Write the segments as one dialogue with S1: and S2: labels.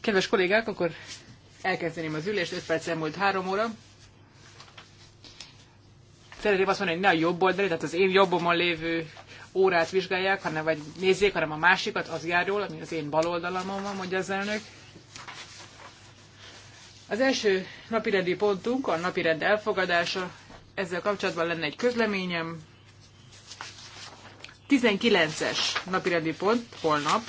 S1: Kedves kollégák, akkor elkezdeném az ülést, 5 perc elmúlt 3 óra. Szeretném azt mondani, hogy ne a jobb oldali, tehát az én jobbomon lévő órát vizsgálják, hanem vagy nézzék, hanem a másikat, az jár jól, ami az én bal oldalamon van, mondja az elnök. Az első napirendi pontunk a napirend elfogadása. Ezzel kapcsolatban lenne egy közleményem, 19-es napirendi pont holnap.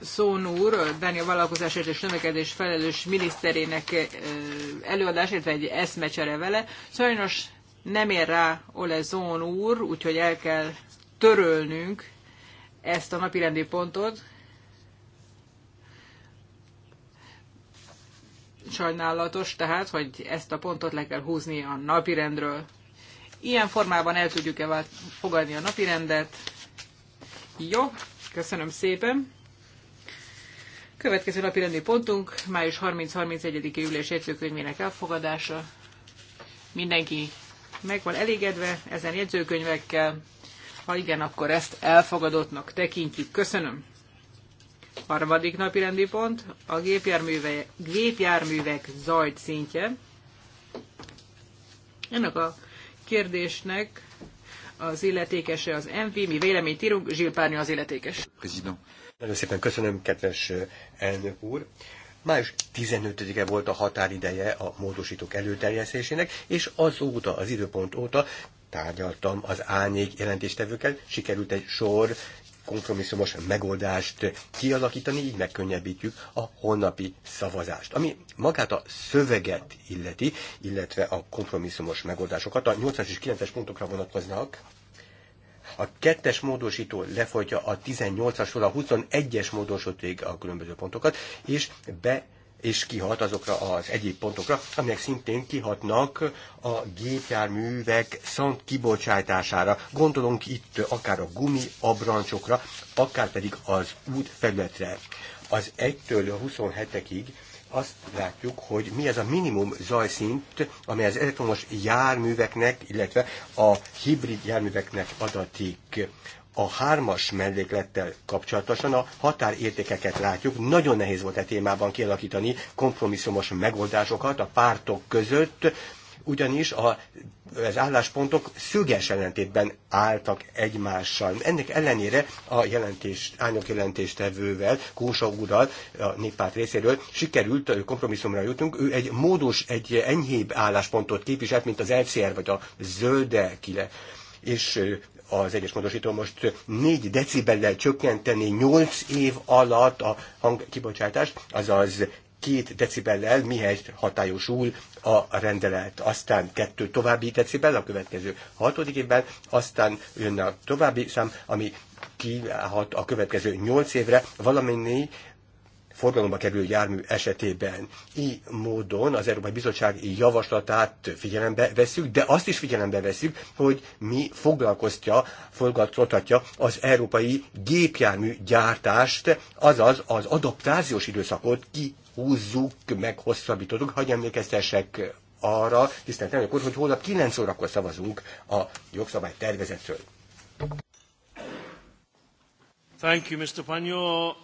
S1: Szónúr, Dánia vállalkozásért és növekedés felelős miniszterének előadás, illetve egy eszmecsere vele. Sajnos nem ér rá Ole Zón úr, úgyhogy el kell törölnünk ezt a napirendi pontot. Sajnálatos tehát, hogy ezt a pontot le kell húzni a napirendről. Ilyen formában el tudjuk-e fogadni a napirendet? Jó, köszönöm szépen. Következő napi rendi pontunk, május 30-31. ülés jegyzőkönyvének elfogadása. Mindenki meg van elégedve ezen jegyzőkönyvekkel. Ha igen, akkor ezt elfogadottnak tekintjük. Köszönöm. Harmadik napi rendi pont, a gépjárművek, gépjárművek zajt szintje. Ennek a kérdésnek az illetékese az MV, mi véleményt írunk, Zsilpárnyi az illetékes.
S2: Köszönöm. Nagyon szépen köszönöm, kedves elnök úr. Május 15-e volt a határideje a módosítók előterjesztésének, és azóta, az időpont óta tárgyaltam az árnyék jelentéstevőkkel, sikerült egy sor kompromisszumos megoldást kialakítani, így megkönnyebbítjük a holnapi szavazást. Ami magát a szöveget illeti, illetve a kompromisszumos megoldásokat, a 8-as és 9-es pontokra vonatkoznak, a kettes módosító lefolytja a 18-asról a 21-es módosítóig a különböző pontokat, és be és kihat azokra az egyéb pontokra, amelyek szintén kihatnak a gépjárművek szant kibocsátására. Gondolunk itt akár a gumi abrancsokra, akár pedig az út felületre. Az 1-től a 27-ig azt látjuk, hogy mi ez a minimum zajszint, amely az elektromos járműveknek, illetve a hibrid járműveknek adatik a hármas melléklettel kapcsolatosan a határértékeket látjuk. Nagyon nehéz volt e témában kialakítani kompromisszumos megoldásokat a pártok között, ugyanis a, az álláspontok szüges ellentétben álltak egymással. Ennek ellenére a jelentés, ányok jelentéstevővel, Kósa úrral, a néppárt részéről sikerült kompromisszumra jutnunk. Ő egy módos, egy enyhébb álláspontot képviselt, mint az LCR vagy a zöldek, és az egyes módosító most 4 decibellel csökkenteni 8 év alatt a hangkibocsátást, azaz 2 decibellel, mihez hatályosul a rendelet. Aztán 2 további decibel a következő 6. évben, aztán jönne a további szám, ami kívánhat a következő 8 évre, valamennyi forgalomba kerülő jármű esetében. Így módon az Európai Bizottság javaslatát figyelembe veszük, de azt is figyelembe veszük, hogy mi foglalkoztja, foglalkoztatja az európai gépjármű gyártást, azaz az adaptációs időszakot kihúzzuk, meghosszabbítottuk, hagyj emlékeztessek arra, tisztelt elnök úr, hogy holnap 9 órakor szavazunk a jogszabály tervezetről.
S3: Thank you,
S1: Mr. Panyol.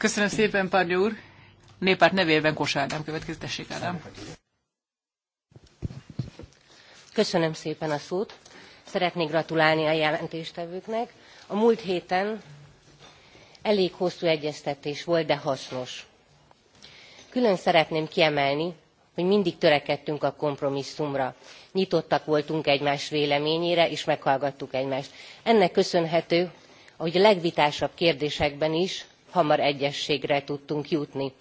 S1: Köszönöm szépen, Párnyó úr. Népárt nevében Kosárnám következik,
S3: Ádám. Köszönöm szépen a szót. Szeretnék gratulálni a jelentéstevőknek. A múlt héten elég hosszú egyeztetés volt, de hasznos. Külön szeretném kiemelni, hogy mindig törekedtünk a kompromisszumra. Nyitottak voltunk egymás véleményére, és meghallgattuk egymást. Ennek köszönhető, hogy a legvitásabb kérdésekben is hamar egyességre tudtunk jutni.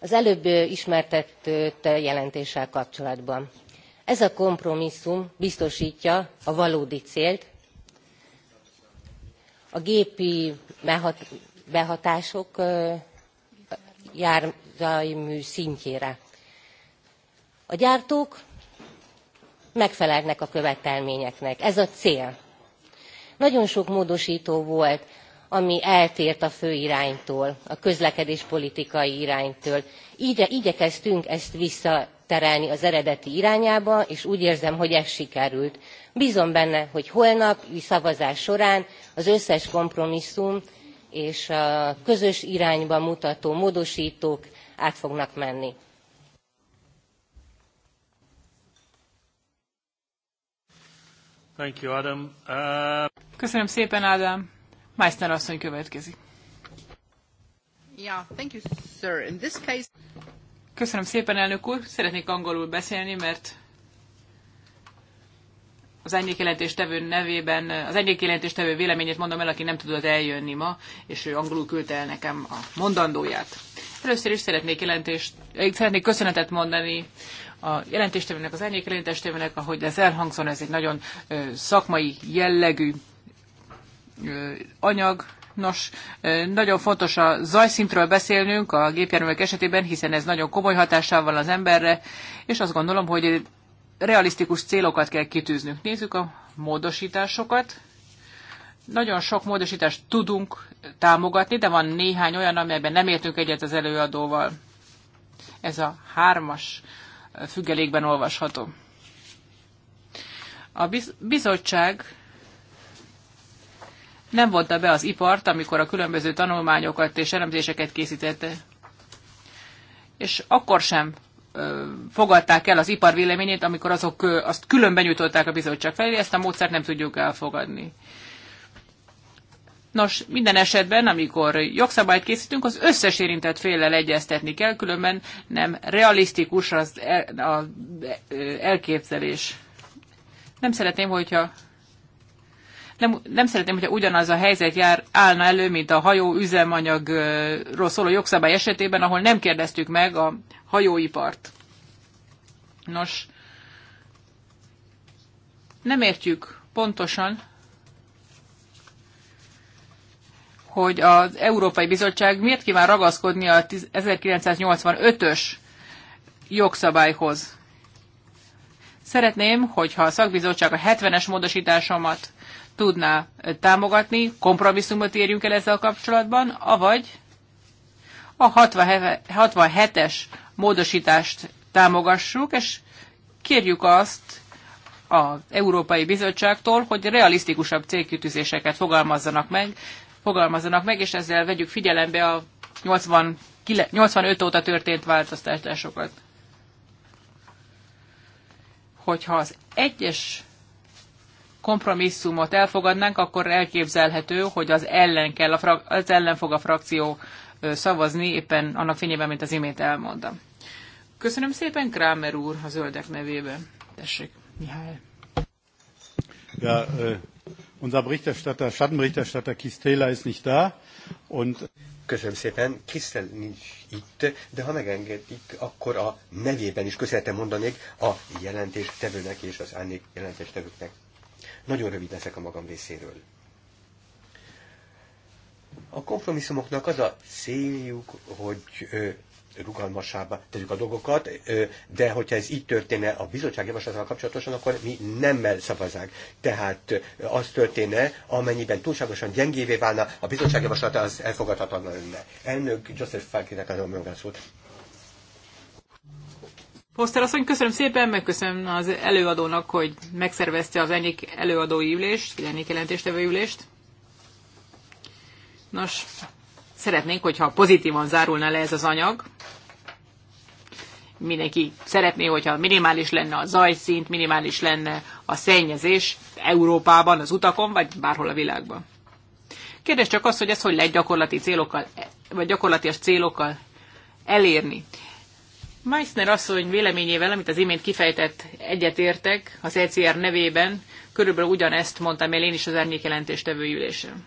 S3: Az előbb ismertetett jelentéssel kapcsolatban. Ez a kompromisszum biztosítja a valódi célt, a gépi behatások jármű szintjére. A gyártók megfelelnek a követelményeknek. Ez a cél. Nagyon sok módosító volt ami eltért a fő iránytól, a közlekedéspolitikai iránytól. Így igyekeztünk ezt visszaterelni az eredeti irányába, és úgy érzem, hogy ez sikerült. Bízom benne, hogy holnapi szavazás során az összes kompromisszum és a közös irányba mutató módosítók át fognak menni. Thank you, Adam. Uh...
S1: Köszönöm szépen, Ádám. Meister asszony következik. thank you, sir. In this case... Köszönöm szépen, elnök úr. Szeretnék angolul beszélni, mert az tevő nevében, az tevő véleményét mondom el, aki nem tudott eljönni ma, és ő angolul küldte el nekem a mondandóját. Először is szeretnék, jelentést, szeretnék köszönetet mondani a jelentéstevőnek, az árnyék jelentéstevőnek, ahogy ez elhangzol ez egy nagyon szakmai jellegű anyag. Nos, nagyon fontos a zajszintről beszélnünk a gépjárművek esetében, hiszen ez nagyon komoly hatással van az emberre, és azt gondolom, hogy realisztikus célokat kell kitűznünk. Nézzük a módosításokat. Nagyon sok módosítást tudunk támogatni, de van néhány olyan, amelyben nem értünk egyet az előadóval. Ez a hármas függelékben olvasható. A bizottság nem vonta be az ipart, amikor a különböző tanulmányokat és elemzéseket készítette. És akkor sem fogadták el az ipar véleményét, amikor azok azt külön benyújtották a bizottság felé, ezt a módszert nem tudjuk elfogadni. Nos, minden esetben, amikor jogszabályt készítünk, az összes érintett féllel egyeztetni kell, különben nem realisztikus az el, elképzelés. Nem szeretném, hogyha nem, nem szeretném, hogyha ugyanaz a helyzet jár, állna elő, mint a hajó üzemanyagról szóló jogszabály esetében, ahol nem kérdeztük meg a hajóipart. Nos, nem értjük pontosan, hogy az Európai Bizottság miért kíván ragaszkodni a 1985-ös jogszabályhoz. Szeretném, hogyha a szakbizottság a 70-es módosításomat tudná támogatni, kompromisszumot érjünk el ezzel kapcsolatban, avagy a 67-es módosítást támogassuk, és kérjük azt az Európai Bizottságtól, hogy realisztikusabb célkütőzéseket fogalmazzanak meg, fogalmazzanak meg, és ezzel vegyük figyelembe a 89, 85 óta történt változtatásokat. Hogyha az egyes kompromisszumot elfogadnánk, akkor elképzelhető, hogy az ellen, kell a frak- az ellen fog a frakció szavazni, éppen annak fényében, mint az imént elmondtam. Köszönöm szépen, Kramer úr, a zöldek nevében. Tessék, Mihály.
S2: Ja, uh, unser Berichterstatter, Schattenberichterstatter Kistela ist nicht da. Und Köszönöm szépen, Kistel, nincs itt, de ha megengedik, akkor a nevében is köszönhetem mondanék a jelentéstevőnek és az árnyék jelentéstevőknek. Nagyon rövid leszek a magam részéről. A kompromisszumoknak az a céljuk, hogy rugalmasába tegyük a dolgokat, de hogyha ez így történne a bizottság javaslatával kapcsolatosan, akkor mi nemmel szavazák. Tehát az történne, amennyiben túlságosan gyengévé válna, a bizottság javaslata az elfogadhatatlan lenne. Elnök Joseph Falkinek adom a szót.
S1: Foster asszony, köszönöm szépen, megköszönöm az előadónak, hogy megszervezte az enyik előadói ülést, vagy enyik jelentéstevő ülést. Nos, szeretnénk, hogyha pozitívan zárulna le ez az anyag. Mindenki szeretné, hogyha minimális lenne a zajszint, minimális lenne a szennyezés Európában, az utakon, vagy bárhol a világban. Kérdés csak az, hogy ez hogy lehet gyakorlati célokkal, vagy gyakorlatias célokkal elérni. Meissner asszony véleményével, amit az imént kifejtett, egyetértek az ECR nevében, körülbelül ugyanezt mondtam el én is az jelentéstevő ülésen.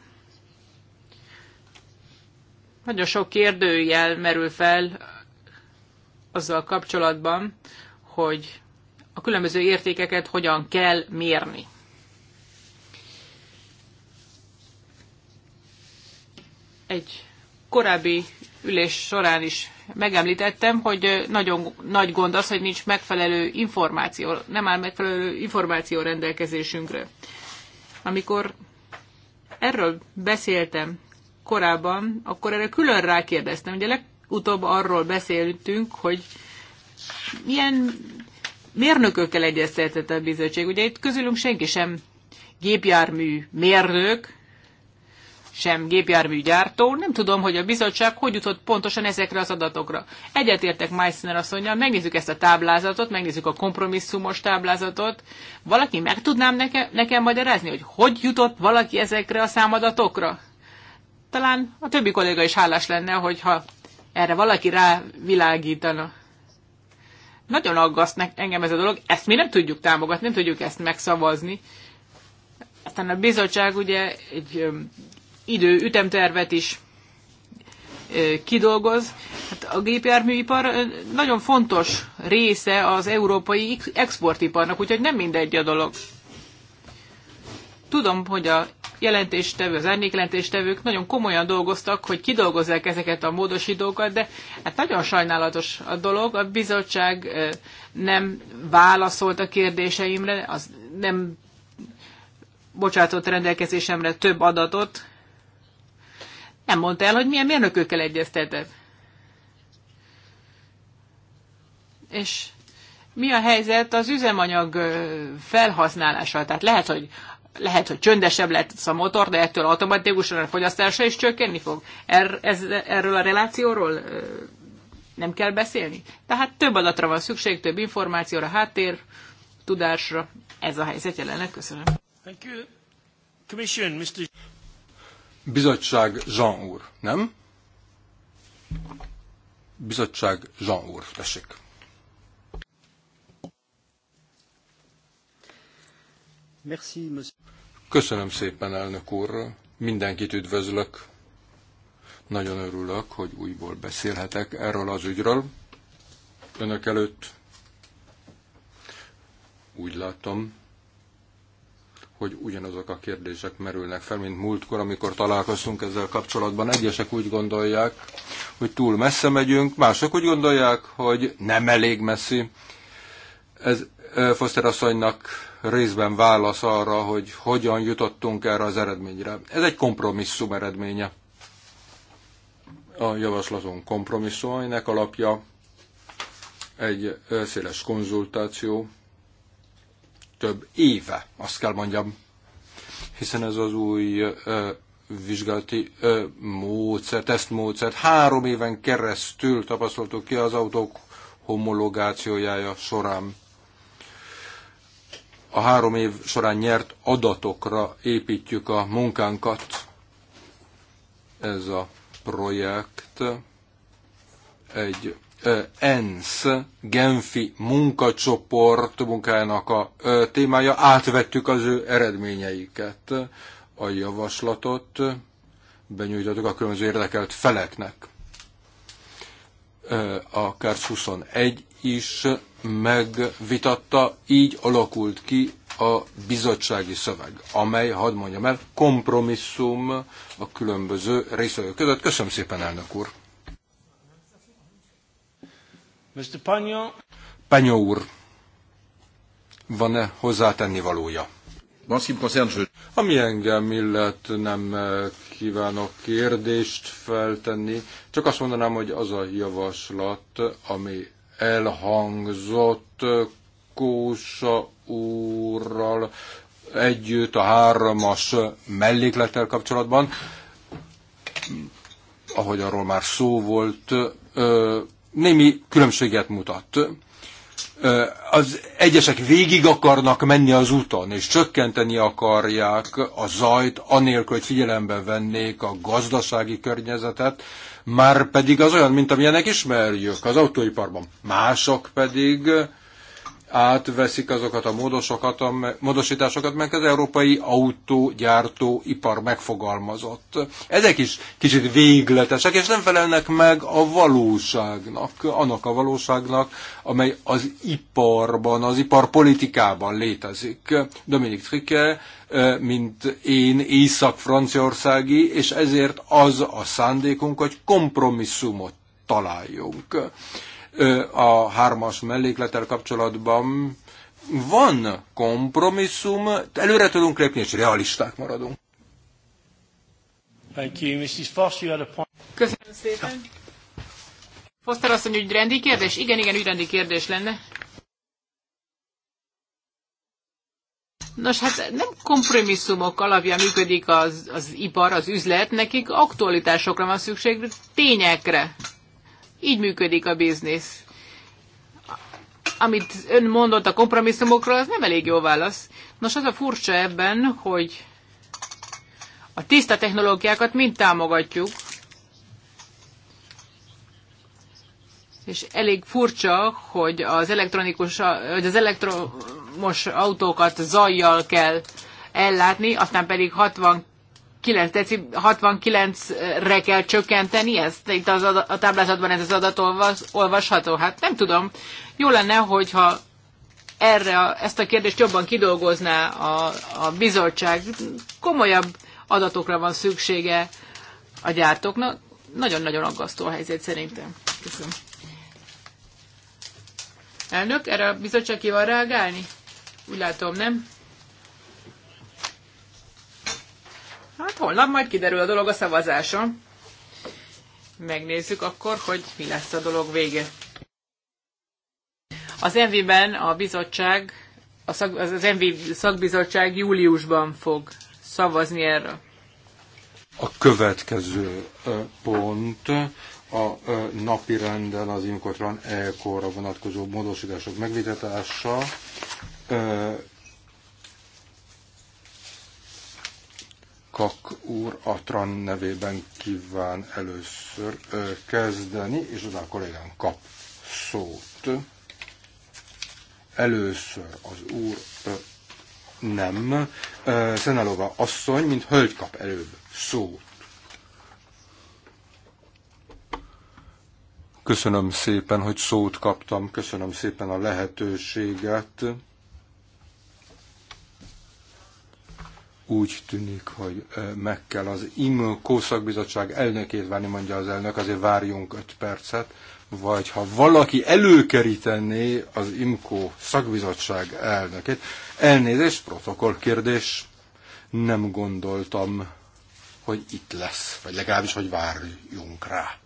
S1: Nagyon sok kérdőjel merül fel azzal kapcsolatban, hogy a különböző értékeket hogyan kell mérni. Egy korábbi ülés során is megemlítettem, hogy nagyon nagy gond az, hogy nincs megfelelő információ, nem áll megfelelő információ rendelkezésünkre. Amikor erről beszéltem korábban, akkor erre külön rákérdeztem. Ugye legutóbb arról beszéltünk, hogy milyen mérnökökkel egyeztetett a bizottság. Ugye itt közülünk senki sem gépjármű mérnök, sem gépjárműgyártó. Nem tudom, hogy a bizottság hogy jutott pontosan ezekre az adatokra. Egyetértek Meissner asszonyjal, megnézzük ezt a táblázatot, megnézzük a kompromisszumos táblázatot. Valaki meg tudnám neke, nekem magyarázni, hogy hogy jutott valaki ezekre a számadatokra? Talán a többi kolléga is hálás lenne, hogyha erre valaki rávilágítana. Nagyon aggaszt engem ez a dolog, ezt mi nem tudjuk támogatni, nem tudjuk ezt megszavazni. Aztán a bizottság ugye egy idő, ütemtervet is kidolgoz. Hát a gépjárműipar nagyon fontos része az európai exportiparnak, úgyhogy nem mindegy a dolog. Tudom, hogy a jelentéstevő, az árnyékjelentéstevők nagyon komolyan dolgoztak, hogy kidolgozzák ezeket a módosítókat, de hát nagyon sajnálatos a dolog. A bizottság nem válaszolt a kérdéseimre, az nem bocsátott rendelkezésemre több adatot, nem mondta el, hogy milyen mérnökökkel egyeztetett. És mi a helyzet az üzemanyag felhasználással? Tehát lehet, hogy lehet, hogy csöndesebb lesz a motor, de ettől automatikusan a fogyasztása is csökkenni fog. Er, ez, erről a relációról nem kell beszélni. Tehát több adatra van szükség, több információra, háttér, tudásra. Ez a helyzet jelenleg. Köszönöm.
S3: Thank you. Commission, Mr.
S4: Bizottság Jean úr, nem? Bizottság Jean úr, tessék. Merci, Köszönöm szépen, elnök úr. Mindenkit üdvözlök. Nagyon örülök, hogy újból beszélhetek erről az ügyről. Önök előtt úgy látom, hogy ugyanazok a kérdések merülnek fel, mint múltkor, amikor találkoztunk ezzel kapcsolatban. Egyesek úgy gondolják, hogy túl messze megyünk, mások úgy gondolják, hogy nem elég messzi. Ez Foster asszonynak részben válasz arra, hogy hogyan jutottunk erre az eredményre. Ez egy kompromisszum eredménye. A javaslatunk kompromisszum, aminek alapja egy széles konzultáció, több éve, azt kell mondjam, hiszen ez az új ö, vizsgálati ö, módszer, tesztmódszer. Három éven keresztül tapasztaltuk ki az autók homologációjája során. A három év során nyert adatokra építjük a munkánkat. Ez a projekt egy ENSZ Genfi munkacsoport munkájának a témája, átvettük az ő eredményeiket, a javaslatot benyújtottuk a különböző érdekelt feleknek. A Kárc 21 is megvitatta, így alakult ki a bizottsági szöveg, amely, hadd mondjam el, kompromisszum a különböző részvevők között. Köszönöm szépen, elnök úr! Mr. Panya. úr, van-e hozzátenni valója? Ami engem illet, nem eh, kívánok kérdést feltenni, csak azt mondanám, hogy az a javaslat, ami elhangzott Kósa úrral együtt a háromas melléklettel kapcsolatban, ahogy arról már szó volt, némi különbséget mutat. Az egyesek végig akarnak menni az úton, és csökkenteni akarják a zajt, anélkül, hogy figyelembe vennék a gazdasági környezetet, már pedig az olyan, mint amilyenek ismerjük az autóiparban. Mások pedig átveszik azokat a módosokat, módosításokat, meg az európai autógyártó ipar megfogalmazott. Ezek is kicsit végletesek, és nem felelnek meg a valóságnak, annak a valóságnak, amely az iparban, az iparpolitikában létezik. Dominik Trike, mint én észak-franciaországi, és ezért az a szándékunk, hogy kompromisszumot találjunk a hármas mellékletel kapcsolatban van kompromisszum, előre tudunk lépni, és realisták maradunk.
S3: Thank you, Mrs. Foss, you had a point.
S1: Köszönöm szépen. Foster hogy ügyrendi kérdés? Igen, igen, ügyrendi kérdés lenne. Nos, hát nem kompromisszumok alapja, működik az, az ipar, az üzlet, nekik aktualitásokra van szükség, tényekre. Így működik a biznisz. Amit ön mondott a kompromisszumokról, az nem elég jó válasz. Nos, az a furcsa ebben, hogy a tiszta technológiákat mind támogatjuk, és elég furcsa, hogy az elektronikus, hogy az elektromos autókat zajjal kell ellátni, aztán pedig 60 9 deci, 69-re kell csökkenteni ezt? Itt az a táblázatban ez az adat olvas, olvasható? Hát nem tudom. Jó lenne, hogyha erre a, ezt a kérdést jobban kidolgozná a, a bizottság. Komolyabb adatokra van szüksége a gyártóknak. Nagyon-nagyon aggasztó a helyzet szerintem. Köszönöm. Elnök, erre a bizottság ki van reagálni? Úgy látom, nem? Hát holnap majd kiderül a dolog a szavazáson. Megnézzük akkor, hogy mi lesz a dolog vége. Az MV-ben a bizottság, a szak, az MV szakbizottság júliusban fog szavazni erről.
S4: A következő pont a napi renden az Inkotran e vonatkozó módosítások megvitatása Kak úr a TRAN nevében kíván először kezdeni, és az a kollégám kap szót. Először az úr nem, Szenalova asszony, mint hölgy kap előbb szót. Köszönöm szépen, hogy szót kaptam, köszönöm szépen a lehetőséget Úgy tűnik, hogy meg kell az IMKO szakbizottság elnökét várni, mondja az elnök, azért várjunk öt percet, vagy ha valaki előkerítené az IMKO szakbizottság elnökét, elnézést, protokoll kérdés, nem gondoltam, hogy itt lesz, vagy legalábbis, hogy várjunk rá.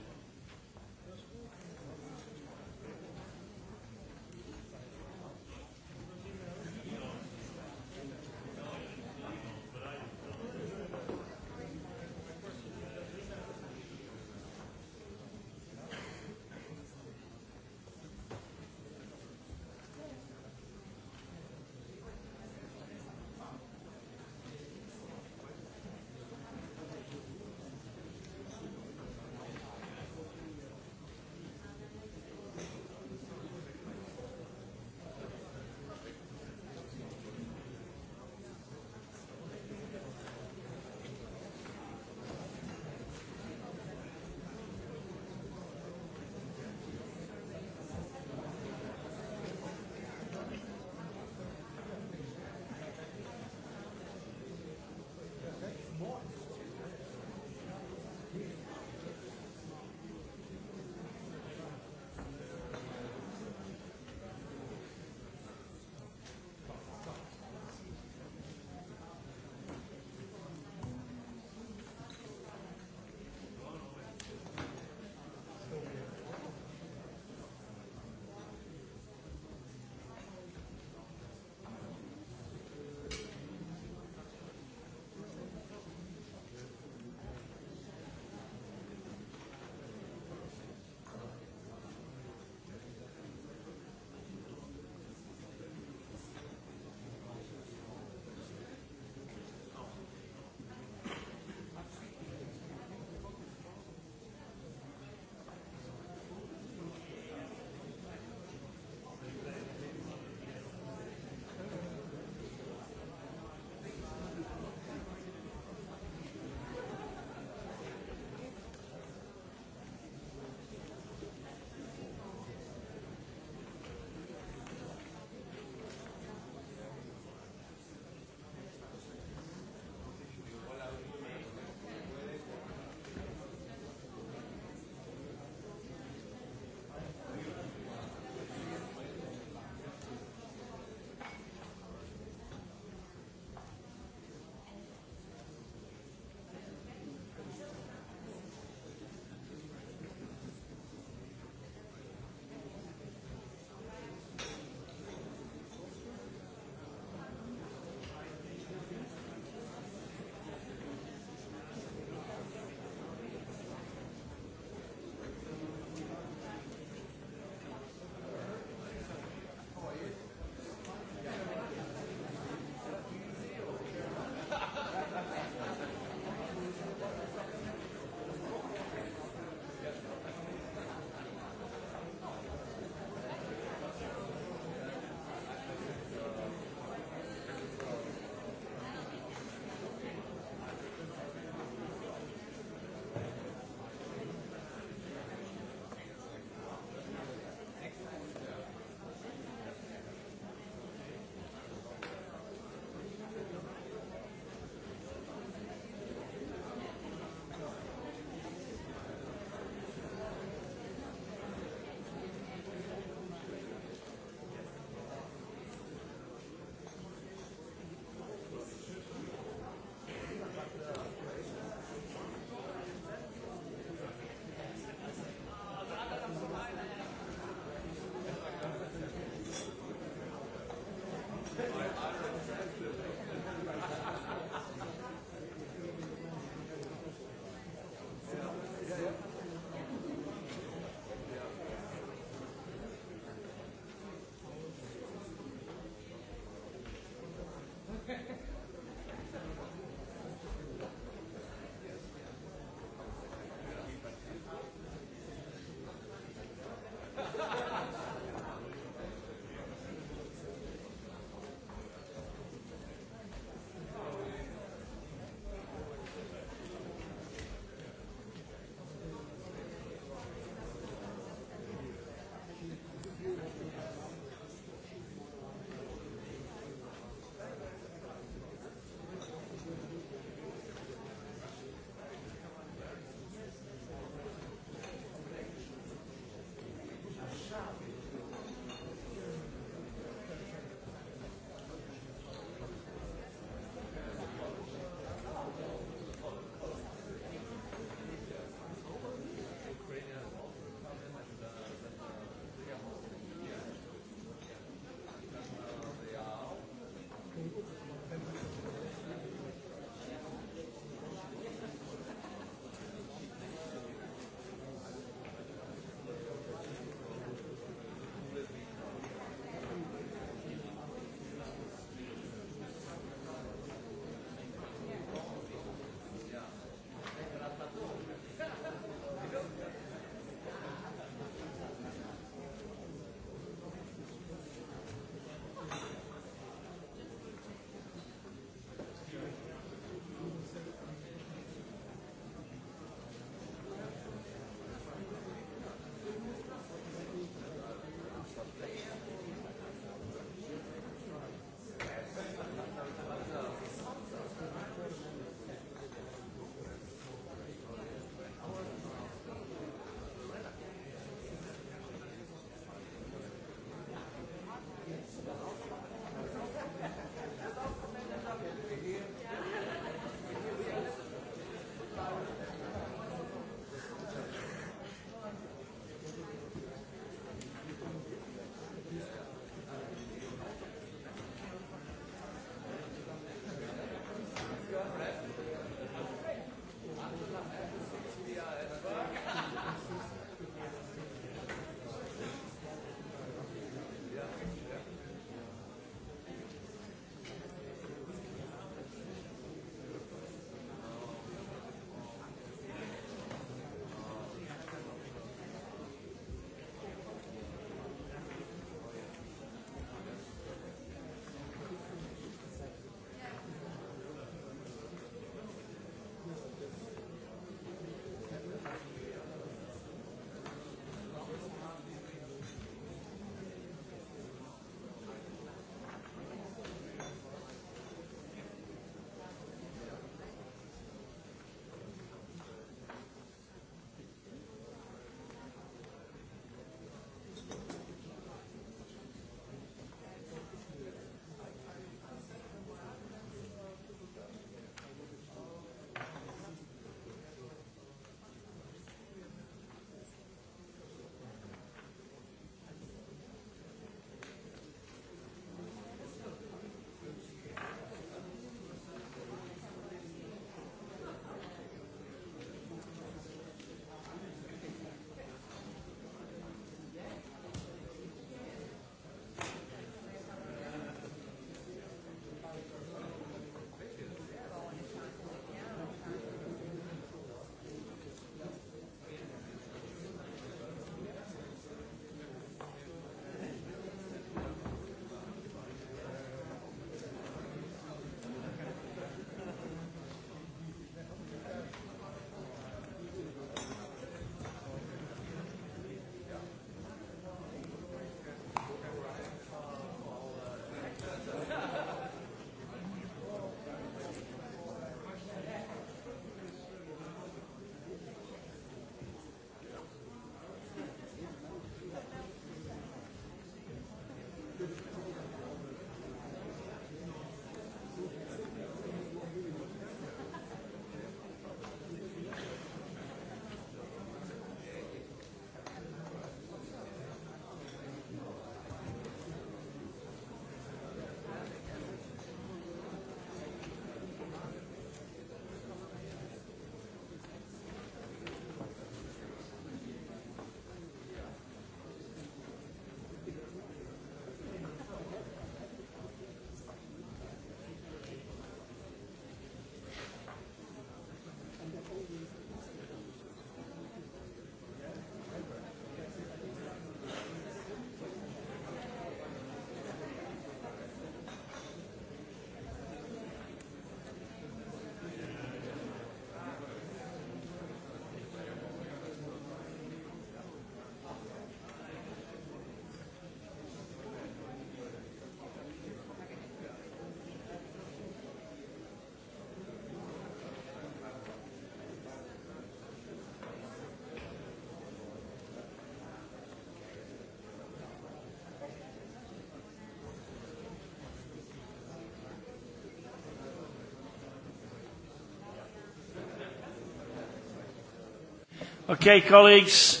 S3: Okay, colleagues.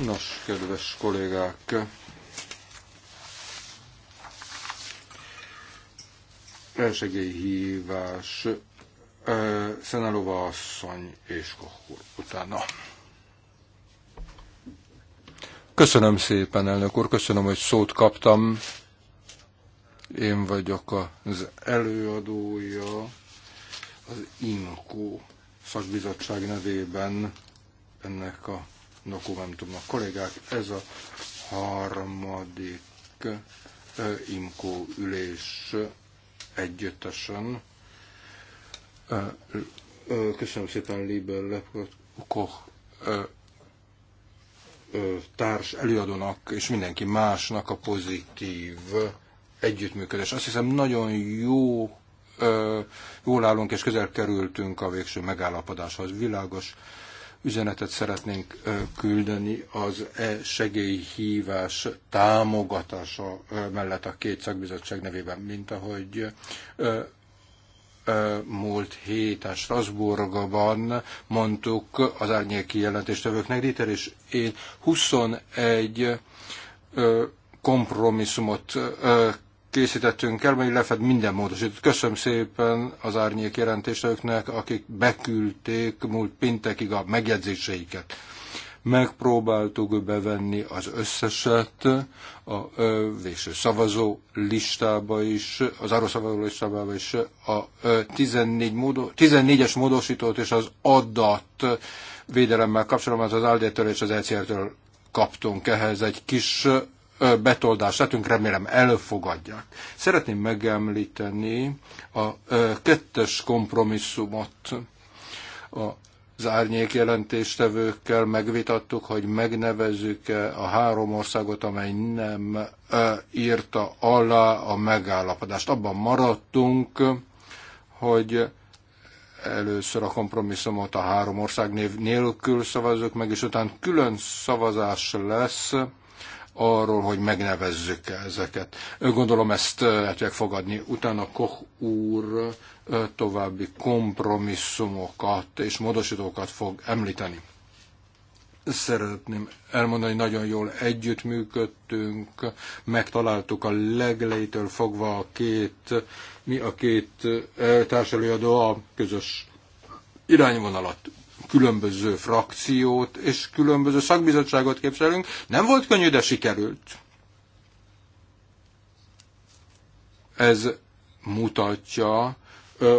S4: Nos, kedves kollégák, hívás. Szenelova asszony és Kohkur utána. Köszönöm szépen, elnök úr, köszönöm, hogy szót kaptam. Én vagyok az előadója az INKO szakbizottság nevében ennek a dokumentumnak. Kollégák, ez a harmadik imkó ülés együttesen. Köszönöm szépen Lieber Lepkot, Koch társ előadónak és mindenki másnak a pozitív együttműködés. Azt hiszem nagyon jó jól állunk és közel kerültünk a végső megállapodáshoz. Világos üzenetet szeretnénk küldeni az e segélyhívás támogatása mellett a két szakbizottság nevében, mint ahogy múlt héten Strasbourgban mondtuk az árnyéki jelentéstevőknek, Dieter és én 21 kompromisszumot készítettünk el, mely lefed minden módosítót. Köszönöm szépen az árnyék jelentéstevőknek, akik beküldték múlt péntekig a megjegyzéseiket. Megpróbáltuk bevenni az összeset a végső szavazó listába is, az arról szavazó listába is a 14 módo, 14-es módosítót és az adat védelemmel kapcsolatban az ALDE-től és az ECR-től kaptunk ehhez egy kis betoldást tettünk, remélem elfogadják. Szeretném megemlíteni a kettes kompromisszumot. Az árnyék jelentéstevőkkel megvitattuk, hogy megnevezzük -e a három országot, amely nem írta alá a megállapodást. Abban maradtunk, hogy először a kompromisszumot a három ország név nélkül szavazzuk meg, és utána külön szavazás lesz arról, hogy megnevezzük -e ezeket. Gondolom ezt el fogadni. Utána Koch úr további kompromisszumokat és módosítókat fog említeni. Szeretném elmondani, hogy nagyon jól együttműködtünk, megtaláltuk a leglejétől fogva a két, mi a két társelőadó a közös irányvonalat különböző frakciót és különböző szakbizottságot képzelünk. Nem volt könnyű, de sikerült. Ez mutatja,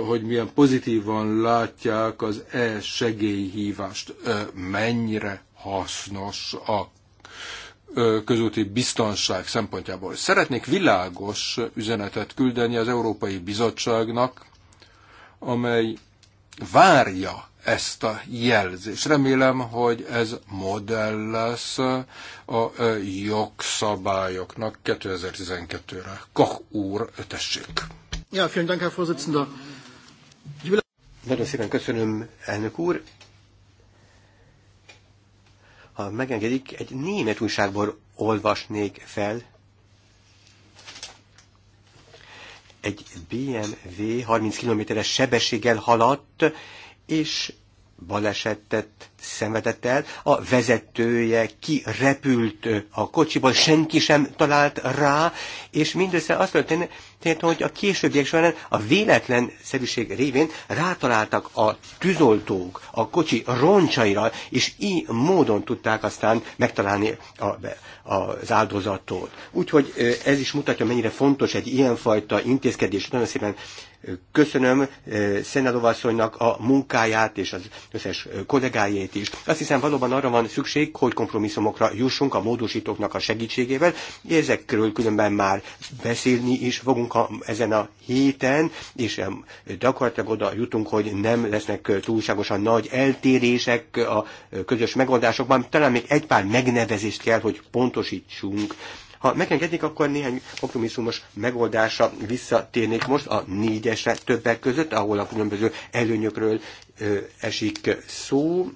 S4: hogy milyen pozitívan látják az e-segélyhívást, mennyire hasznos a közúti biztonság szempontjából. Szeretnék világos üzenetet küldeni az Európai Bizottságnak, amely várja ezt a jelzést. Remélem, hogy ez modell lesz a jogszabályoknak 2012-re. Koch úr, tessék!
S1: Ja, vielen Dank, Herr Vorsitzender.
S4: Nagyon szépen köszönöm, elnök úr.
S2: Ha megengedik, egy német újságból olvasnék fel egy BMW 30 kilométeres sebességgel haladt, és balesetet szenvedett el, a vezetője kirepült a kocsiból, senki sem talált rá, és mindössze azt történt, hogy a későbbiek során a véletlen szerűség révén rátaláltak a tűzoltók a kocsi roncsaira, és így módon tudták aztán megtalálni a, az áldozatot. Úgyhogy ez is mutatja, mennyire fontos egy ilyenfajta intézkedés. Nagyon szépen Köszönöm eh, Szenadovasszonynak a munkáját és az összes eh, kollégájét is. Azt hiszem valóban arra van szükség, hogy kompromisszumokra jussunk a módosítóknak a segítségével. Ezekről különben már beszélni is fogunk a, ezen a héten, és eh, gyakorlatilag oda jutunk, hogy nem lesznek túlságosan nagy eltérések a közös megoldásokban. Talán még egy pár megnevezést kell, hogy pontosítsunk ha megengedik, akkor néhány kompromisszumos megoldásra visszatérnék most a négyesre többek között, ahol a különböző előnyökről ö, esik szó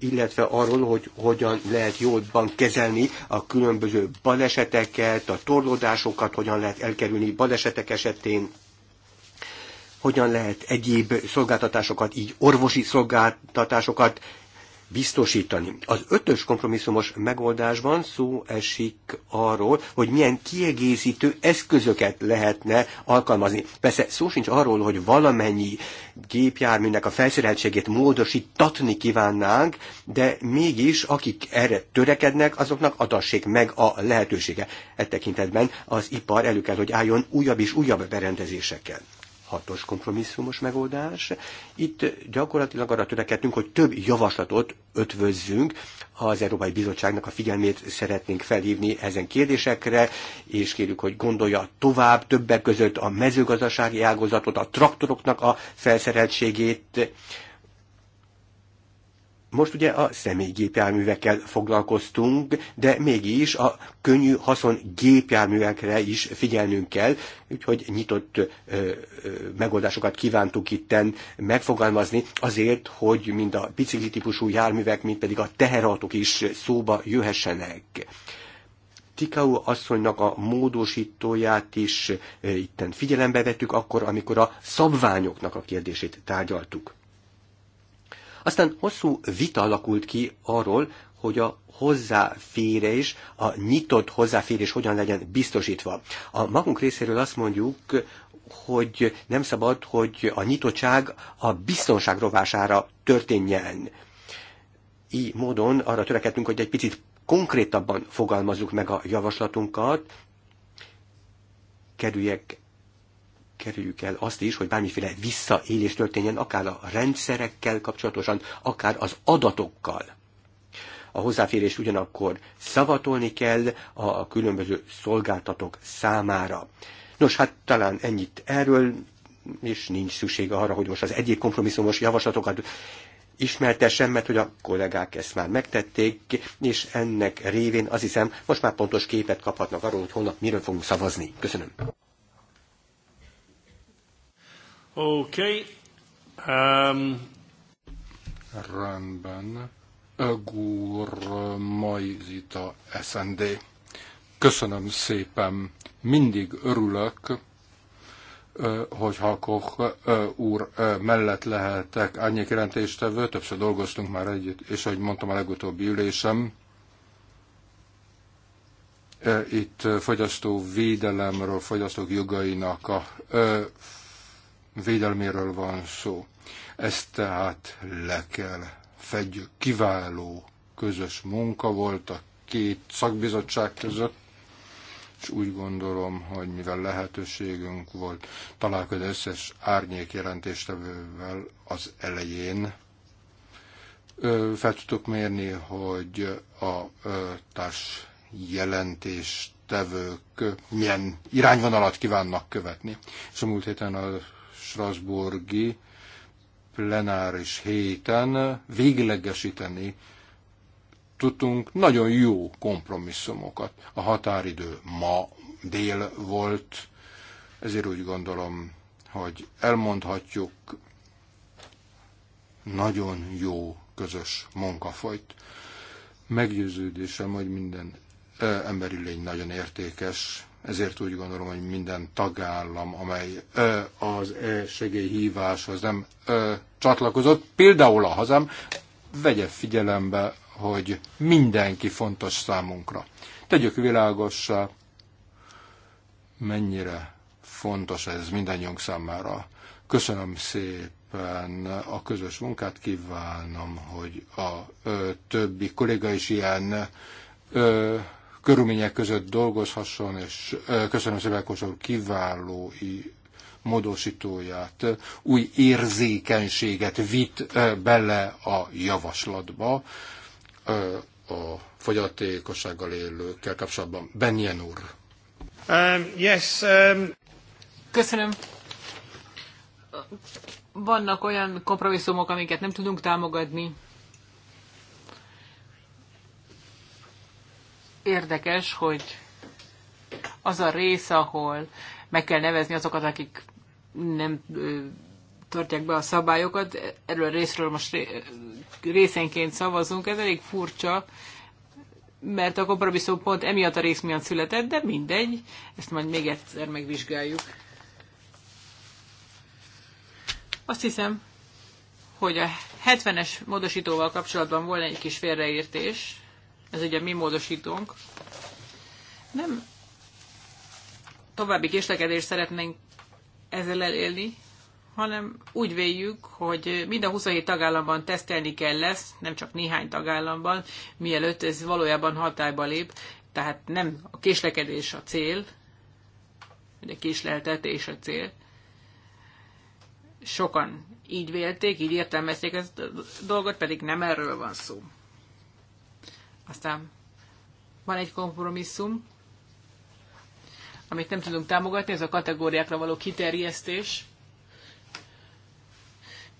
S2: illetve arról, hogy hogyan lehet jobban kezelni a különböző baleseteket, a torlódásokat, hogyan lehet elkerülni balesetek esetén hogyan lehet egyéb szolgáltatásokat, így orvosi szolgáltatásokat biztosítani. Az ötös kompromisszumos megoldásban szó esik arról, hogy milyen kiegészítő eszközöket lehetne alkalmazni. Persze szó sincs arról, hogy valamennyi gépjárműnek a felszereltségét módosítatni kívánnánk, de mégis akik erre törekednek, azoknak adassék meg a lehetősége. E tekintetben az ipar elő kell, hogy álljon újabb és újabb berendezésekkel hatos kompromisszumos megoldás. Itt gyakorlatilag arra törekedtünk, hogy több javaslatot ötvözzünk. Az Európai Bizottságnak a figyelmét szeretnénk felhívni ezen kérdésekre, és kérjük, hogy gondolja tovább többek között a mezőgazdasági ágazatot, a traktoroknak a felszereltségét, most ugye a személygépjárművekkel foglalkoztunk, de mégis a könnyű haszon gépjárművekre is figyelnünk kell, úgyhogy nyitott ö, ö, megoldásokat kívántuk itten megfogalmazni azért, hogy mind a bicikli típusú járművek, mind pedig a teherautók is szóba jöhessenek. Tikau asszonynak a módosítóját is itten figyelembe vettük akkor, amikor a szabványoknak a kérdését tárgyaltuk. Aztán hosszú vita alakult ki arról, hogy a hozzáférés, a nyitott hozzáférés hogyan legyen biztosítva. A magunk részéről azt mondjuk, hogy nem szabad, hogy a nyitottság a biztonság rovására történjen. Így módon arra törekedtünk, hogy egy picit konkrétabban fogalmazzuk meg a javaslatunkat, kerüljek kerüljük el azt is, hogy bármiféle visszaélés történjen, akár a rendszerekkel kapcsolatosan, akár az adatokkal. A hozzáférés ugyanakkor szavatolni kell a különböző szolgáltatók számára. Nos, hát talán ennyit erről, és nincs szükség arra, hogy most az egyéb kompromisszumos javaslatokat ismertessem, mert hogy a kollégák ezt már megtették, és ennek révén azt hiszem, most már pontos képet kaphatnak arról, hogy holnap miről fogunk szavazni. Köszönöm.
S3: Okay. Um...
S4: Rendben. Ögur Majzita SND. Köszönöm szépen. Mindig örülök, hogy Koch úr mellett lehetek árnyék jelentéstevő, többször dolgoztunk már együtt, és ahogy mondtam a legutóbbi ülésem, itt fogyasztóvédelemről, fogyasztók jogainak a védelméről van szó. Ezt tehát le kell fedjük. Kiváló közös munka volt a két szakbizottság között, és úgy gondolom, hogy mivel lehetőségünk volt találkozni összes árnyék jelentéstevővel az elején, fel tudtuk mérni, hogy a társ jelentéstevők milyen irányvonalat kívánnak követni. És a múlt héten a Strasburgi plenáris héten véglegesíteni tudtunk nagyon jó kompromisszumokat. A határidő ma dél volt, ezért úgy gondolom, hogy elmondhatjuk, nagyon jó közös munkafolyt Meggyőződésem, hogy minden eh, emberi lény nagyon értékes, ezért úgy gondolom, hogy minden tagállam, amely az e segélyhíváshoz nem csatlakozott, például a hazám, vegye figyelembe, hogy mindenki fontos számunkra. Tegyük világossá, mennyire fontos ez mindannyiunk számára. Köszönöm szépen a közös munkát, kívánom, hogy a ö, többi kolléga is ilyen ö, körülmények között dolgozhasson, és köszönöm szépen Kosor kiváló módosítóját, új érzékenységet vitt bele a javaslatba a fogyatékossággal élőkkel kapcsolatban. Benjen úr.
S1: Um, yes, um... Köszönöm. Vannak olyan kompromisszumok, amiket nem tudunk támogatni, érdekes, hogy az a rész, ahol meg kell nevezni azokat, akik nem tartják be a szabályokat, erről a részről most részenként szavazunk, ez elég furcsa, mert a kompromisszum pont emiatt a rész miatt született, de mindegy, ezt majd még egyszer megvizsgáljuk. Azt hiszem, hogy a 70-es módosítóval kapcsolatban volna egy kis félreértés, ez ugye mi módosítunk. nem további késlekedést szeretnénk ezzel elélni, hanem úgy véljük, hogy mind a 27 tagállamban tesztelni kell lesz, nem csak néhány tagállamban, mielőtt ez valójában hatályba lép, tehát nem a késlekedés a cél, vagy a késleltetés a cél. Sokan így vélték, így értelmezték ezt a dolgot, pedig nem erről van szó. Aztán van egy kompromisszum, amit nem tudunk támogatni, ez a kategóriákra való kiterjesztés.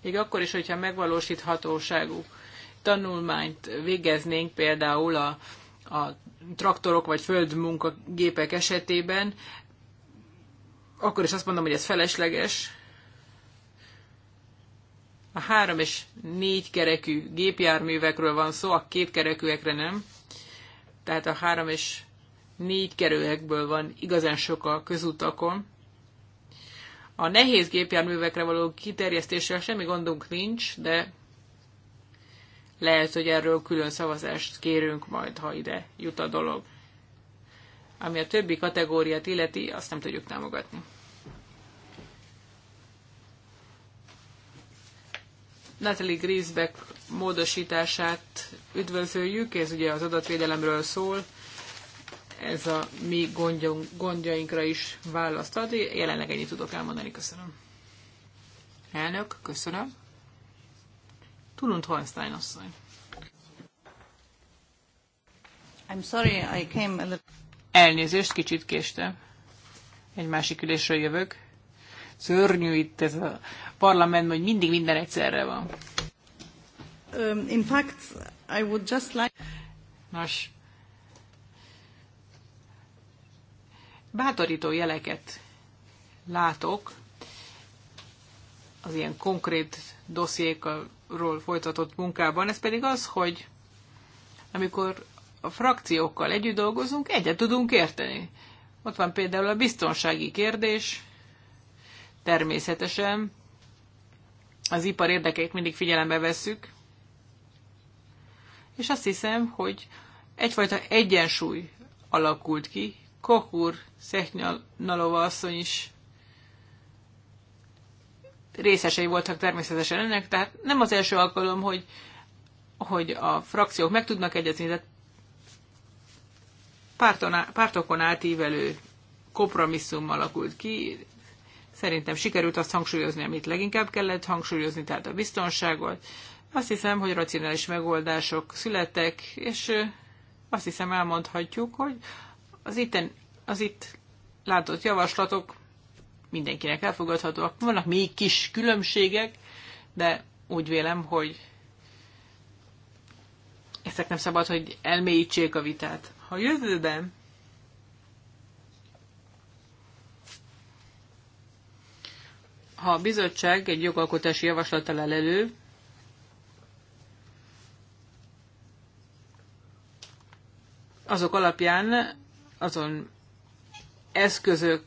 S1: Még akkor is, hogyha megvalósíthatóságú tanulmányt végeznénk például a, a traktorok vagy földmunkagépek esetében, akkor is azt mondom, hogy ez felesleges, a három és négy kerekű gépjárművekről van szó, a két kerekűekre nem. Tehát a három és négy kerőekből van igazán sok a közutakon. A nehéz gépjárművekre való kiterjesztésre semmi gondunk nincs, de lehet, hogy erről külön szavazást kérünk majd, ha ide jut a dolog. Ami a többi kategóriát illeti, azt nem tudjuk támogatni. Natalie Griesbeck módosítását üdvözöljük, ez ugye az adatvédelemről szól, ez a mi gondjunk, gondjainkra is választ ad. Jelenleg ennyit tudok elmondani, köszönöm. Elnök, köszönöm. Tulund Holstein asszony.
S3: I'm sorry, I came a little...
S1: Elnézést, kicsit késtem. Egy másik ülésről jövök. Szörnyű itt ez a parlamentben, hogy mindig minden egyszerre van. Um, in fact, I would just like... Nos, bátorító jeleket látok az ilyen konkrét dossziékról folytatott munkában, ez pedig az, hogy amikor a frakciókkal együtt dolgozunk, egyet tudunk érteni. Ott van például a biztonsági kérdés, természetesen az ipar érdekeit mindig figyelembe vesszük, és azt hiszem, hogy egyfajta egyensúly alakult ki. Kokur Szechnyalova asszony is részesei voltak természetesen ennek, tehát nem az első alkalom, hogy, hogy a frakciók meg tudnak egyezni, de pártokon átívelő kompromisszum alakult ki, Szerintem sikerült azt hangsúlyozni, amit leginkább kellett hangsúlyozni, tehát a biztonságot. Azt hiszem, hogy racionális megoldások születtek, és azt hiszem elmondhatjuk, hogy az, itten, az itt látott javaslatok mindenkinek elfogadhatóak. Vannak még kis különbségek, de úgy vélem, hogy ezek nem szabad, hogy elmélyítsék a vitát. Ha jövőben ha a bizottság egy jogalkotási javaslattal áll elő, azok alapján, azon eszközök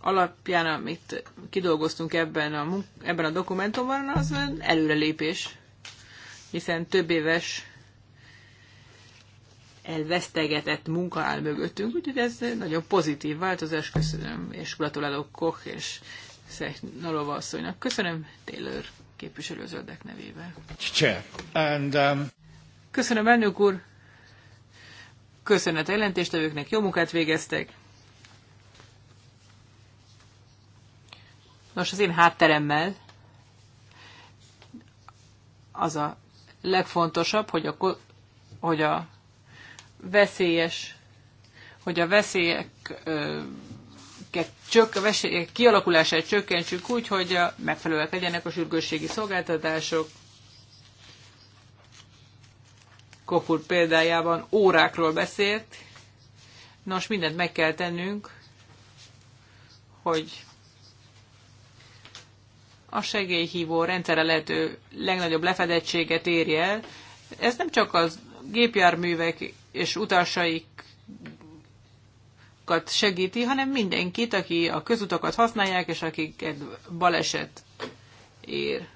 S1: alapján, amit kidolgoztunk ebben a, ebben a dokumentumban, az előrelépés, hiszen több éves elvesztegetett munka áll mögöttünk, úgyhogy ez nagyon pozitív változás, köszönöm, és gratulálok Koch és Szehnalova asszonynak. Köszönöm Taylor képviselő zöldek nevében. And, um... Köszönöm, elnök úr! Köszönet a jelentéstevőknek, jó munkát végeztek! Nos, az én hátteremmel az a legfontosabb, hogy a, hogy a veszélyes, hogy a veszélyek ö, csök, veszélyek kialakulását csökkentsük úgy, hogy megfelelőek legyenek a sürgősségi szolgáltatások. Kofur példájában órákról beszélt. Nos, mindent meg kell tennünk, hogy a segélyhívó rendszere lehető legnagyobb lefedettséget érje el. Ez nem csak az gépjárművek és utasaik segíti, hanem mindenkit, aki a közutakat használják, és akiket baleset ér.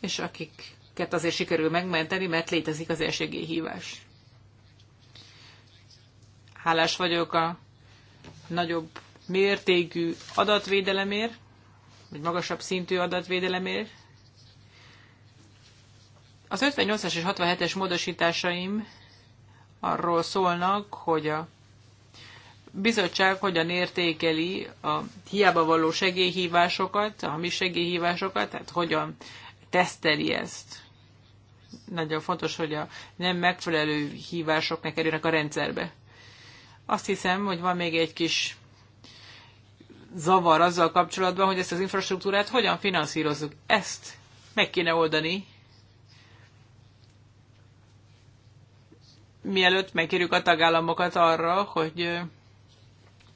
S1: És akiket azért sikerül megmenteni, mert létezik az elsegélyhívás. Hálás vagyok a nagyobb mértékű adatvédelemért, vagy magasabb szintű adatvédelemért. Az 58-as és 67-es módosításaim arról szólnak, hogy a bizottság hogyan értékeli a hiába való segélyhívásokat, a hamis segélyhívásokat, tehát hogyan teszteli ezt. Nagyon fontos, hogy a nem megfelelő hívások ne kerülnek a rendszerbe. Azt hiszem, hogy van még egy kis zavar azzal kapcsolatban, hogy ezt az infrastruktúrát hogyan finanszírozzuk. Ezt meg kéne oldani mielőtt megkérjük a tagállamokat arra, hogy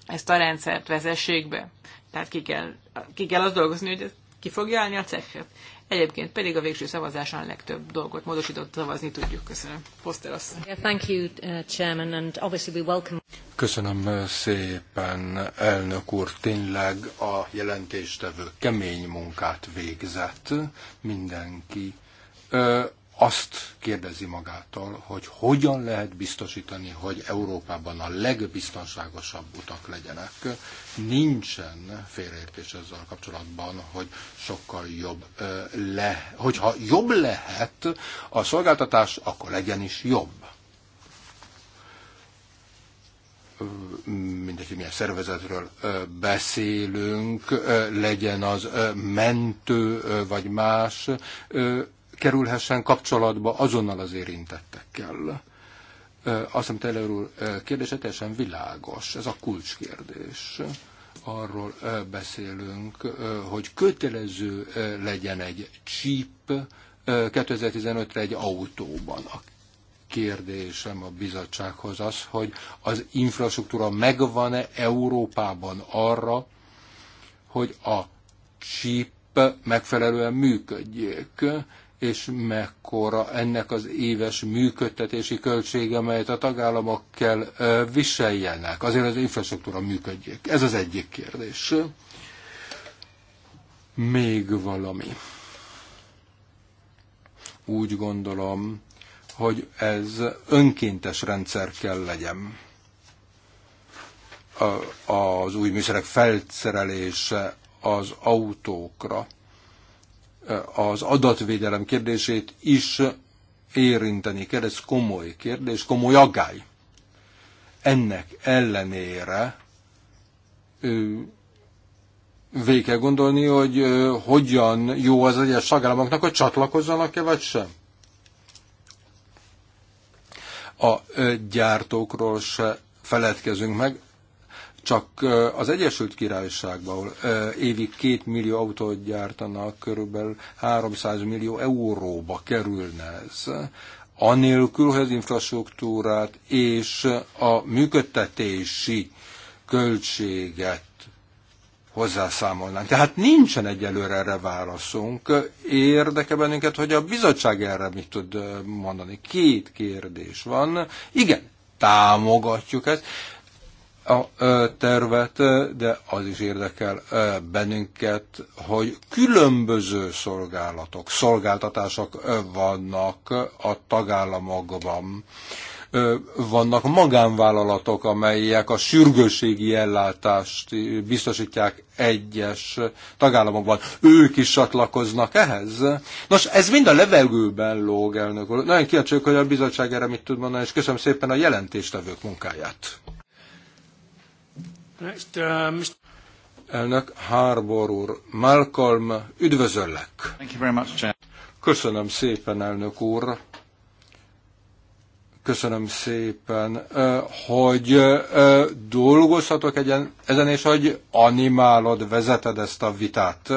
S1: ezt a rendszert vezessék be. Tehát ki kell, ki kell az dolgozni, hogy ki fogja állni a cekket. Egyébként pedig a végső szavazáson a legtöbb dolgot módosított szavazni tudjuk. Köszönöm. Poster Thank
S3: you, uh, Chairman, and obviously we welcome...
S4: Köszönöm uh, szépen, elnök úr. Tényleg a jelentéstevő kemény munkát végzett. Mindenki uh, azt kérdezi magától, hogy hogyan lehet biztosítani, hogy Európában a legbiztonságosabb utak legyenek. Nincsen félreértés ezzel kapcsolatban, hogy sokkal jobb le, hogyha jobb lehet a szolgáltatás, akkor legyen is jobb. mindegy, milyen szervezetről beszélünk, legyen az mentő vagy más, kerülhessen kapcsolatba azonnal az érintettekkel. Azt hiszem, Taylor úr kérdése teljesen világos, ez a kulcskérdés. Arról beszélünk, hogy kötelező legyen egy csíp 2015-re egy autóban. A kérdésem a bizottsághoz az, hogy az infrastruktúra megvan-e Európában arra, hogy a csíp megfelelően működjék és mekkora ennek az éves működtetési költsége, amelyet a tagállamok kell viseljenek, azért az infrastruktúra működjék. Ez az egyik kérdés. Még valami. Úgy gondolom, hogy ez önkéntes rendszer kell legyen. Az új műszerek felszerelése az autókra az adatvédelem kérdését is érinteni kell. Ez komoly kérdés, komoly aggály. Ennek ellenére végig kell gondolni, hogy hogyan jó az egyes tagállamoknak, hogy csatlakozzanak-e vagy sem. A gyártókról se feledkezünk meg, csak az Egyesült Királyságban, ahol évi két millió autót gyártanak, körülbelül 300 millió euróba kerülne ez. Anélkül, hogy az infrastruktúrát és a működtetési költséget hozzászámolnánk. Tehát nincsen egyelőre erre válaszunk. Érdeke bennünket, hogy a bizottság erre mit tud mondani. Két kérdés van. Igen, támogatjuk ezt, a tervet, de az is érdekel bennünket, hogy különböző szolgálatok, szolgáltatások vannak a tagállamokban. Vannak magánvállalatok, amelyek a sürgőségi ellátást biztosítják egyes tagállamokban. Ők is csatlakoznak ehhez. Nos, ez mind a levegőben lóg, elnök úr. Nagyon kíváncsi hogy a bizottság erre mit tud mondani, és köszönöm szépen a jelentéstevők munkáját.
S3: Next, uh, Mr.
S4: Elnök Harbour úr, Malcolm, üdvözöllek. Thank you very much, Chair. Köszönöm szépen, elnök úr. Köszönöm szépen, hogy dolgozhatok egyen, ezen, és hogy animálod, vezeted ezt a vitát.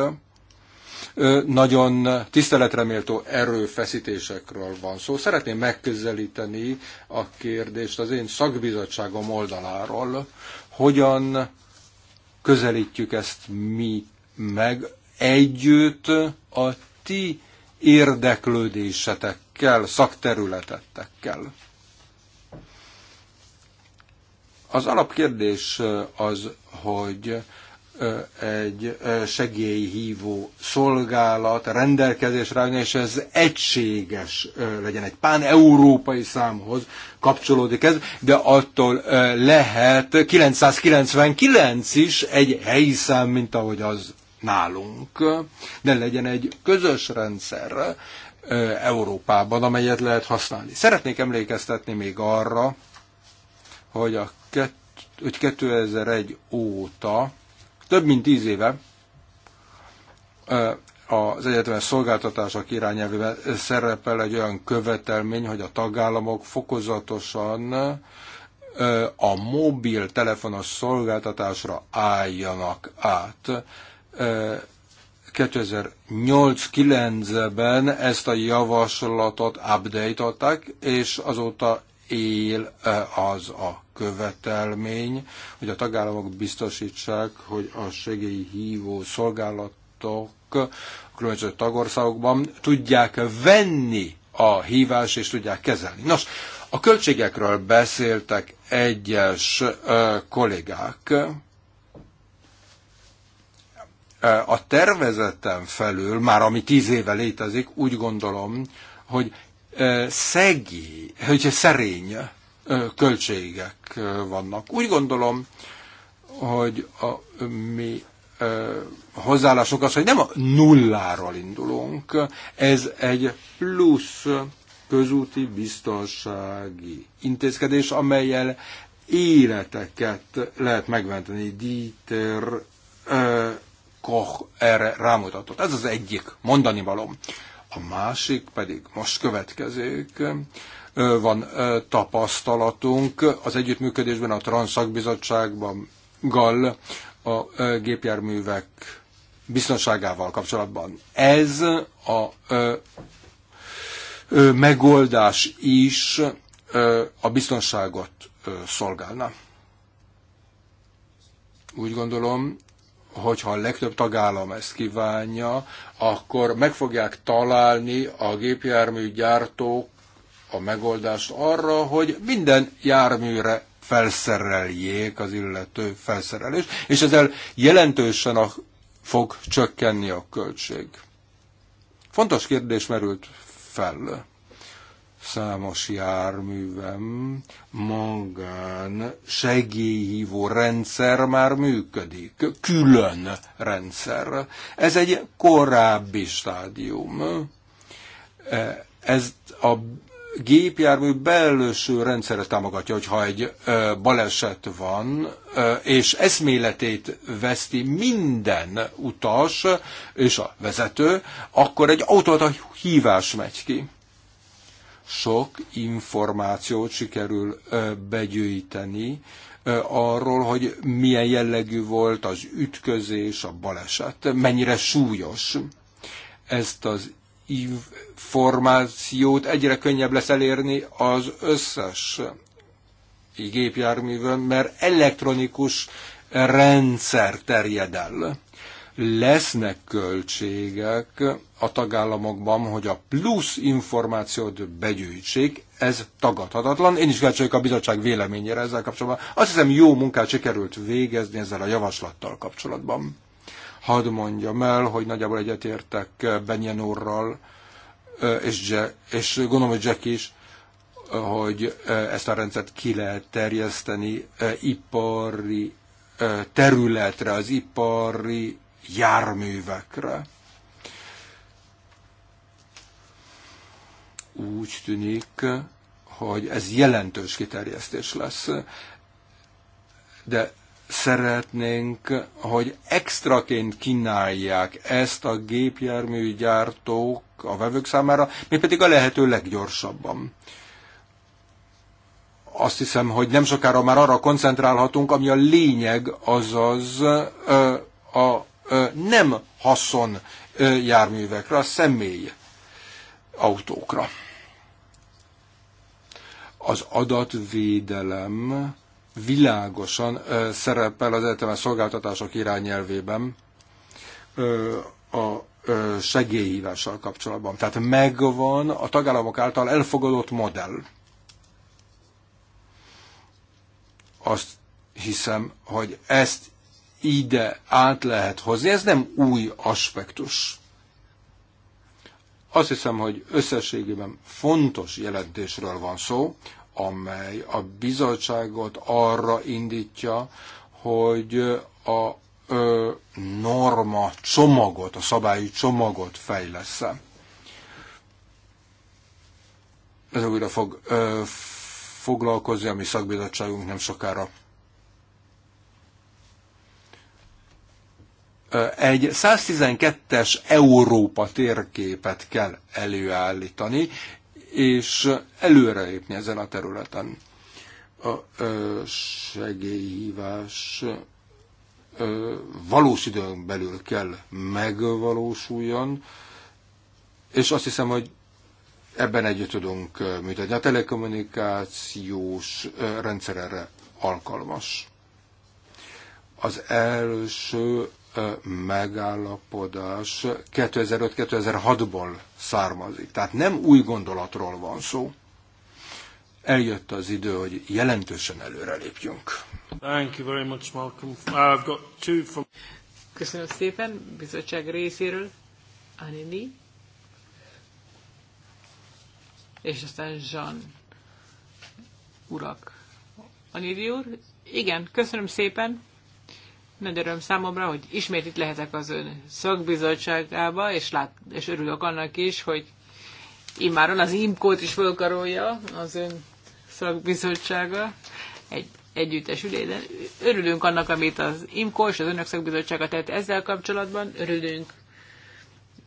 S4: Nagyon tiszteletreméltó erőfeszítésekről van szó. Szeretném megközelíteni a kérdést az én szakbizottságom oldaláról, hogyan közelítjük ezt mi meg együtt a ti érdeklődésetekkel, szakterületetekkel? Az alapkérdés az, hogy egy segélyhívó szolgálat rendelkezésre álljon, és ez egységes legyen, egy pán-európai számhoz kapcsolódik ez, de attól lehet 999 is egy helyi szám, mint ahogy az nálunk, de legyen egy közös rendszer Európában, amelyet lehet használni. Szeretnék emlékeztetni még arra, hogy a hogy 2001 óta több mint tíz éve az egyetemes szolgáltatások irányelvében szerepel egy olyan követelmény, hogy a tagállamok fokozatosan a mobiltelefonos szolgáltatásra álljanak át. 2008-9-ben ezt a javaslatot update és azóta él az a követelmény, hogy a tagállamok biztosítsák, hogy a segélyhívó szolgálatok a különböző tagországokban tudják venni a hívást és tudják kezelni. Nos, a költségekről beszéltek egyes ö, kollégák. A tervezetem felül, már ami tíz éve létezik, úgy gondolom, hogy szegély, hogy szerény költségek vannak. Úgy gondolom, hogy a mi hozzáállások az, hogy nem a nulláról indulunk, ez egy plusz közúti biztonsági intézkedés, amelyel életeket lehet megmenteni. Dieter Koch erre rámutatott. Ez az egyik mondani valom. A másik pedig most következik van tapasztalatunk az együttműködésben a Transzakbizottságban gal a gépjárművek biztonságával kapcsolatban. Ez a megoldás is a biztonságot szolgálna. Úgy gondolom, hogyha a legtöbb tagállam ezt kívánja, akkor meg fogják találni a gépjárműgyártók a megoldást arra, hogy minden járműre felszereljék az illető felszerelést, és ezzel jelentősen a, fog csökkenni a költség. Fontos kérdés merült fel. Számos járművem magán segélyhívó rendszer már működik, külön rendszer. Ez egy korábbi stádium. E, ez a gépjármű belső rendszere támogatja, hogyha egy baleset van, és eszméletét veszti minden utas és a vezető, akkor egy automata hívás megy ki. Sok információt sikerül begyűjteni arról, hogy milyen jellegű volt az ütközés, a baleset, mennyire súlyos. Ezt az információt egyre könnyebb lesz elérni az összes gépjárművön, mert elektronikus rendszer terjed el. Lesznek költségek a tagállamokban, hogy a plusz információt begyűjtsék, ez tagadhatatlan. Én is kíváncsi a bizottság véleményére ezzel kapcsolatban. Azt hiszem, jó munkát sikerült végezni ezzel a javaslattal kapcsolatban. Hadd mondjam el, hogy nagyjából egyetértek eh, Benjen úrral, eh, és, és gondolom, hogy Jack is, eh, hogy ezt a rendszert ki lehet terjeszteni ipari területre, az ipari járművekre. Úgy tűnik, hogy ez jelentős kiterjesztés lesz, de szeretnénk, hogy extraként kínálják ezt a gépjárműgyártók a vevők számára, mi pedig a lehető leggyorsabban. Azt hiszem, hogy nem sokára már arra koncentrálhatunk, ami a lényeg, azaz ö, a ö, nem haszon ö, járművekre, a személy autókra. Az adatvédelem világosan szerepel az egyetemes szolgáltatások irányelvében a segélyhívással kapcsolatban. Tehát megvan a tagállamok által elfogadott modell. Azt hiszem, hogy ezt ide át lehet hozni. Ez nem új aspektus. Azt hiszem, hogy összességében fontos jelentésről van szó, amely a bizottságot arra indítja, hogy a ö, norma csomagot, a szabályi csomagot fejlesz-e. Ez újra fog ö, foglalkozni a mi szakbizottságunk nem sokára. Egy 112-es Európa térképet kell előállítani, és előrelépni ezen a területen. A ö, segélyhívás ö, valós időn belül kell megvalósuljon, és azt hiszem, hogy ebben együtt tudunk működni. A telekommunikációs rendszer erre alkalmas. Az első megállapodás 2005-2006-ból származik. Tehát nem új gondolatról van szó. Eljött az idő, hogy jelentősen előrelépjünk.
S1: Thank you very much, Malcolm. I've got two from... Köszönöm szépen, bizottság részéről. Anini. És aztán Jean. Urak. Anini úr, igen, köszönöm szépen. Nagy öröm számomra, hogy ismét itt lehetek az ön szakbizottságába, és, lát, és örülök annak is, hogy immáron az IMKót is fölkarolja az ön szakbizottsága egy együttes üléden. Örülünk annak, amit az IMKO és az önök szakbizottsága tett ezzel kapcsolatban. Örülünk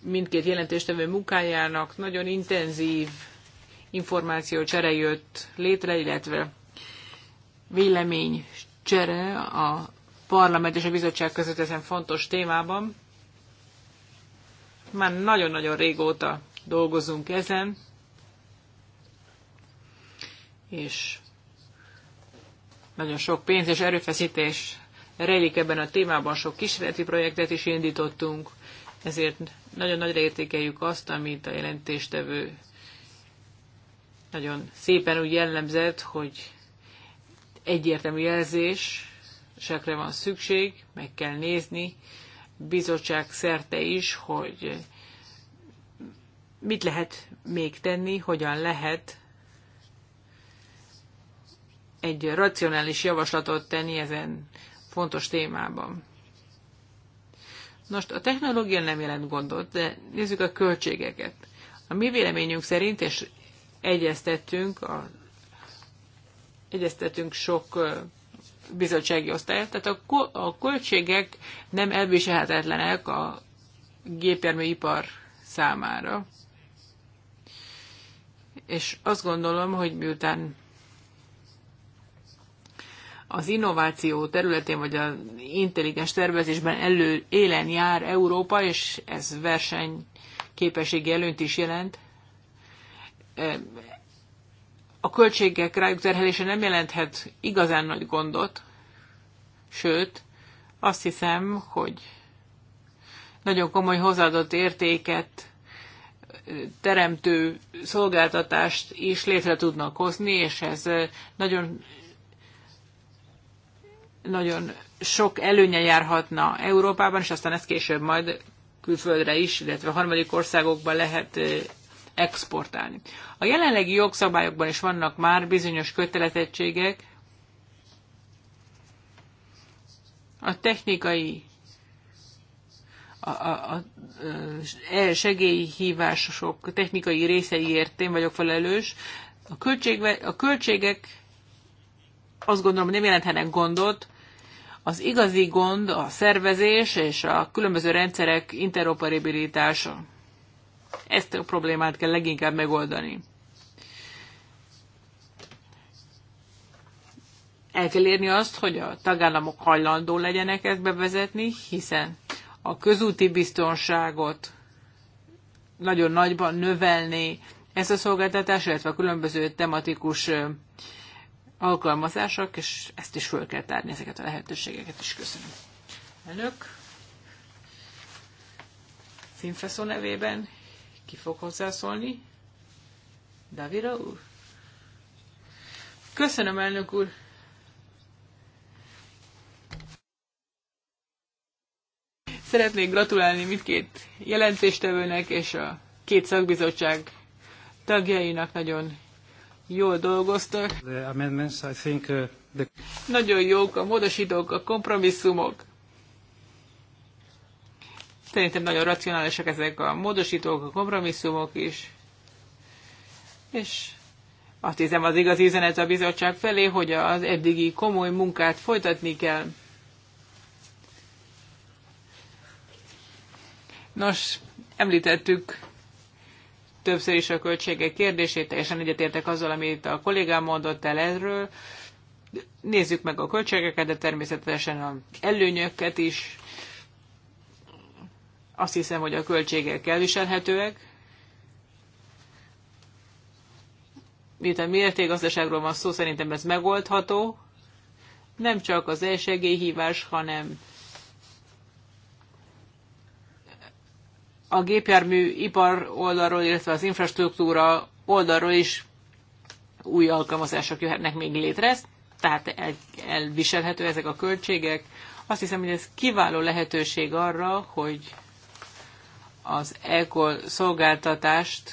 S1: mindkét jelentéstevő munkájának. Nagyon intenzív információ csere jött létre, illetve vélemény csere a parlament és a bizottság között ezen fontos témában. Már nagyon-nagyon régóta dolgozunk ezen, és nagyon sok pénz és erőfeszítés rejlik ebben a témában, sok kísérleti projektet is indítottunk, ezért nagyon nagyra értékeljük azt, amit a jelentéstevő nagyon szépen úgy jellemzett, hogy egyértelmű jelzés, sekre van szükség, meg kell nézni bizottság szerte is, hogy mit lehet még tenni, hogyan lehet egy racionális javaslatot tenni ezen fontos témában. Nos, a technológia nem jelent gondot, de nézzük a költségeket. A mi véleményünk szerint, és egyeztettünk, a, egyeztettünk sok bizottsági osztály, Tehát a, a költségek nem elviselhetetlenek a gépjárműipar számára. És azt gondolom, hogy miután az innováció területén, vagy az intelligens tervezésben elő élen jár Európa, és ez verseny képességi előnyt is jelent a költségek rájuk terhelése nem jelenthet igazán nagy gondot, sőt, azt hiszem, hogy nagyon komoly hozzáadott értéket teremtő szolgáltatást is létre tudnak hozni, és ez nagyon, nagyon sok előnye járhatna Európában, és aztán ez később majd külföldre is, illetve harmadik országokban lehet exportálni. A jelenlegi jogszabályokban is vannak már bizonyos kötelezettségek, a technikai a, a, a, a e segélyhívások technikai részeiért én vagyok felelős. A, költség, a költségek azt gondolom nem jelenthetnek gondot. Az igazi gond a szervezés és a különböző rendszerek interoperabilitása. Ezt a problémát kell leginkább megoldani. El kell érni azt, hogy a tagállamok hajlandó legyenek ezt bevezetni, hiszen a közúti biztonságot nagyon nagyban növelni ezt a szolgáltatás, illetve a különböző tematikus alkalmazások, és ezt is föl kell tárni, ezeket a lehetőségeket is köszönöm. Elnök, Finfeszó nevében ki fog hozzászólni? Davira úr? Köszönöm, elnök úr! Szeretnék gratulálni mindkét jelentéstevőnek és a két szakbizottság tagjainak nagyon jól dolgoztak.
S3: The I think, uh, the...
S1: Nagyon jók a módosítók, a kompromisszumok. Szerintem nagyon racionálisak ezek a módosítók, a kompromisszumok is. És azt hiszem az igazi üzenet a bizottság felé, hogy az eddigi komoly munkát folytatni kell. Nos, említettük többször is a költségek kérdését, teljesen egyetértek azzal, amit a kollégám mondott el erről. Nézzük meg a költségeket, de természetesen az előnyöket is. Azt hiszem, hogy a költségek elviselhetőek. Miután gazdaságról van szó, szerintem ez megoldható. Nem csak az hívás, hanem a gépjármű ipar oldalról, illetve az infrastruktúra oldalról is új alkalmazások jöhetnek még létre. Ez, tehát el, elviselhető ezek a költségek. Azt hiszem, hogy ez kiváló lehetőség arra, hogy az ECOL szolgáltatást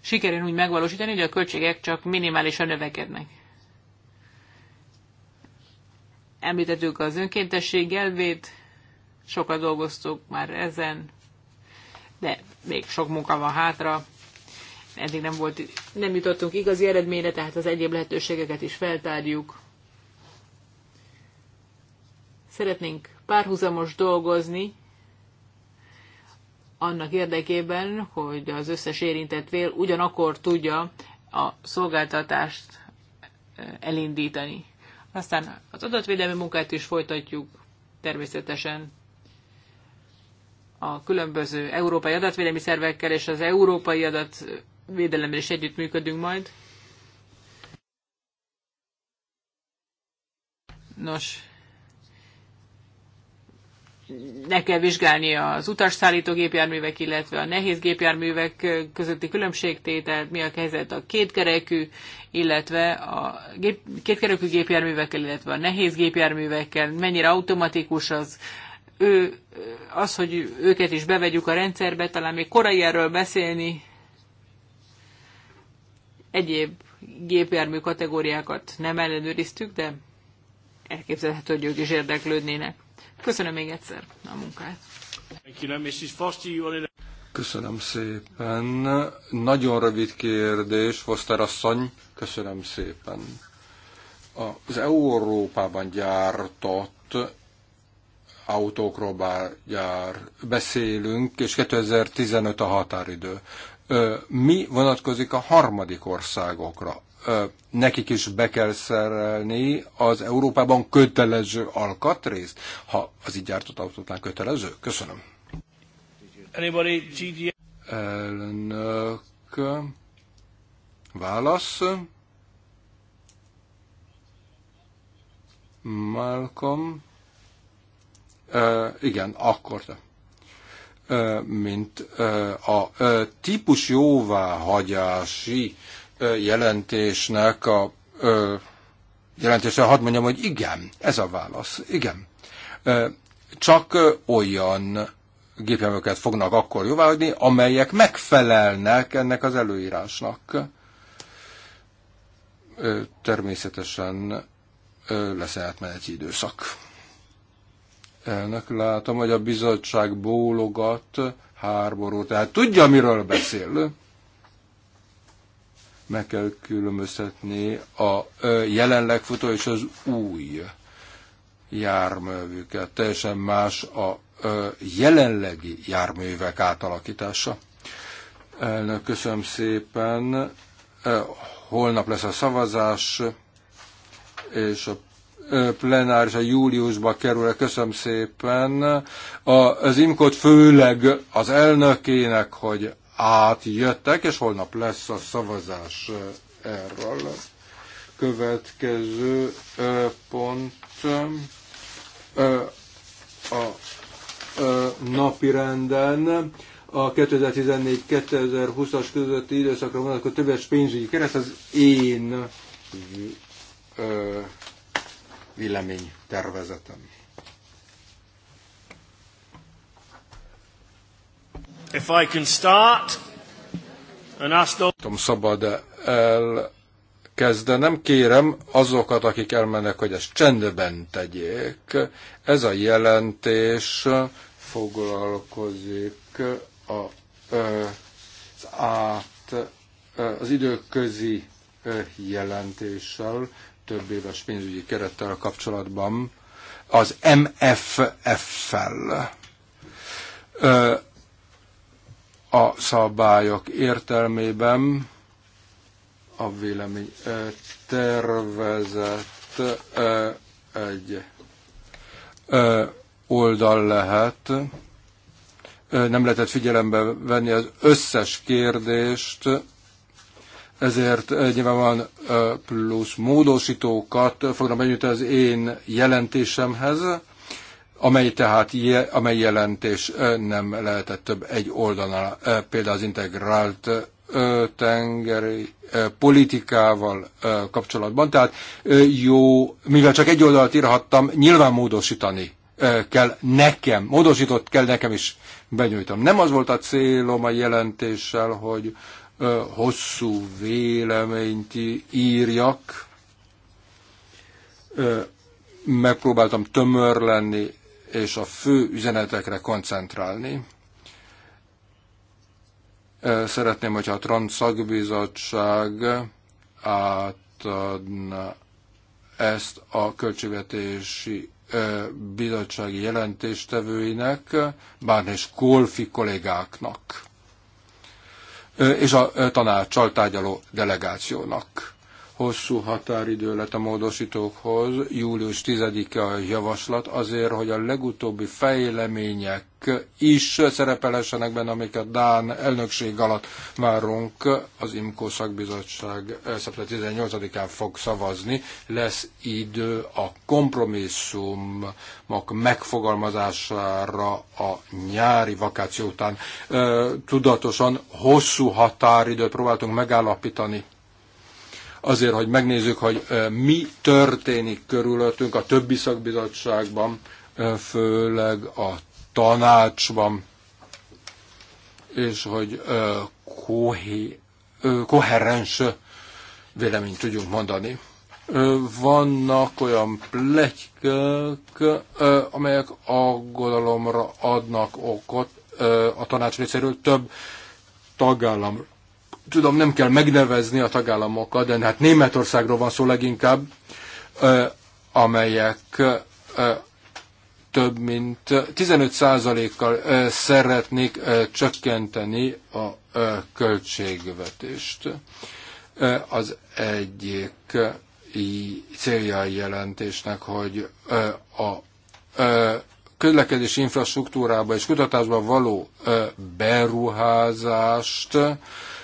S1: sikerül úgy megvalósítani, hogy a költségek csak minimálisan növekednek. Említettük az önkéntesség elvét, sokat dolgoztuk már ezen, de még sok munka van hátra. Eddig nem, volt, nem jutottunk igazi eredményre, tehát az egyéb lehetőségeket is feltárjuk. Szeretnénk párhuzamos dolgozni annak érdekében, hogy az összes érintett vél ugyanakkor tudja a szolgáltatást eh, elindítani. Aztán az adatvédelmi munkát is folytatjuk, természetesen a különböző európai adatvédelmi szervekkel és az európai adatvédelemmel is együttműködünk majd. Nos, le kell vizsgálni az utasszállító gépjárművek, illetve a nehéz gépjárművek közötti különbségtételt, mi a helyzet a kétkerekű, illetve a gép, kétkerekű gépjárművekkel, illetve a nehéz gépjárművekkel, mennyire automatikus az, ő, az, hogy őket is bevegyük a rendszerbe, talán még korai erről beszélni, egyéb gépjármű kategóriákat nem ellenőriztük, de elképzelhető, hogy ők is érdeklődnének. Köszönöm még egyszer a munkát.
S4: Köszönöm szépen. Nagyon rövid kérdés, Foster asszony. Köszönöm szépen. Az Európában gyártott autókról bár gyár, beszélünk, és 2015 a határidő. Mi vonatkozik a harmadik országokra? nekik is be kell szerelni az Európában kötelező alkatrészt, ha az így gyártott autóknál kötelező. Köszönöm.
S3: Anybody
S4: Elnök. Válasz. Malcolm. E, igen, akkor te. mint a uh, típus jóváhagyási jelentésnek a jelentésre hadd mondjam, hogy igen, ez a válasz, igen. Csak olyan gépjárműket fognak akkor jóváhagyni, amelyek megfelelnek ennek az előírásnak. Természetesen lesz átmeneti időszak. Elnök látom, hogy a bizottság bólogat, háború, tehát tudja, miről beszél. Meg kell különböztetni a jelenleg futó és az új járművüket. Teljesen más a jelenlegi járművek átalakítása. Elnök, köszönöm szépen. Holnap lesz a szavazás, és a plenáris a júliusba kerül. Köszönöm szépen az imkot, főleg az elnökének, hogy átjöttek, és holnap lesz a szavazás erről. Következő pont a napi renden a 2014-2020-as közötti időszakra vonatkozó többes pénzügyi kereszt az én vélemény tervezetem. If I can start and ask those... Tom szabad el kezdenem, kérem azokat, akik elmennek, hogy ezt csendben tegyék. Ez a jelentés foglalkozik a, az át az időközi jelentéssel, több éves pénzügyi kerettel kapcsolatban, az MFF-fel a szabályok értelmében a vélemény tervezett egy oldal lehet, nem lehetett figyelembe venni az összes kérdést, ezért nyilvánvalóan plusz módosítókat fognak benyújtani az én jelentésemhez, amely tehát amely jelentés nem lehetett több egy oldalnál, például az integrált tengeri politikával kapcsolatban. Tehát jó, mivel csak egy oldalt írhattam, nyilván módosítani kell nekem, módosított kell nekem is benyújtom. Nem az volt a célom a jelentéssel, hogy hosszú véleményt írjak, megpróbáltam tömör lenni, és a fő üzenetekre koncentrálni. Szeretném, hogyha a Trans szakbizottság átadna ezt a költségvetési bizottsági jelentéstevőinek, Bárnés Kolfi kollégáknak és a tanácsal tárgyaló delegációnak hosszú határidő lett a módosítókhoz, július 10-e a javaslat, azért, hogy a legutóbbi fejlemények is szerepelhessenek benne, amiket Dán elnökség alatt várunk. Az IMKO szakbizottság szeptember 18-án fog szavazni. Lesz idő a kompromisszumok megfogalmazására a nyári vakáció után. Tudatosan hosszú határidőt próbáltunk megállapítani azért, hogy megnézzük, hogy mi történik körülöttünk a többi szakbizottságban, főleg a tanácsban, és hogy koherens véleményt tudjunk mondani. Vannak olyan plegykök, amelyek aggodalomra adnak okot a tanács részéről több tagállamra tudom, nem kell megnevezni a tagállamokat, de hát Németországról van szó leginkább, amelyek több mint 15%-kal szeretnék csökkenteni a költségvetést. Az egyik célja a jelentésnek, hogy a közlekedési infrastruktúrába és kutatásba való beruházást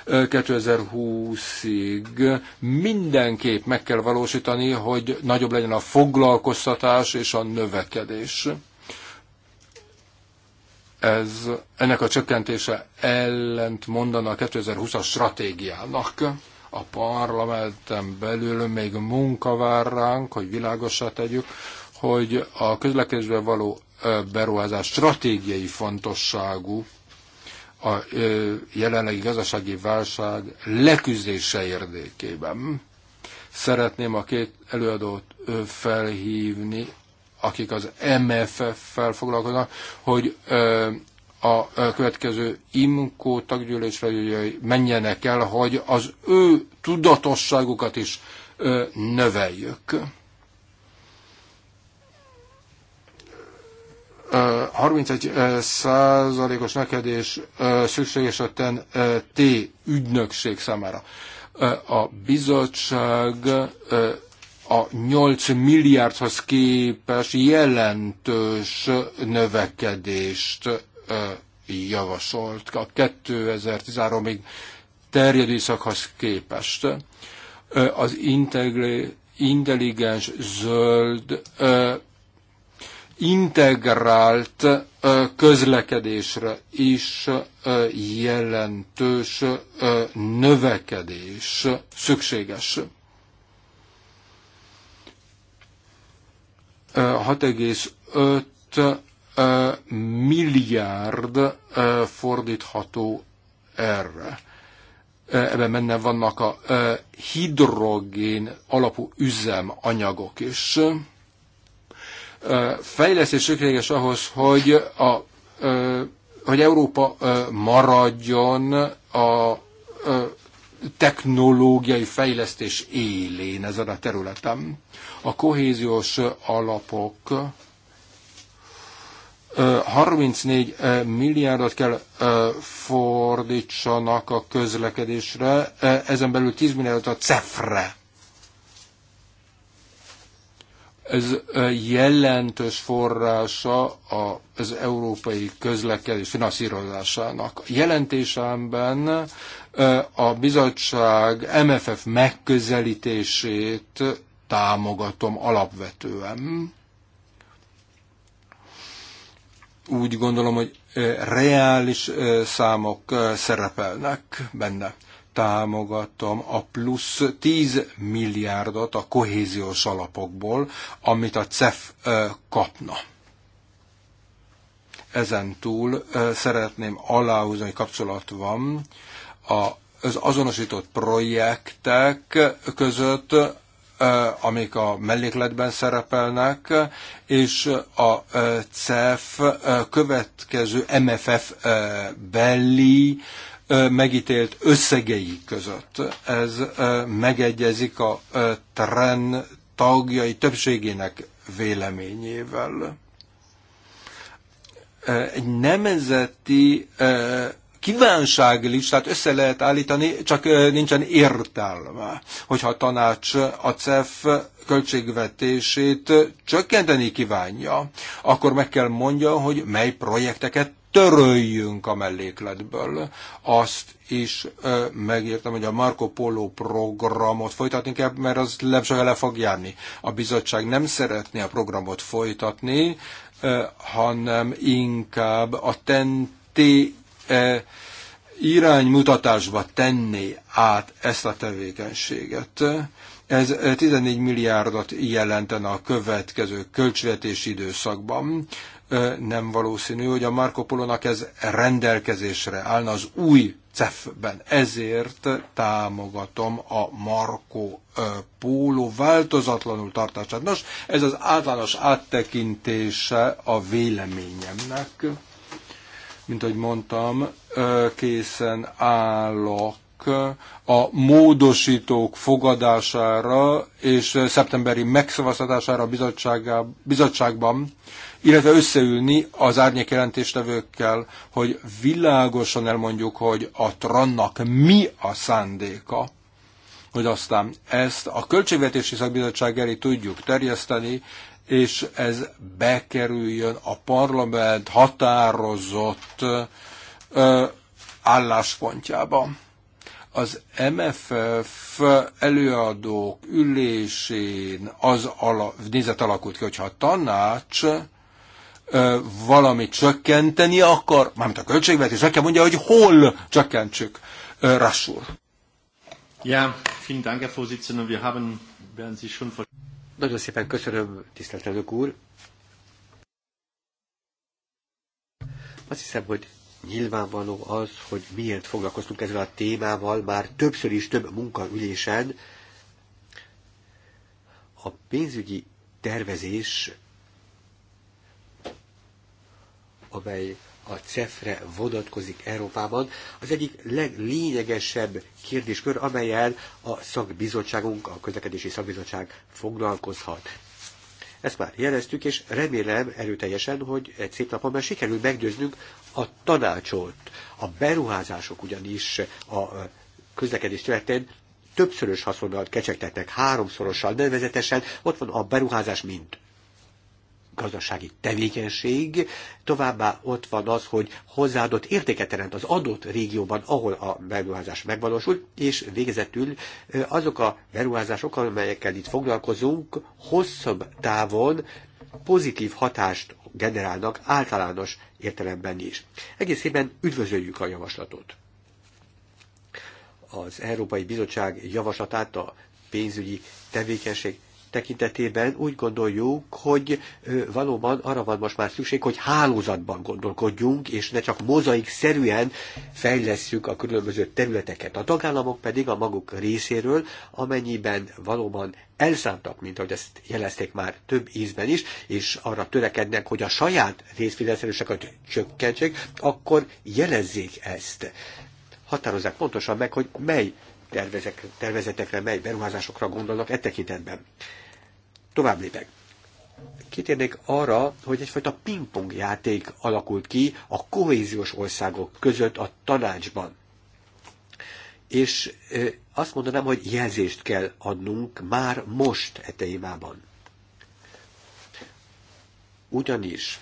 S4: 2020-ig mindenképp meg kell valósítani, hogy nagyobb legyen a foglalkoztatás és a növekedés. Ez, ennek a csökkentése ellent mondana a 2020-as stratégiának a parlamenten belül még munka vár ránk, hogy világosá tegyük, hogy a közlekedésben való beruházás stratégiai fontosságú, a jelenlegi gazdasági válság leküzdése érdekében. Szeretném a két előadót felhívni, akik az MFF-fel foglalkoznak, hogy a következő IMCO taggyűlésre menjenek el, hogy az ő tudatosságukat is növeljük. 31 százalékos nekedés szükséges a TEN-T ügynökség számára. A bizottság a 8 milliárdhoz képes jelentős növekedést javasolt a 2013-ig terjedő szakhoz képest. Az intelligens zöld integrált közlekedésre is jelentős növekedés szükséges. 6,5 milliárd fordítható erre. Ebben menne vannak a hidrogén alapú üzemanyagok is fejlesztés szükséges ahhoz, hogy, a, hogy Európa maradjon a technológiai fejlesztés élén ezen a területen. A kohéziós alapok 34 milliárdot kell fordítsanak a közlekedésre, ezen belül 10 milliárdot a CEF-re. Ez jelentős forrása az európai közlekedés finanszírozásának. Jelentésemben a bizottság MFF megközelítését támogatom alapvetően. Úgy gondolom, hogy reális számok szerepelnek benne támogatom a plusz 10 milliárdot a kohéziós alapokból, amit a CEF kapna. Ezen túl szeretném aláhúzni, hogy kapcsolat van az azonosított projektek között, amik a mellékletben szerepelnek, és a CEF következő MFF belli megítélt összegei között. Ez megegyezik a TREN tagjai többségének véleményével. Egy nemzeti kívánságlistát össze lehet állítani, csak nincsen értelme, hogyha a tanács a CEF költségvetését csökkenteni kívánja, akkor meg kell mondja, hogy mely projekteket töröljünk a mellékletből. Azt is ö, megértem, hogy a Marco Polo programot folytatni kell, mert az nem soha le fog járni. A bizottság nem szeretné a programot folytatni, ö, hanem inkább a tenti ö, iránymutatásba tenné át ezt a tevékenységet. Ez 14 milliárdot jelenten a következő költségvetési időszakban nem valószínű, hogy a Marco Polónak ez rendelkezésre állna az új CEF-ben. Ezért támogatom a Marco Polo változatlanul tartását. Nos, ez az általános áttekintése a véleményemnek. Mint ahogy mondtam, készen állok a módosítók fogadására és szeptemberi megszavaztatására a bizottságban, illetve összeülni az árnyék jelentéstevőkkel, hogy világosan elmondjuk, hogy a trannak mi a szándéka, hogy aztán ezt a Költségvetési Szakbizottság elé tudjuk terjeszteni, és ez bekerüljön a parlament határozott ö, álláspontjába. Az MFF előadók ülésén az ala, nézet alakult ki, hogyha a tanács valamit csökkenteni, akar, mármint a költségvetés, meg kell mondja, hogy hol csökkentsük. Rassur.
S3: Ja, vielen Dank, Herr Vorsitzender. Wir haben, werden Sie
S2: schon Nagyon szépen köszönöm, tisztelt elnök úr. Azt hiszem, hogy nyilvánvaló az, hogy miért foglalkoztunk ezzel a témával, már többször is több munkaülésen. A pénzügyi tervezés amely a CEFRE vonatkozik Európában, az egyik leglényegesebb kérdéskör, amelyel a szakbizottságunk, a közlekedési szakbizottság foglalkozhat. Ezt már jeleztük, és remélem erőteljesen, hogy egy szép napon már sikerül meggyőznünk a tanácsot. A beruházások ugyanis a közlekedés területén többszörös haszonnal kecsegtetnek, háromszorossal, nevezetesen ott van a beruházás, mint gazdasági tevékenység, továbbá ott van az, hogy hozzáadott értéket teremt az adott régióban, ahol a beruházás megvalósult, és végezetül azok a beruházások, amelyekkel itt foglalkozunk, hosszabb távon pozitív hatást generálnak általános értelemben is. Egészében üdvözöljük a javaslatot. Az Európai Bizottság javaslatát a pénzügyi tevékenység tekintetében úgy gondoljuk, hogy valóban arra van most már szükség, hogy hálózatban gondolkodjunk, és ne csak mozaik szerűen fejlesszük a különböző területeket. A tagállamok pedig a maguk részéről, amennyiben valóban elszántak, mint ahogy ezt jelezték már több ízben is, és arra törekednek, hogy a saját részfinanszerűseket csökkentsék, akkor jelezzék ezt határozzák pontosan meg, hogy mely tervezek, tervezetekre, mely beruházásokra gondolnak e tekintetben. Tovább lépek. Kitérnék arra, hogy egyfajta pingpong játék alakult ki a kohéziós országok között a tanácsban. És azt mondanám, hogy jelzést kell adnunk már most e témában. Ugyanis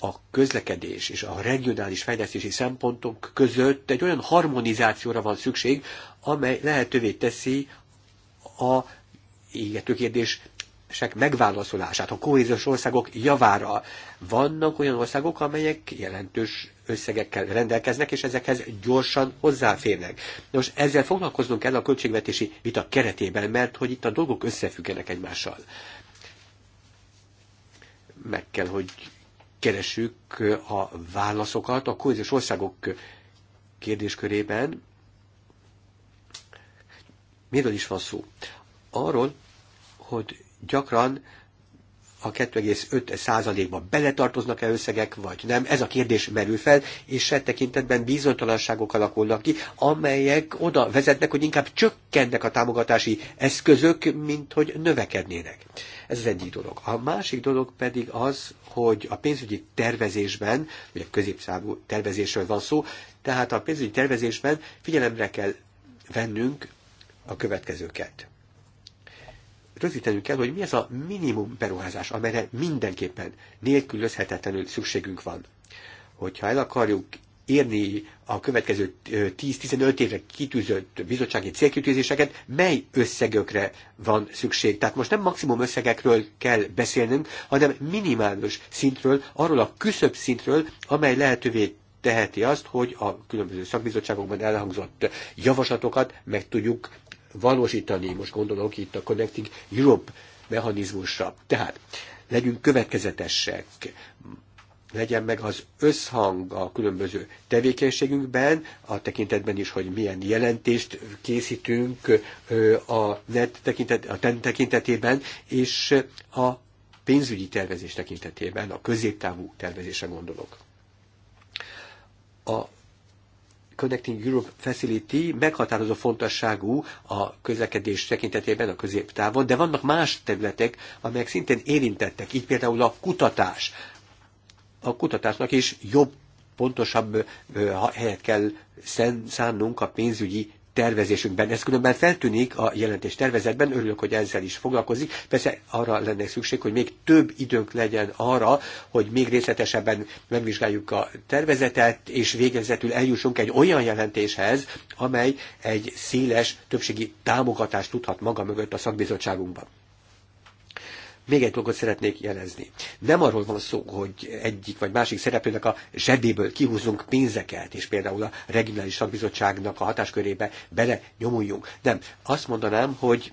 S2: a közlekedés és a regionális fejlesztési szempontok között egy olyan harmonizációra van szükség, amely lehetővé teszi a égető kérdések megválaszolását a kohéziós országok javára. Vannak olyan országok, amelyek jelentős összegekkel rendelkeznek, és ezekhez gyorsan hozzáférnek. Nos, ezzel foglalkoznunk kell a költségvetési vita keretében, mert hogy itt a dolgok összefüggenek egymással. Meg kell, hogy keresük eh, a válaszokat a kohéziós országok eh, kérdéskörében. Miről is van szó? Arról, hogy gyakran a 2,5 százalékban beletartoznak-e összegek, vagy nem, ez a kérdés merül fel, és e tekintetben bizonytalanságok alakulnak ki, amelyek oda vezetnek, hogy inkább csökkennek a támogatási eszközök, mint hogy növekednének. Ez az egyik dolog. A másik dolog pedig az, hogy a pénzügyi tervezésben, ugye középszávú tervezésről van szó, tehát a pénzügyi tervezésben figyelemre kell vennünk a következőket rögzítenünk kell, hogy mi az a minimum beruházás, amelyre mindenképpen nélkülözhetetlenül szükségünk van. Hogyha el akarjuk érni a következő 10-15 évre kitűzött bizottsági célkitűzéseket, mely összegökre van szükség. Tehát most nem maximum összegekről kell beszélnünk, hanem minimális szintről, arról a küszöbb szintről, amely lehetővé teheti azt, hogy a különböző szakbizottságokban elhangzott javaslatokat meg tudjuk valósítani. Most gondolok itt a Connecting Europe mechanizmusra. Tehát legyünk következetesek, legyen meg az összhang a különböző tevékenységünkben, a tekintetben is, hogy milyen jelentést készítünk a net tekintet, a TEN tekintetében, és a pénzügyi tervezés tekintetében, a középtávú tervezésre gondolok. A Connecting Europe Facility meghatározó fontosságú a közlekedés tekintetében a középtávon, de vannak más területek, amelyek szintén érintettek, így például a kutatás. A kutatásnak is jobb, pontosabb helyet kell szánnunk a pénzügyi tervezésünkben. Ez különben feltűnik a jelentés tervezetben, örülök, hogy ezzel is foglalkozik. Persze arra lenne szükség, hogy még több időnk legyen arra, hogy még részletesebben megvizsgáljuk a tervezetet, és végezetül eljussunk egy olyan jelentéshez, amely egy széles többségi támogatást tudhat maga mögött a szakbizottságunkban. Még egy dolgot szeretnék jelezni. Nem arról van szó, hogy egyik vagy másik szereplőnek a zsebéből kihúzunk pénzeket, és például a regionális szakbizottságnak a hatáskörébe bele nyomuljunk. Nem. Azt mondanám, hogy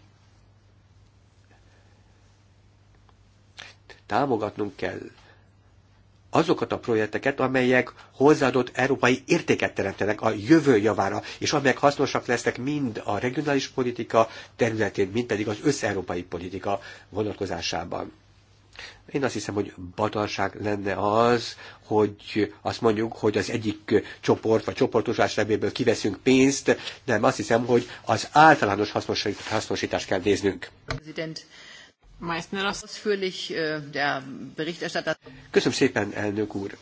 S2: támogatnunk kell azokat a projekteket, amelyek hozzáadott európai értéket teremtenek a jövő javára, és amelyek hasznosak lesznek mind a regionális politika területén, mind pedig az összeurópai politika vonatkozásában. Én azt hiszem, hogy batalság lenne az, hogy azt mondjuk, hogy az egyik csoport vagy csoportosás lebéből kiveszünk pénzt, nem, azt hiszem, hogy az általános hasznosítást kell néznünk.
S1: President. Meissner azt. Äh,
S2: Köszönöm szépen, elnök úr.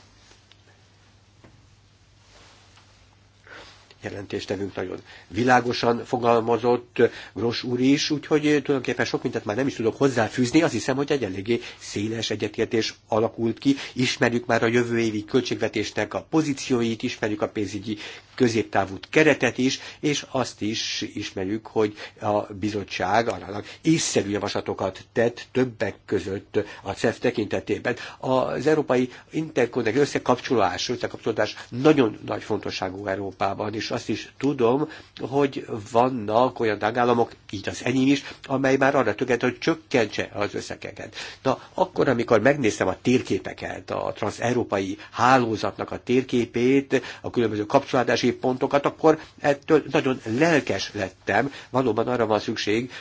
S2: jelentéstevünk nagyon világosan fogalmazott, Gros úr is, úgyhogy tulajdonképpen sok mindent már nem is tudok hozzáfűzni, azt hiszem, hogy egy eléggé széles egyetértés alakult ki, ismerjük már a jövő évi költségvetésnek a pozícióit, ismerjük a pénzügyi középtávú keretet is, és azt is ismerjük, hogy a bizottság arra észszerű javaslatokat tett többek között a CEF tekintetében. Az európai interkonnekt összekapcsolás, összekapcsolódás nagyon nagy fontosságú Európában, és azt is tudom, hogy vannak olyan tagállamok, így az enyém is, amely már arra tökélet, hogy csökkentse az összegeket. Na, akkor, amikor megnéztem a térképeket, a transeurópai hálózatnak a térképét, a különböző kapcsolódási pontokat, akkor ettől nagyon lelkes lettem. Valóban arra van szükség,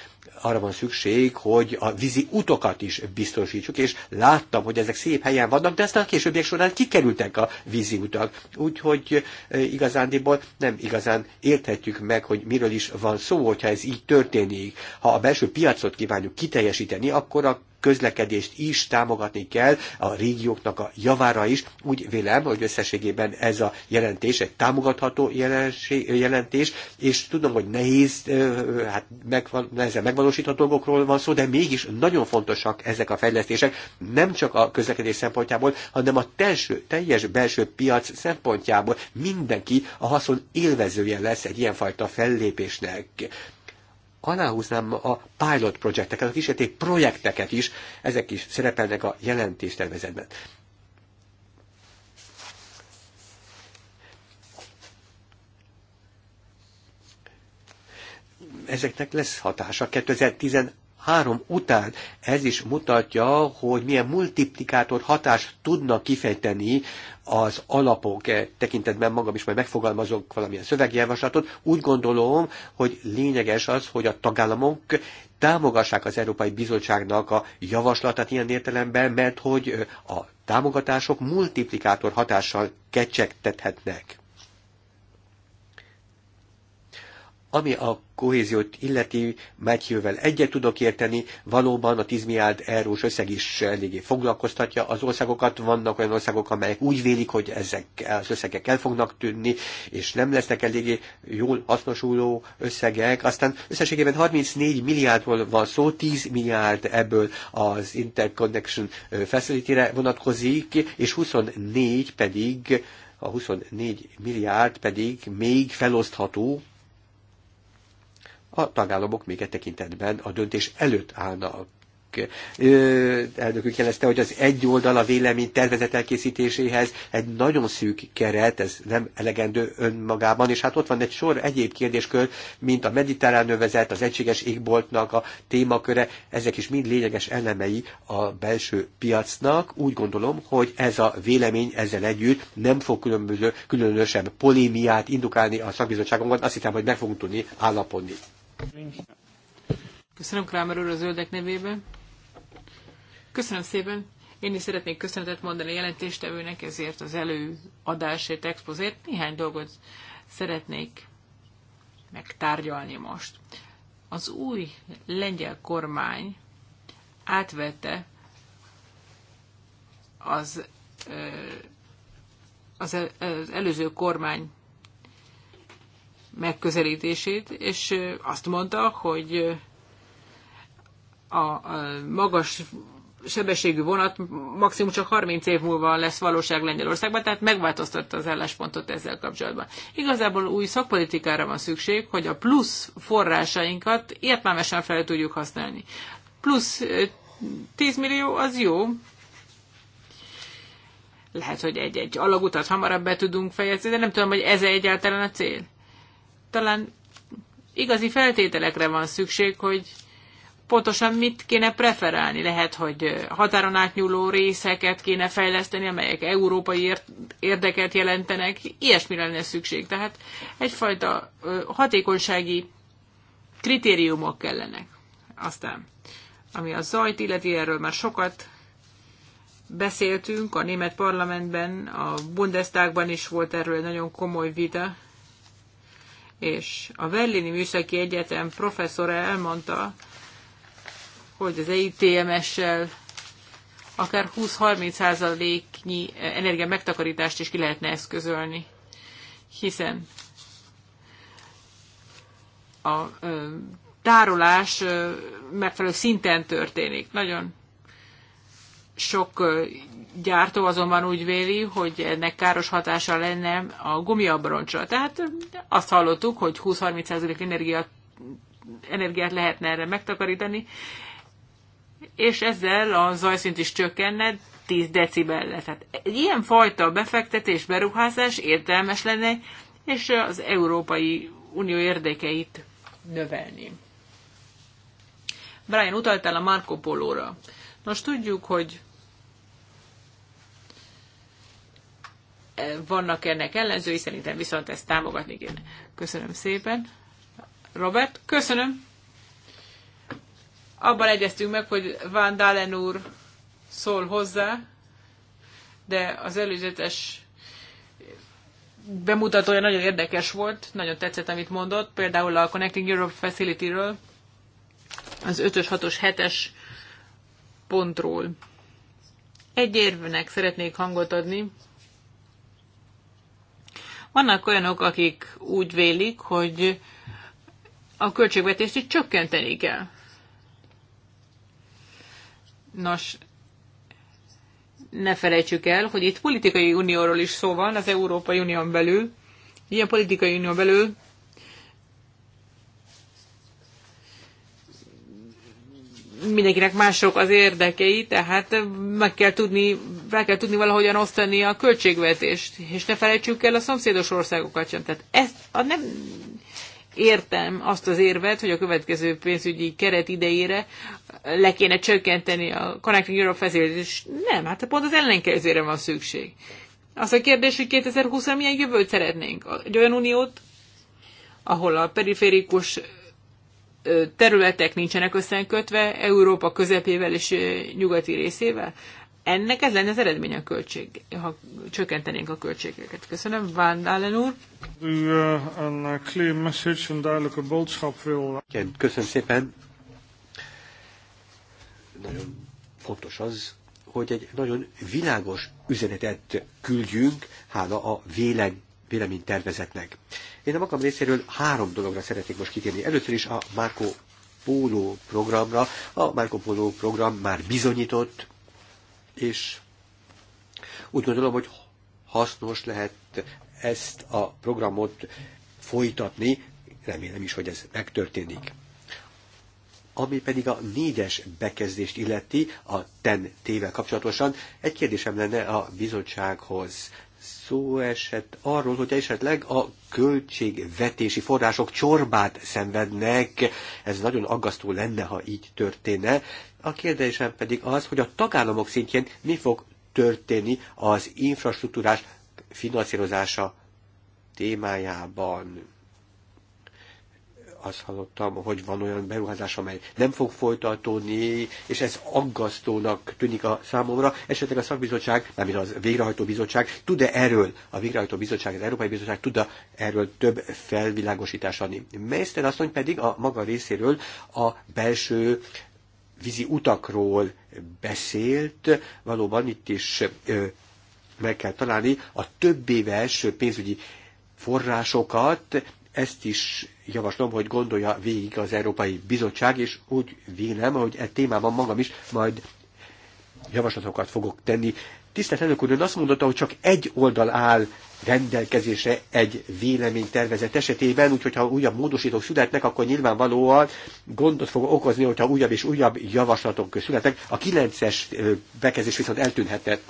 S2: arra van szükség, hogy a vízi utokat is biztosítsuk, és láttam, hogy ezek szép helyen vannak, de aztán a későbbiek során kikerültek a vízi utak. Úgyhogy e, igazándiból nem igazán érthetjük meg, hogy miről is van szó, hogyha ez így történik. Ha a belső piacot kívánjuk kiteljesíteni, akkor a közlekedést is támogatni kell a régióknak a javára is. Úgy vélem, hogy összességében ez a jelentés egy támogatható jelenség, jelentés, és tudom, hogy nehéz, hát megvan, nehezen megvalósítható dolgokról van szó, de mégis nagyon fontosak ezek a fejlesztések, nem csak a közlekedés szempontjából, hanem a telső, teljes belső piac szempontjából mindenki a haszon élvezője lesz egy ilyenfajta fellépésnek aláhúznám a pilot projekteket, a kísérleti projekteket is, ezek is szerepelnek a jelentéstervezetben. ezeknek lesz hatása három után. Ez is mutatja, hogy milyen multiplikátor hatást tudnak kifejteni az alapok e tekintetben magam is majd megfogalmazok valamilyen szövegjelvaslatot. Úgy gondolom, hogy lényeges az, hogy a tagállamok támogassák az Európai Bizottságnak a javaslatát ilyen értelemben, mert hogy a támogatások multiplikátor hatással kecsegtethetnek. Ami a kohéziót illeti, Mátyővel egyet tudok érteni, valóban a 10 milliárd eurós összeg is eléggé foglalkoztatja az országokat. Vannak olyan országok, amelyek úgy vélik, hogy ezek az összegek el fognak tűnni, és nem lesznek eléggé jól hasznosuló összegek. Aztán összességében 34 milliárdról van szó, 10 milliárd ebből az Interconnection Facility-re vonatkozik, és 24 pedig a 24 milliárd pedig még felosztható a tagállamok még egy tekintetben a döntés előtt állnak elnökük jelezte, hogy az egy oldal a vélemény tervezet elkészítéséhez egy nagyon szűk keret, ez nem elegendő önmagában, és hát ott van egy sor egyéb kérdéskör, mint a mediterrán övezet, az egységes égboltnak a témaköre, ezek is mind lényeges elemei a belső piacnak. Úgy gondolom, hogy ez a vélemény ezzel együtt nem fog különböző, különösebb polémiát indukálni a szakbizottságunkban, azt hiszem, hogy meg fogunk tudni állapodni.
S1: Köszönöm Krámer úr a zöldek nevében. Köszönöm szépen. Én is szeretnék köszönetet mondani a jelentéstevőnek ezért az előadásért, expozért. Néhány dolgot szeretnék megtárgyalni most. Az új lengyel kormány átvette az, az, az előző kormány megközelítését, és azt mondta, hogy a magas sebességű vonat maximum csak 30 év múlva lesz valóság Lengyelországban, tehát megváltoztatta az álláspontot ezzel kapcsolatban. Igazából új szakpolitikára van szükség, hogy a plusz forrásainkat értelmesen fel tudjuk használni. Plusz 10 millió az jó, lehet, hogy egy-egy alagutat hamarabb be tudunk fejezni, de nem tudom, hogy ez egyáltalán a cél talán igazi feltételekre van szükség, hogy pontosan mit kéne preferálni. Lehet, hogy határon átnyúló részeket kéne fejleszteni, amelyek európai érdeket jelentenek, ilyesmire lenne szükség. Tehát egyfajta hatékonysági kritériumok kellenek. Aztán, ami a zajt illeti, erről már sokat beszéltünk, a német parlamentben, a Bundestagban is volt erről egy nagyon komoly vita, és a Berlini Műszaki Egyetem professzora elmondta, hogy az EITMS-sel akár 20-30%-nyi energia megtakarítást is ki lehetne eszközölni, hiszen a ö, tárolás ö, megfelelő szinten történik. Nagyon sok gyártó azonban úgy véli, hogy ennek káros hatása lenne a gumiabroncsra. Tehát azt hallottuk, hogy 20-30% energiát, energiát lehetne erre megtakarítani, és ezzel a zajszint is csökkenne 10 decibelre. Tehát egy ilyen fajta befektetés, beruházás értelmes lenne, és az Európai Unió érdekeit növelni. Brian, utaltál a Marco Polo-ra. Nos, tudjuk, hogy vannak ennek ellenzői, szerintem viszont ezt támogatni kéne. Köszönöm szépen. Robert, köszönöm. Abban egyeztünk meg, hogy Van Dalen úr szól hozzá, de az előzetes bemutatója nagyon érdekes volt, nagyon tetszett, amit mondott, például a Connecting Europe Facility-ről, az 5-ös, 6-os, 7-es pontról. Egy érvnek szeretnék hangot adni, vannak olyanok, akik úgy vélik, hogy a költségvetést is csökkenteni kell. Nos, ne felejtsük el, hogy itt politikai unióról is szó van az Európai Unión belül. Ilyen politikai unió belül mindenkinek mások az érdekei, tehát meg kell tudni, meg kell tudni valahogyan osztani a költségvetést, és ne felejtsük el a szomszédos országokat sem. Tehát ezt a nem értem azt az érvet, hogy a következő pénzügyi keret idejére le kéne csökkenteni a Connecting Europe feszélést. Nem, hát pont az ellenkezőre van szükség. Az a kérdés, hogy 2020-ra milyen jövőt szeretnénk. Egy olyan uniót, ahol a periférikus területek nincsenek összenkötve Európa közepével és nyugati részével. Ennek ez lenne az eredmény a költség, ha csökkentenénk a költségeket. Köszönöm, Van Dalen úr.
S3: Eh, eh. Köszönöm szépen.
S2: Nagyon fontos az, hogy egy nagyon világos üzenetet küldjünk, hála a vélem, véleménytervezetnek. Én a magam részéről három dologra szeretnék most kitérni. Először is a Marco Polo programra. A Marco Polo program már bizonyított, és úgy gondolom, hogy hasznos lehet ezt a programot folytatni, remélem is, hogy ez megtörténik. Ami pedig a négyes bekezdést illeti a TEN tével kapcsolatosan, egy kérdésem lenne a bizottsághoz szó esett arról, hogy esetleg a költségvetési források csorbát szenvednek. Ez nagyon aggasztó lenne, ha így történne. A kérdésem pedig az, hogy a tagállamok szintjén mi fog történni az infrastruktúrás finanszírozása témájában azt hallottam, hogy van olyan beruházás, amely nem fog folytatódni, és ez aggasztónak tűnik a számomra. Esetleg a szakbizottság, mármint az végrehajtó bizottság, tud-e erről, a végrehajtó bizottság, az Európai Bizottság tud -e erről több felvilágosítást adni. Mester asszony pedig a maga részéről a belső vízi utakról beszélt, valóban itt is ö, meg kell találni a több éves pénzügyi forrásokat, ezt is javaslom, hogy gondolja végig az Európai Bizottság, és úgy vélem, hogy e témában magam is majd javaslatokat fogok tenni. Tisztelt elnök úr, ön azt mondotta, hogy csak egy oldal áll rendelkezésre egy véleménytervezet esetében, úgyhogy ha újabb módosítók születnek, akkor nyilvánvalóan gondot fog okozni, hogyha újabb és újabb javaslatok születnek. A kilences bekezdés viszont eltűnhetett.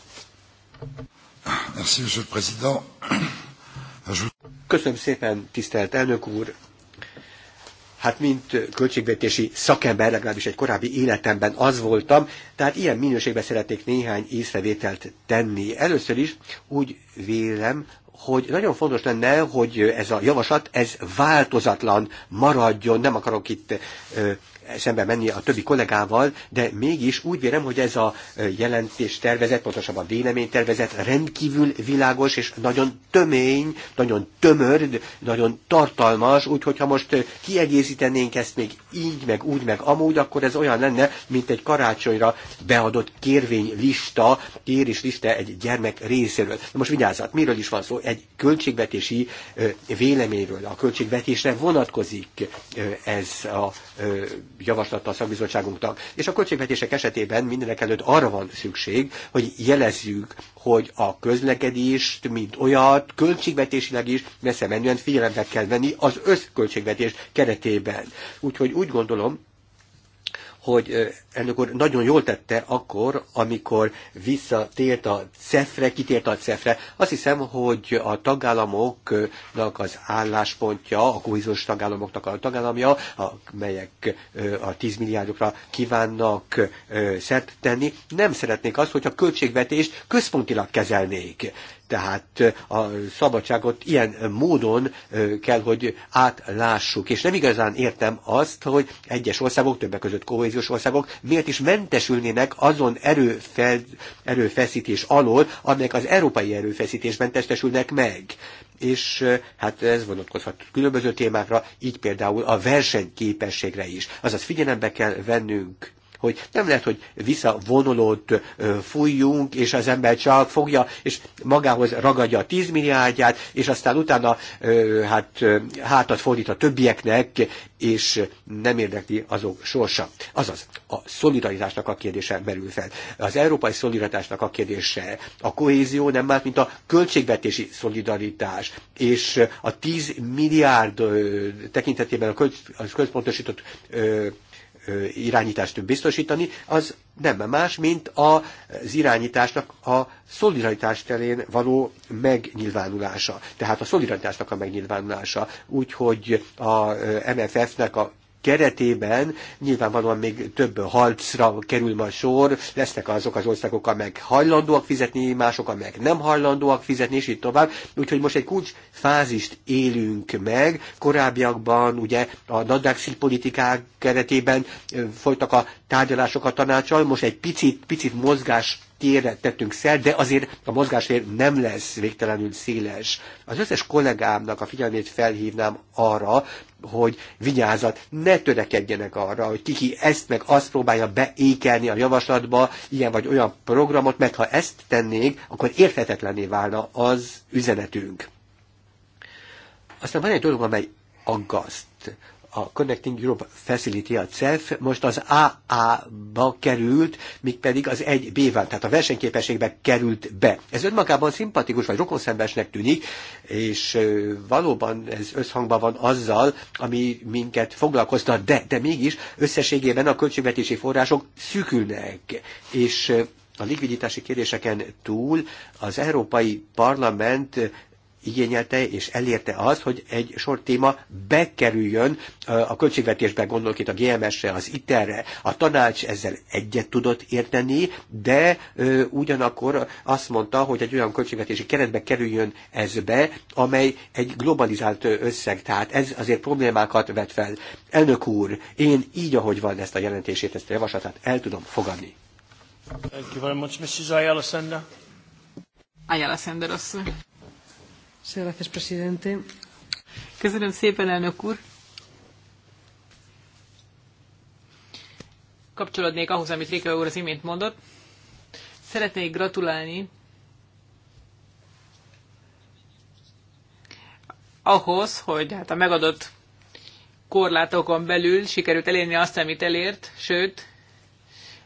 S2: Köszönöm szépen, tisztelt elnök úr! hát mint költségvetési szakember, legalábbis egy korábbi életemben az voltam, tehát ilyen minőségben szeretnék néhány észrevételt tenni. Először is úgy vélem, hogy nagyon fontos lenne, hogy ez a javaslat, ez változatlan maradjon, nem akarok itt szembe menni a többi kollégával, de mégis úgy vélem, hogy ez a jelentés tervezet, pontosabban a tervezet rendkívül világos és nagyon tömény, nagyon tömör, nagyon tartalmas, úgyhogy ha most kiegészítenénk ezt még így, meg úgy, meg amúgy, akkor ez olyan lenne, mint egy karácsonyra beadott kérvénylista, kérislista egy gyermek részéről. Na most vigyázzat, miről is van szó? Egy költségvetési véleményről, a költségvetésre vonatkozik ez a javaslata a szakbizottságunknak. És a költségvetések esetében mindenek előtt arra van szükség, hogy jelezzük, hogy a közlekedést, mint olyat, költségvetésileg is messze menően figyelembe kell venni az összköltségvetés keretében. Úgyhogy úgy gondolom, hogy elnök úr nagyon jól tette akkor, amikor visszatért a CEF-re, kitért a CEF-re. Azt hiszem, hogy a tagállamoknak az álláspontja, a kohéziós tagállamoknak a tagállamja, amelyek a 10 milliárdokra kívánnak szert tenni, nem szeretnék azt, hogy a költségvetést központilag kezelnék. Tehát a szabadságot ilyen módon kell, hogy átlássuk. És nem igazán értem azt, hogy egyes országok, többek között kohéziós országok miért is mentesülnének azon erőfel, erőfeszítés alól, amelyek az európai erőfeszítésben testesülnek meg. És hát ez vonatkozhat különböző témákra, így például a versenyképességre is. Azaz figyelembe kell vennünk hogy nem lehet, hogy visszavonulót fújjunk, és az ember csak fogja, és magához ragadja a 10 milliárdját, és aztán utána hát hátat fordít a többieknek, és nem érdekli azok sorsa. Azaz, a szolidaritásnak a kérdése merül fel. Az európai szolidaritásnak a kérdése, a kohézió nem más, mint a költségvetési szolidaritás, és a 10 milliárd tekintetében a, a központosított irányítást biztosítani, az nem más, mint az irányításnak a szolidaritás terén való megnyilvánulása. Tehát a szolidaritásnak a megnyilvánulása, úgyhogy a MFF-nek a keretében nyilvánvalóan még több harcra kerül ma sor, lesznek azok az országok, amelyek hajlandóak fizetni, mások, amelyek nem hajlandóak fizetni, és így tovább. Úgyhogy most egy kulcs fázist élünk meg. Korábbiakban ugye a nadrágszint politikák keretében folytak a tárgyalások a tanácsal, most egy picit, picit mozgás térre tettünk szel, de azért a mozgásért nem lesz végtelenül széles. Az összes kollégámnak a figyelmét felhívnám arra, hogy vigyázat, ne törekedjenek arra, hogy kiki ezt meg azt próbálja beékelni a javaslatba, ilyen vagy olyan programot, mert ha ezt tennék, akkor érthetetlené válna az üzenetünk. Aztán van egy dolog, amely aggaszt a Connecting Europe Facility, a CEF most az AA-ba került, míg pedig az 1B-ben, tehát a versenyképességbe került be. Ez önmagában szimpatikus, vagy rokonszembesnek tűnik, és valóban ez összhangban van azzal, ami minket foglalkoztat, de, de mégis összességében a költségvetési források szűkülnek, és a likviditási kérdéseken túl az Európai Parlament igényelte és elérte az, hogy egy sor téma bekerüljön a költségvetésben, gondolok itt a GMS-re, az ITER-re. A tanács ezzel egyet tudott érteni, de ugyanakkor azt mondta, hogy egy olyan költségvetési keretbe kerüljön ez be, amely egy globalizált összeg. Tehát ez azért problémákat vet fel. Elnök úr, én így, ahogy van ezt a jelentését, ezt a javaslatát el tudom fogadni.
S3: Thank you very much, Mrs. Ayala Sender.
S1: Ayala Sender asszony. Köszönöm szépen, elnök úr. Kapcsolódnék ahhoz, amit Réka úr az imént mondott. Szeretnék gratulálni ahhoz, hogy hát a megadott korlátokon belül sikerült elérni azt, amit elért, sőt,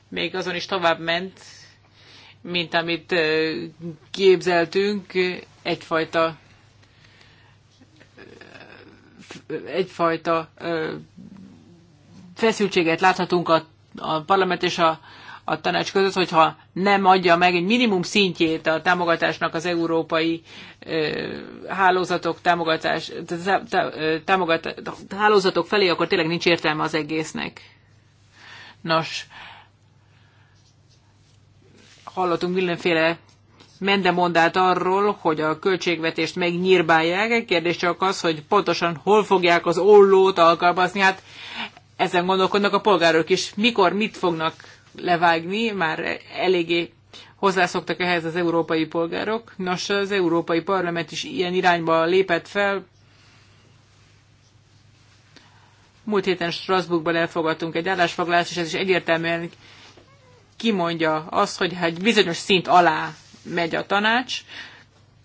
S1: még azon is tovább ment, mint amit képzeltünk, egyfajta egyfajta feszültséget láthatunk a, a parlament és a, a tanács között, hogyha nem adja meg egy minimum szintjét a támogatásnak az európai ö, hálózatok támogatás, támogat, hálózatok felé, akkor tényleg nincs értelme az egésznek. Nos, hallottunk mindenféle mendemondát arról, hogy a költségvetést megnyírbálják. Kérdés csak az, hogy pontosan hol fogják az ollót alkalmazni. Hát ezen gondolkodnak a polgárok is, mikor mit fognak levágni, már eléggé hozzászoktak ehhez az európai polgárok. Nos, az Európai Parlament is ilyen irányba lépett fel. Múlt héten Strasbourgban elfogadtunk egy állásfoglalást, és ez is egyértelműen kimondja azt, hogy egy bizonyos szint alá megy a tanács,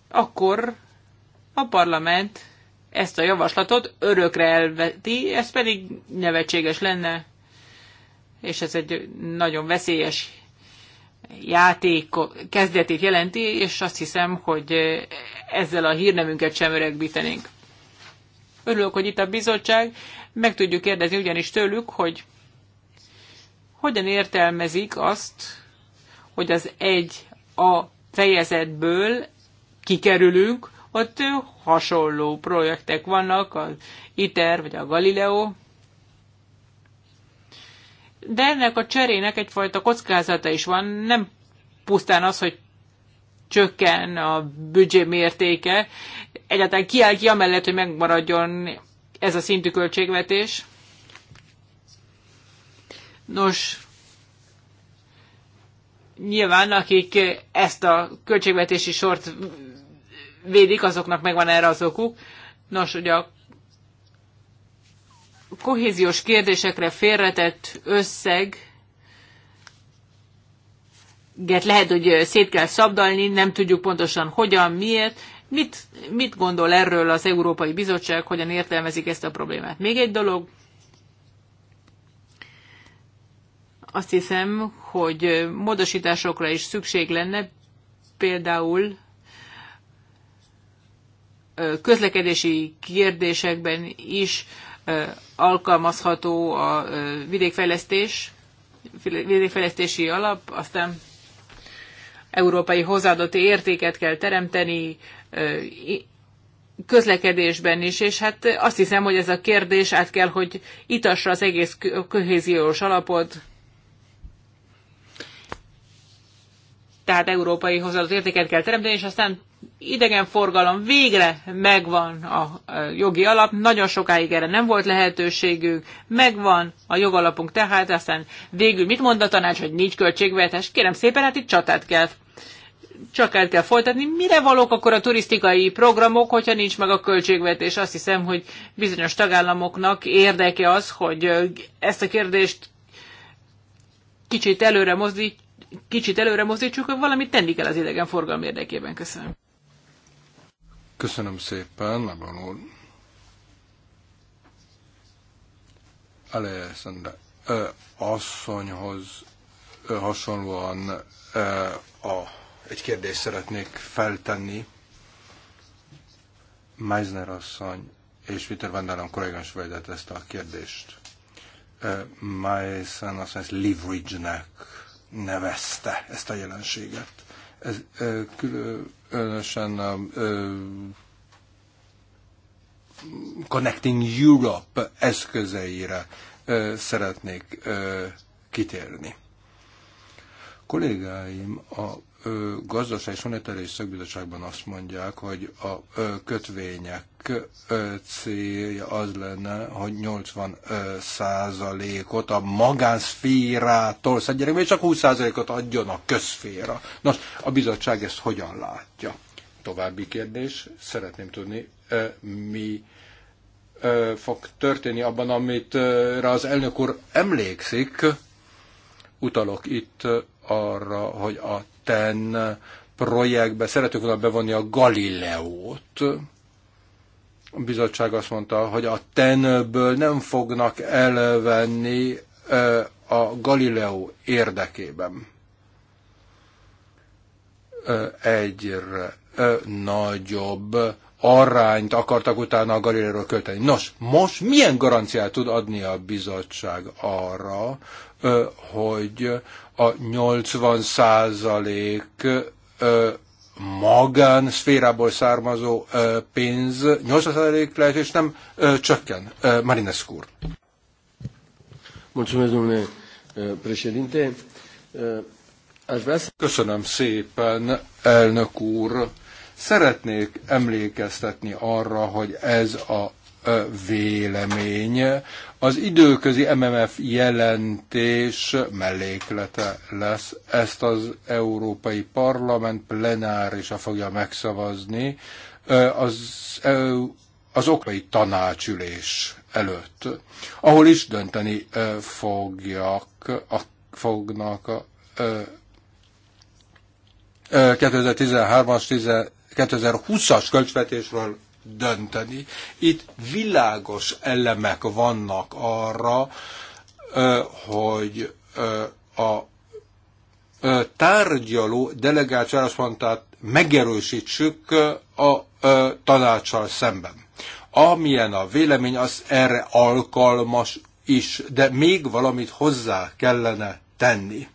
S1: akkor a parlament ezt a javaslatot örökre elveti, ez pedig nevetséges lenne, és ez egy nagyon veszélyes játék kezdetét jelenti, és azt hiszem, hogy ezzel a hírnemünket sem öregbítenénk. Örülök, hogy itt a bizottság, meg tudjuk kérdezni ugyanis tőlük, hogy hogyan értelmezik azt, hogy az egy a fejezetből kikerülünk, ott hasonló projektek vannak, az ITER vagy a Galileo, de ennek a cserének egyfajta kockázata is van, nem pusztán az, hogy csökken a büdzsé mértéke, egyáltalán kiáll ki amellett, hogy megmaradjon ez a szintű költségvetés. Nos, nyilván akik ezt a költségvetési sort védik, azoknak megvan erre az okuk. Nos, ugye a kohéziós kérdésekre félretett összeg lehet, hogy szét kell szabdalni, nem tudjuk pontosan hogyan, miért. Mit, mit gondol erről az Európai Bizottság, hogyan értelmezik ezt a problémát? Még egy dolog, Azt hiszem, hogy módosításokra is szükség lenne, például közlekedési kérdésekben is alkalmazható a vidékfejlesztés, vidékfejlesztési alap, aztán európai hozzáadott értéket kell teremteni közlekedésben is, és hát azt hiszem, hogy ez a kérdés át kell, hogy itassa az egész kohéziós alapot, tehát európai hozzáadott értéket kell teremteni, és aztán idegenforgalom végre megvan a jogi alap, nagyon sokáig erre nem volt lehetőségünk, megvan a jogalapunk, tehát aztán végül mit mond a tanács, hogy nincs költségvetés? Kérem szépen, hát itt csatát kell csak el kell folytatni. Mire valók akkor a turisztikai programok, hogyha nincs meg a költségvetés? Azt hiszem, hogy bizonyos tagállamoknak érdeke az, hogy ezt a kérdést kicsit előre mozdít, kicsit előre mozdítsuk, valamit tenni kell az forgalom érdekében. Köszönöm.
S4: Köszönöm szépen, Lebron úr. Alessandra, asszonyhoz hasonlóan a, egy kérdést szeretnék feltenni. Meisner asszony és Peter Van Dalen ezt a kérdést. Meisner asszony ezt leverage-nek nevezte ezt a jelenséget. Ez különösen a Connecting Europe eszközeire szeretnék kitérni. Kollégáim a gazdaság és monetáris szakbizottságban azt mondják, hogy a kötvények célja az lenne, hogy 80 százalékot a magánszférától szedjenek, vagy csak 20 százalékot adjon a közféra. Nos, a bizottság ezt hogyan látja? További kérdés, szeretném tudni, mi fog történni abban, amit az elnök úr emlékszik, utalok itt arra, hogy a Ten projektbe szeretük volna bevonni a Galileót. A bizottság azt mondta, hogy a tenőből nem fognak elvenni a Galileo érdekében. Egyre nagyobb arányt akartak utána a Galileóról költeni. Nos, most milyen garanciát tud adni a bizottság arra, hogy a 80 százalék magán szférából származó pénz 80 százalék lehet, és nem csökken. Marinescu úr. Köszönöm szépen, elnök úr. Szeretnék emlékeztetni arra, hogy ez a vélemény. Az időközi MMF jelentés melléklete lesz. Ezt az Európai Parlament plenárisa fogja megszavazni az, e az okai tanácsülés előtt, ahol is dönteni fogjak, a, fognak a 2013-as, 2020-as költségvetésről dönteni. Itt világos elemek vannak arra, hogy a tárgyaló delegáció mondta, megerősítsük a tanácssal szemben. Amilyen a vélemény, az erre alkalmas is, de még valamit hozzá kellene tenni.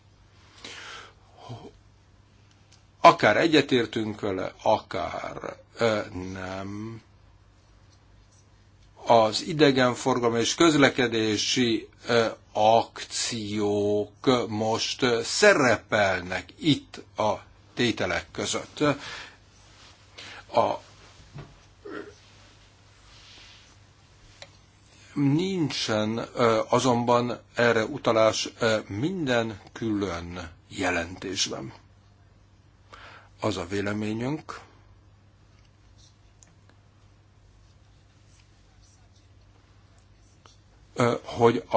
S4: Akár egyetértünk vele, akár nem az idegenforgalom és közlekedési akciók most szerepelnek itt a tételek között. A Nincsen azonban erre utalás minden külön jelentésben. Az a véleményünk, hogy a,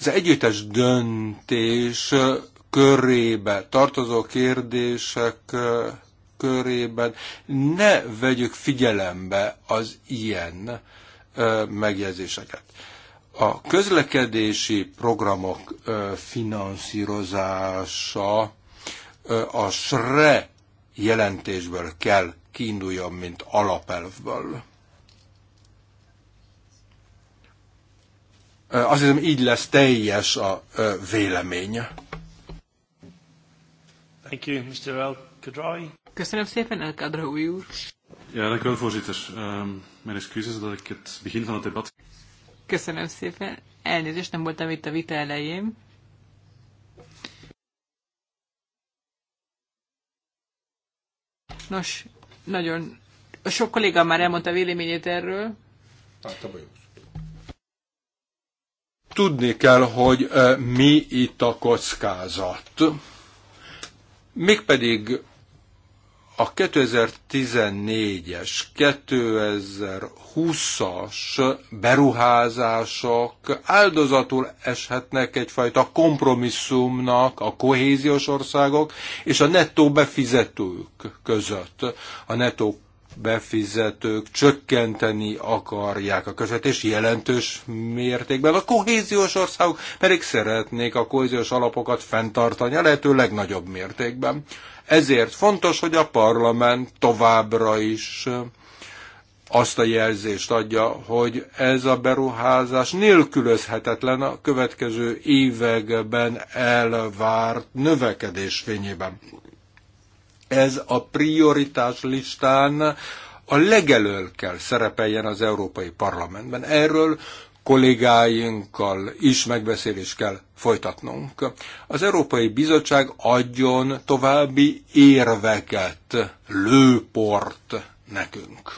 S4: az együttes döntés körébe tartozó kérdések körében ne vegyük figyelembe az ilyen megjegyzéseket. A közlekedési programok finanszírozása a SRE jelentésből kell kiinduljon, mint alapelvből. Azt hiszem, így lesz teljes a vélemény.
S3: Thank you, Mr. El
S4: Kadrawi.
S1: Köszönöm szépen, El Kadrawi úr.
S3: Ja, de kell wel, Mert is ehm, mijn excuses dat begin van a debat...
S1: Köszönöm szépen. Elnézést, nem voltam itt a vita elején. Nos, nagyon... sok kolléga már elmondta véleményét erről.
S4: Hát, a bajos. Tudni kell, hogy mi itt a kockázat. Mégpedig a 2014-es, 2020-as beruházások áldozatul eshetnek egyfajta kompromisszumnak a kohéziós országok és a nettó befizetők között, a nettó befizetők csökkenteni akarják a közvetés jelentős mértékben. A kohéziós országok pedig szeretnék a kohéziós alapokat fenntartani a lehető legnagyobb mértékben. Ezért fontos, hogy a parlament továbbra is azt a jelzést adja, hogy ez a beruházás nélkülözhetetlen a következő években elvárt növekedés fényében ez a prioritás listán a legelől kell szerepeljen az Európai Parlamentben. Erről kollégáinkkal is megbeszélés kell folytatnunk. Az Európai Bizottság adjon további érveket, lőport nekünk.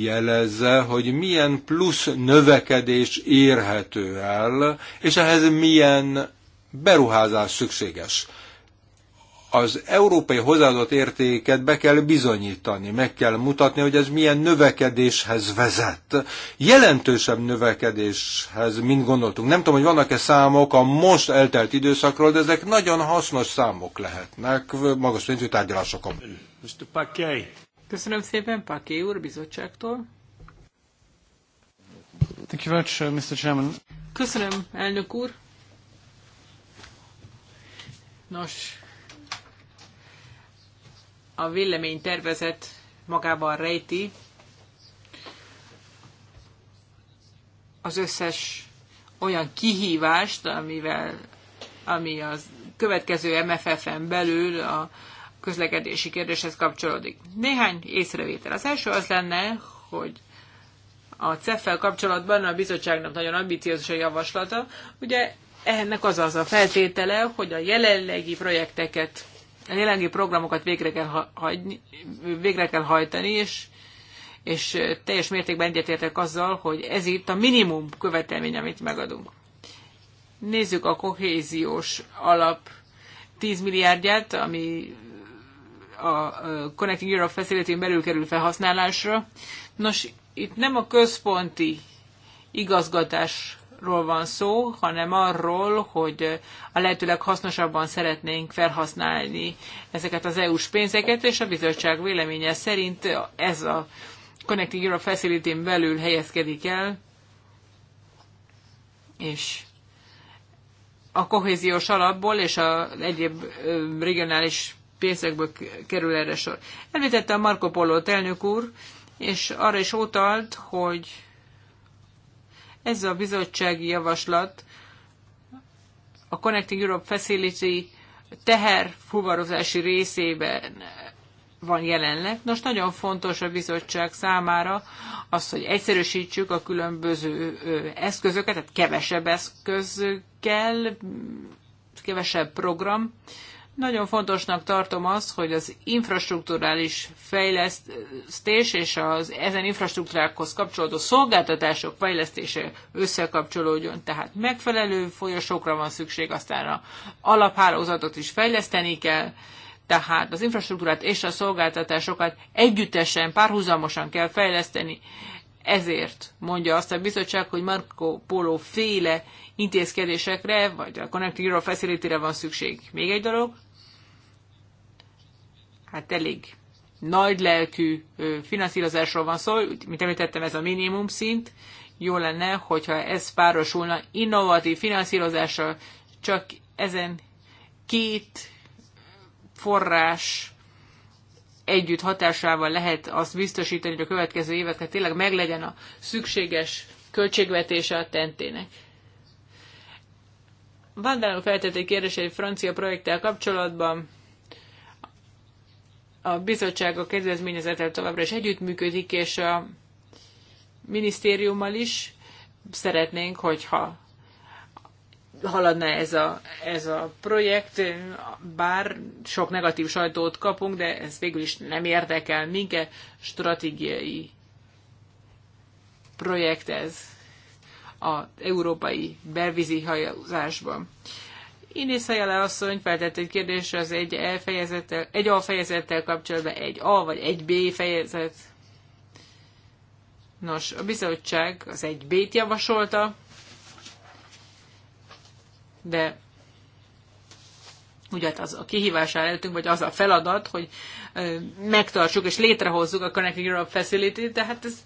S4: Jelezze, hogy milyen plusz növekedés érhető el, és ehhez milyen beruházás szükséges az európai hozzáadott értéket be kell bizonyítani, meg kell mutatni, hogy ez milyen növekedéshez vezet. Jelentősebb növekedéshez, mint gondoltunk. Nem tudom, hogy vannak-e számok a most eltelt időszakról, de ezek nagyon hasznos számok lehetnek magas szintű tárgyalásokon.
S1: Mr. Köszönöm szépen, Paké úr, bizottságtól.
S3: Thank you much, uh, Mr. Chairman. Köszönöm,
S1: elnök úr. Nos, a vélemény tervezet magában rejti az összes olyan kihívást, amivel, ami a következő MFF-en belül a közlekedési kérdéshez kapcsolódik. Néhány észrevétel. Az első az lenne, hogy a CEF-fel kapcsolatban a bizottságnak nagyon ambiciózus a javaslata. Ugye ennek az az a feltétele, hogy a jelenlegi projekteket a jelenlegi programokat végre kell, hagyni, végre kell hajtani, és, és teljes mértékben egyetértek azzal, hogy ez itt a minimum követelmény, amit megadunk. Nézzük a kohéziós alap 10 milliárdját, ami a Connecting Europe facility belül kerül felhasználásra. Nos, itt nem a központi igazgatás ról van szó, hanem arról, hogy a lehetőleg hasznosabban szeretnénk felhasználni ezeket az EU-s pénzeket, és a bizottság véleménye szerint ez a Connecting Europe facility belül helyezkedik el, és a kohéziós alapból és az egyéb regionális pénzekből kerül erre sor. Említette a Marco Polo elnök úr, és arra is utalt, hogy ez a bizottsági javaslat a Connecting Europe Facility teherfuvarozási részében van jelenleg. Nos, nagyon fontos a bizottság számára az, hogy egyszerűsítsük a különböző eszközöket, tehát kevesebb eszköz kell, kevesebb program, nagyon fontosnak tartom azt, hogy az infrastruktúrális fejlesztés és az ezen infrastruktúrákhoz kapcsolódó szolgáltatások fejlesztése összekapcsolódjon. Tehát megfelelő folyosókra van szükség, aztán a alaphálózatot is fejleszteni kell, tehát az infrastruktúrát és a szolgáltatásokat együttesen, párhuzamosan kell fejleszteni. Ezért mondja azt a bizottság, hogy Marco Polo féle intézkedésekre, vagy a Connecting Euro Facility-re van szükség. Még egy dolog, hát elég nagy lelkű finanszírozásról van szó, mint említettem, ez a minimum szint. Jó lenne, hogyha ez párosulna innovatív finanszírozással, csak ezen két forrás együtt hatásával lehet azt biztosítani, hogy a következő évekre tényleg meglegyen a szükséges költségvetése a tentének. Vandáló feltett egy kérdés egy francia projekttel kapcsolatban a bizottság a kedvezményezettel továbbra is együttműködik, és a minisztériummal is szeretnénk, hogyha haladna ez a, ez a projekt, bár sok negatív sajtót kapunk, de ez végül is nem érdekel minket, stratégiai projekt ez az európai belvízi hajózásban. Indiszajele asszony feltett egy kérdésre az egy, e fejezettel, egy A fejezettel kapcsolatban, egy A vagy egy B fejezet. Nos, a bizottság az egy B-t javasolta, de ugye az a kihívás előttünk, vagy az a feladat, hogy megtartsuk és létrehozzuk a Connecting Europe Facility-t, hát ez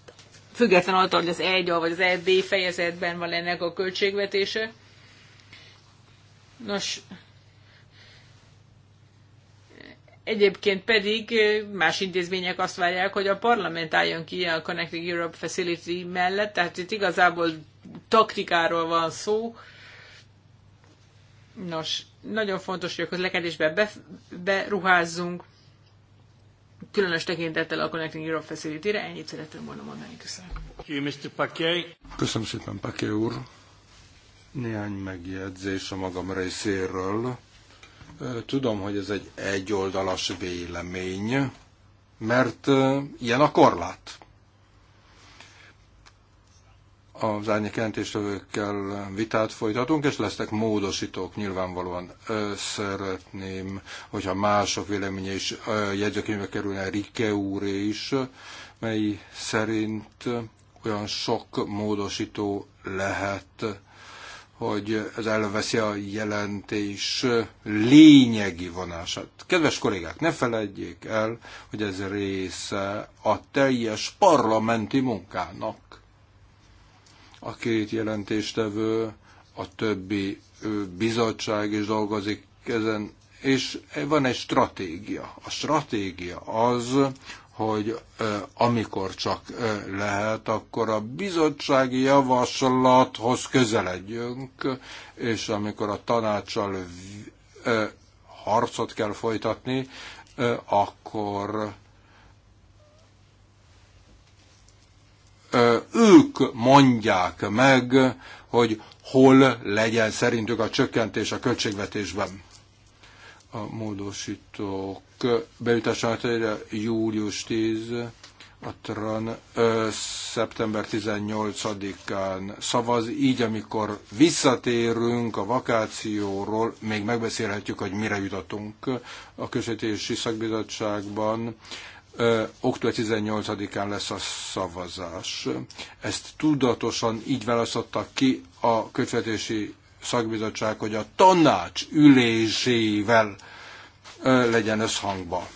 S1: független attól, hogy az egy a vagy az egy b fejezetben van ennek a költségvetése. Nos, egyébként pedig más intézmények azt várják, hogy a parlament álljon ki a Connecting Europe Facility mellett, tehát itt igazából taktikáról van szó. Nos, nagyon fontos, hogy a közlekedésbe be, beruházzunk, különös tekintettel a Connecting Europe Facility-re. Ennyit szerettem volna mondani. Köszönöm.
S4: Köszönöm szépen, Paké úr. Néhány megjegyzés a magam részéről. Tudom, hogy ez egy egyoldalas vélemény, mert ilyen a korlát. Az árnyék jelentéstevőkkel vitát folytatunk, és lesznek módosítók nyilvánvalóan. Szeretném, hogyha mások véleménye is jegyzőkönyvbe kerülne Rike úré is, mely szerint olyan sok módosító lehet hogy ez elveszi a jelentés lényegi vonását. Kedves kollégák, ne feledjék el, hogy ez része a teljes parlamenti munkának. A két jelentéstevő, a többi bizottság is dolgozik ezen, és van egy stratégia. A stratégia az, hogy amikor csak lehet, akkor a bizottsági javaslathoz közeledjünk, és amikor a tanácsal harcot kell folytatni, akkor ők mondják meg, hogy hol legyen szerintük a csökkentés a költségvetésben. A módosítók bejutásának hát július 10, a Tron ö, szeptember 18-án szavaz, így amikor visszatérünk a vakációról, még megbeszélhetjük, hogy mire jutottunk a Közvetési Szakbizottságban. Ö, október 18-án lesz a szavazás. Ezt tudatosan így választotta ki a Közvetési Szakbizottság, hogy a tanács ülésével legyen összhangba.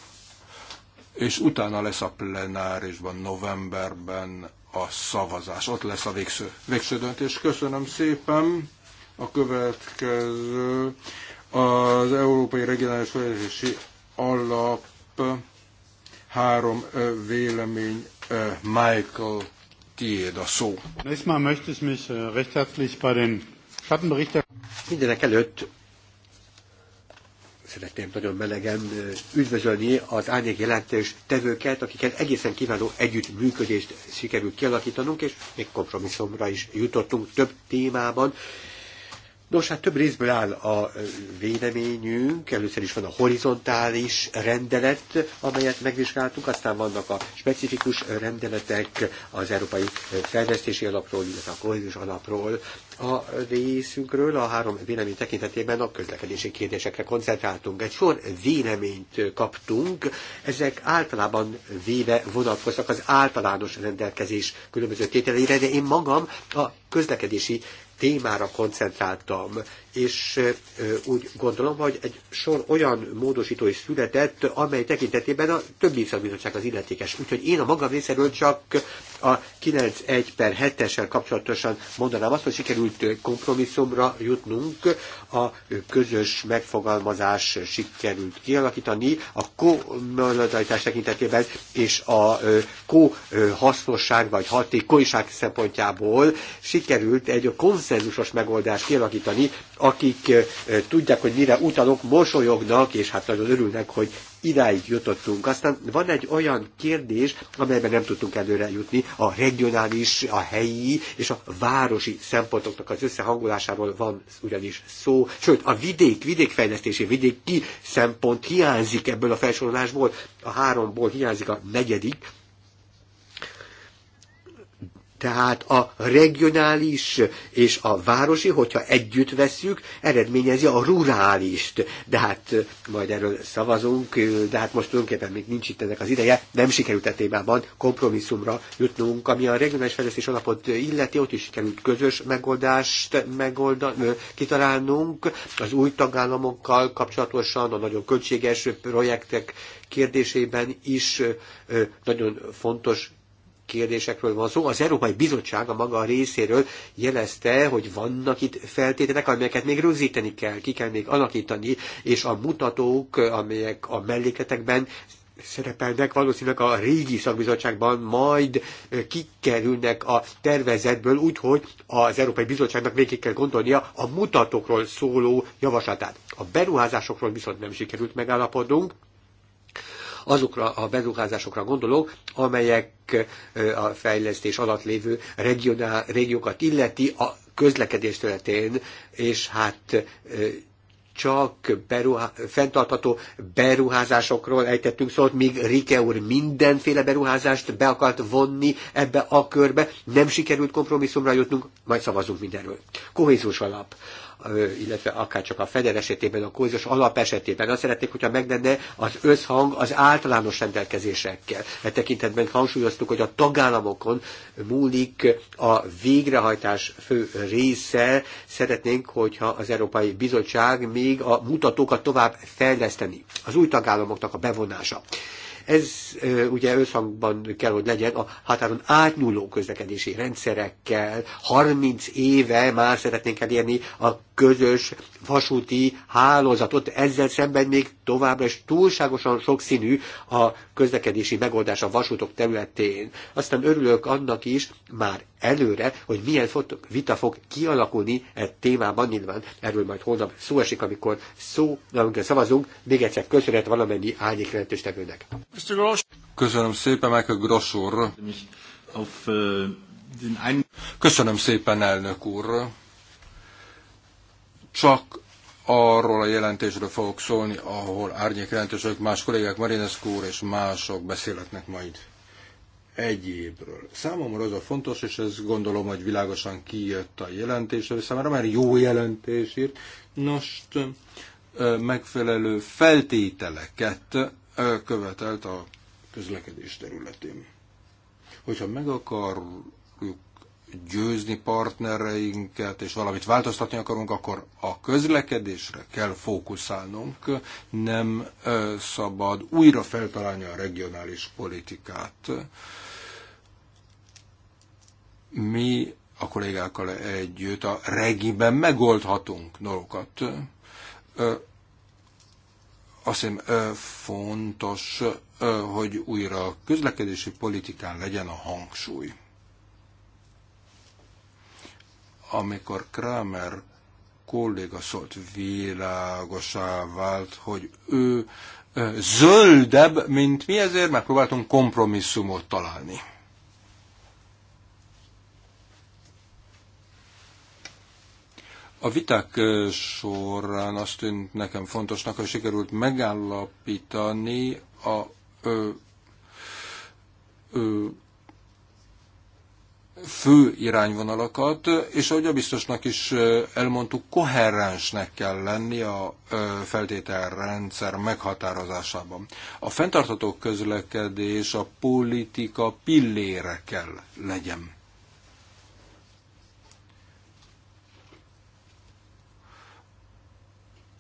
S4: És utána lesz a plenárisban, novemberben a szavazás. Ott lesz a végső, végső döntés. Köszönöm szépen. A következő az Európai Regionális Fejlesztési Alap három vélemény Michael tiéd a szó.
S3: Äh,
S2: Mindenek előtt szeretném nagyon melegen üdvözölni az árnyék jelentős tevőket, akikkel egészen kiváló együttműködést sikerült kialakítanunk, és még kompromisszumra is jutottunk több témában. Nos, hát több részből áll a véleményünk, először is van a horizontális rendelet, amelyet megvizsgáltunk, aztán vannak a specifikus rendeletek az Európai Fejlesztési Alapról, illetve a Kohéziós Alapról. A részünkről a három vélemény tekintetében a közlekedési kérdésekre koncentráltunk. Egy sor véleményt kaptunk, ezek általában véve vonatkoznak az általános rendelkezés különböző tételeire, de én magam a közlekedési témára koncentráltam és úgy gondolom, hogy egy sor olyan módosító is született, amely tekintetében a többi bizottság az illetékes. Úgyhogy én a magam részéről csak a 9.1 per 7-essel kapcsolatosan mondanám azt, hogy sikerült kompromisszumra jutnunk, a közös megfogalmazás sikerült kialakítani, a kommunalitás tekintetében és a hasznosság vagy hatékonyság szempontjából sikerült egy konszenzusos megoldást kialakítani akik tudják, hogy mire utalok, mosolyognak, és hát nagyon örülnek, hogy idáig jutottunk. Aztán van egy olyan kérdés, amelyben nem tudtunk előre jutni, a regionális, a helyi és a városi szempontoknak az összehangolásáról van ugyanis szó, sőt a vidék, vidékfejlesztési, vidéki szempont hiányzik ebből a felsorolásból, a háromból hiányzik a negyedik, tehát a regionális és a városi, hogyha együtt veszük, eredményezi a rurálist. De hát majd erről szavazunk, de hát most tulajdonképpen még nincs itt ennek az ideje, nem sikerült a témában kompromisszumra jutnunk, ami a regionális fejlesztés alapot illeti, ott is sikerült közös megoldást megolda, kitalálnunk az új tagállamokkal kapcsolatosan, a nagyon költséges projektek kérdésében is nagyon fontos kérdésekről van szó. Az Európai Bizottság a maga részéről jelezte, hogy vannak itt feltételek, amelyeket még rögzíteni kell, ki kell még alakítani, és a mutatók, amelyek a mellékletekben szerepelnek, valószínűleg a régi szakbizottságban majd kikerülnek a tervezetből, úgyhogy az Európai Bizottságnak végig kell gondolnia a mutatókról szóló javaslatát. A beruházásokról viszont nem sikerült megállapodnunk, azokra a beruházásokra gondolok, amelyek a fejlesztés alatt lévő regionál, régiókat illeti a közlekedés területén, és hát csak beruha- fenntartható beruházásokról ejtettünk szót, míg Rike úr mindenféle beruházást be akart vonni ebbe a körbe, nem sikerült kompromisszumra jutnunk, majd szavazunk mindenről. Kohézus alap illetve akár csak a FEDER esetében, a kózos alap esetében. Azt szeretnék, hogyha megnenne az összhang az általános rendelkezésekkel. E tekintetben hangsúlyoztuk, hogy a tagállamokon múlik a végrehajtás fő része. Szeretnénk, hogyha az Európai Bizottság még a mutatókat tovább fejleszteni. Az új tagállamoknak a bevonása. Ez ugye összhangban kell, hogy legyen a határon átnyúló közlekedési rendszerekkel. 30 éve már szeretnénk elérni a közös vasúti hálózatot. Ezzel szemben még továbbra is túlságosan sokszínű a közlekedési megoldás a vasútok területén. Aztán örülök annak is már előre, hogy milyen vita fog kialakulni e témában. Nyilván erről majd holnap szó esik, amikor szó, amikor szavazunk. Még egyszer köszönet valamennyi árnyék jelentőstevőnek.
S4: Mr. Köszönöm szépen, Michael Gross úr. Köszönöm szépen, elnök úr. Csak arról a jelentésről fogok szólni, ahol árnyék jelentések, más kollégák, Marinescu úr és mások beszélhetnek majd egyébről. Számomra az a fontos, és ez gondolom, hogy világosan kijött a jelentésről, számára már jó jelentésért. Most megfelelő feltételeket követelt a közlekedés területén. Hogyha meg akarjuk győzni partnereinket, és valamit változtatni akarunk, akkor a közlekedésre kell fókuszálnunk, nem szabad újra feltalálni a regionális politikát. Mi a kollégákkal együtt a regiben megoldhatunk dolgokat azt hiszem fontos, hogy újra a közlekedési politikán legyen a hangsúly. Amikor Kramer kolléga szólt, világosá vált, hogy ő zöldebb, mint mi, ezért megpróbáltunk kompromisszumot találni. A viták során azt tűnt nekem fontosnak, hogy sikerült megállapítani a ö, ö, fő irányvonalakat, és ahogy a biztosnak is elmondtuk, koherensnek kell lenni a feltételrendszer meghatározásában. A fenntartható közlekedés a politika pillére kell legyen.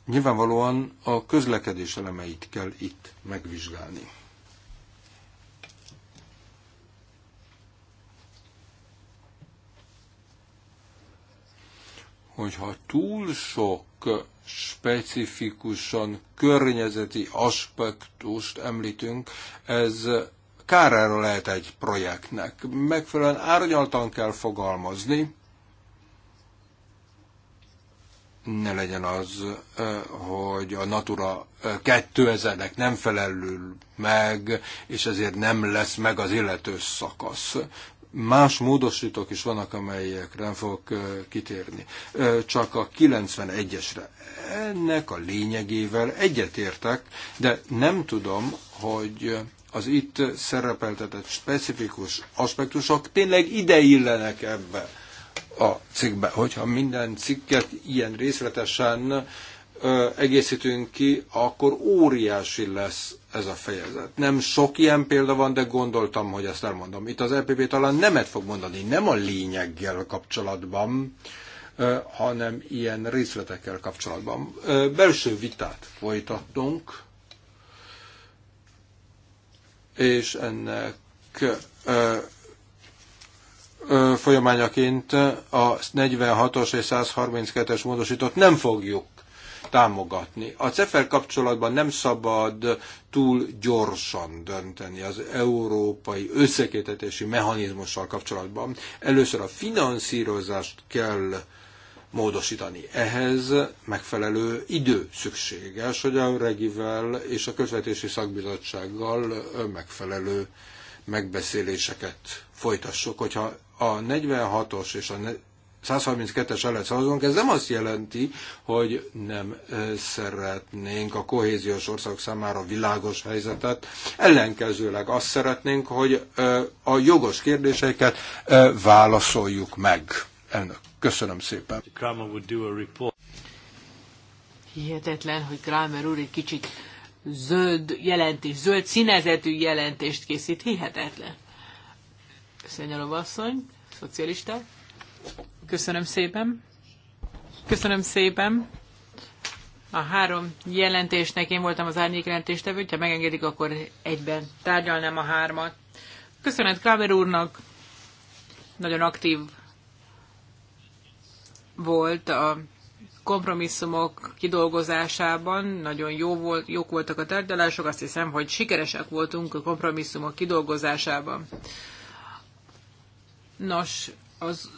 S4: Nyilvánvalóan a közlekedés elemeit kell itt megvizsgálni. Hogyha túl sok specifikusan környezeti aspektust említünk, ez kárára lehet egy projektnek. Megfelelően árnyaltan kell fogalmazni, ne legyen az, hogy a Natura 2000-nek nem felelül meg, és ezért nem lesz meg az illetős szakasz. Más módosítók is vannak, amelyekre nem fogok kitérni. Csak a 91-esre. Ennek a lényegével egyetértek, de nem tudom, hogy az itt szerepeltetett specifikus aspektusok tényleg ide illenek ebbe a cikkbe. Hogyha minden cikket ilyen részletesen ö, egészítünk ki, akkor óriási lesz ez a fejezet. Nem sok ilyen példa van, de gondoltam, hogy ezt elmondom. Itt az LPP e talán nemet fog mondani, nem a lényeggel kapcsolatban, ö, hanem ilyen részletekkel kapcsolatban. Ö, belső vitát folytattunk, és ennek folyamányaként a 46-os és 132-es módosítót nem fogjuk támogatni. A CEFEL kapcsolatban nem szabad túl gyorsan dönteni az európai összekétetési mechanizmussal kapcsolatban. Először a finanszírozást kell módosítani. Ehhez megfelelő idő szükséges, hogy a regivel és a közvetési szakbizottsággal megfelelő megbeszéléseket folytassuk. Hogyha a 46-os és a 132-es ellen szavazunk, ez nem azt jelenti, hogy nem szeretnénk a kohéziós országok számára világos helyzetet, ellenkezőleg azt szeretnénk, hogy a jogos kérdéseket válaszoljuk meg. Elnök, köszönöm szépen.
S1: Hihetetlen, hogy Kramer úr egy kicsit zöld jelentés, zöld színezetű jelentést készít. Hihetetlen. Szenyalov asszony, szocialisták. Köszönöm szépen. Köszönöm szépen. A három jelentésnek én voltam az árnyék jelentéstevő, ha megengedik, akkor egyben tárgyalnám a hármat. Köszönet Kramer úrnak, nagyon aktív volt a kompromisszumok kidolgozásában, nagyon jó volt, jók voltak a tárgyalások, azt hiszem, hogy sikeresek voltunk a kompromisszumok kidolgozásában. Nos, az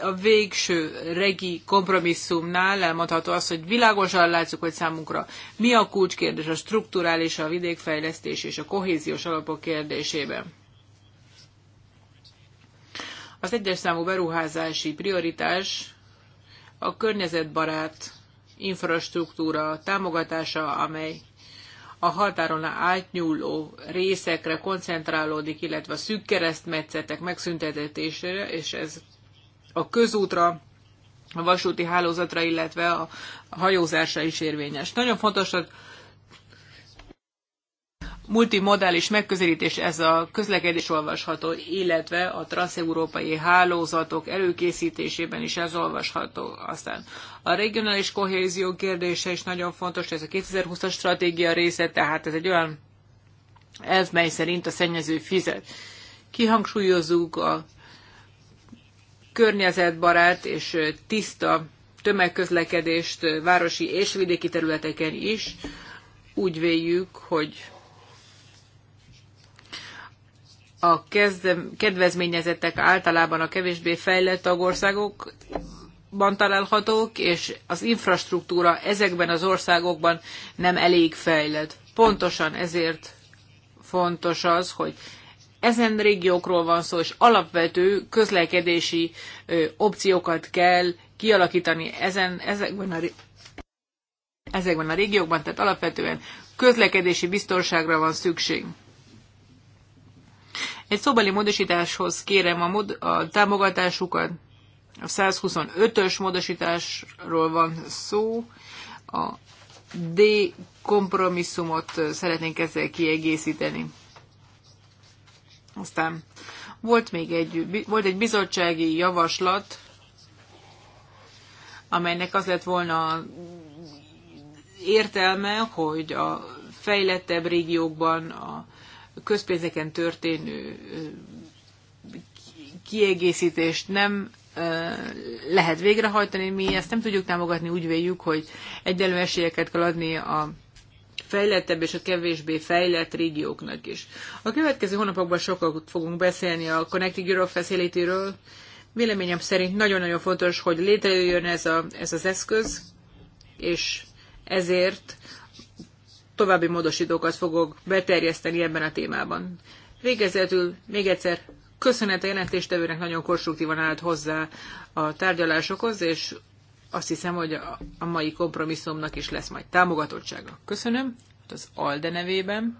S1: a végső regi kompromisszumnál elmondható az, hogy világosan látszik, hogy számunkra mi a kulcskérdés a strukturális, a vidékfejlesztés és a kohéziós alapok kérdésében. Az egyes számú beruházási prioritás a környezetbarát infrastruktúra támogatása, amely a határon átnyúló részekre koncentrálódik, illetve a szűk keresztmetszetek megszüntetésére, és ez a közútra, a vasúti hálózatra, illetve a hajózásra is érvényes. Nagyon fontos, hogy multimodális megközelítés ez a közlekedés olvasható, illetve a transeurópai hálózatok előkészítésében is ez olvasható. Aztán a regionális kohézió kérdése is nagyon fontos, ez a 2020-as stratégia része, tehát ez egy olyan elv, mely szerint a szennyező fizet. Kihangsúlyozzuk a környezetbarát és tiszta tömegközlekedést városi és vidéki területeken is. Úgy véljük, hogy a kedvezményezettek általában a kevésbé fejlett tagországokban találhatók, és az infrastruktúra ezekben az országokban nem elég fejlett. Pontosan ezért fontos az, hogy ezen régiókról van szó, és alapvető közlekedési opciókat kell kialakítani ezen, ezekben, a, ezekben a régiókban, tehát alapvetően közlekedési biztonságra van szükség. Egy szóbeli módosításhoz kérem a, mod- a támogatásukat. A 125-ös módosításról van szó. A D kompromisszumot szeretnénk ezzel kiegészíteni. Aztán volt még egy, volt egy bizottsági javaslat, amelynek az lett volna értelme, hogy a fejlettebb régiókban, a közpénzeken történő kiegészítést nem lehet végrehajtani. Mi ezt nem tudjuk támogatni, úgy véljük, hogy egyenlő esélyeket kell adni a fejlettebb és a kevésbé fejlett régióknak is. A következő hónapokban sokat fogunk beszélni a Connecting Europe Facility-ről. Véleményem szerint nagyon-nagyon fontos, hogy létrejöjjön ez, a, ez az eszköz, és ezért további módosítókat fogok beterjeszteni ebben a témában. Végezetül még egyszer köszönet a jelentéstevőnek, nagyon konstruktívan állt hozzá a tárgyalásokhoz, és azt hiszem, hogy a mai kompromisszumnak is lesz majd támogatottsága. Köszönöm hát az ALDE nevében.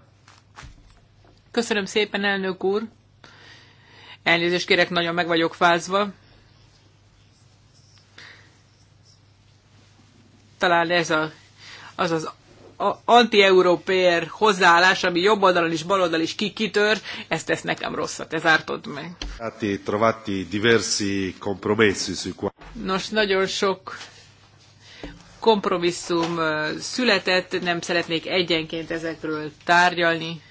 S1: Köszönöm szépen, elnök úr. Elnézést kérek, nagyon meg vagyok fázva. Talán ez a, az az anti-európér hozzáállás, ami jobb oldalon is, bal oldalon is kikitör, ezt tesz nekem rosszat, ez ártod meg. Nos, nagyon sok kompromisszum született, nem szeretnék egyenként ezekről tárgyalni.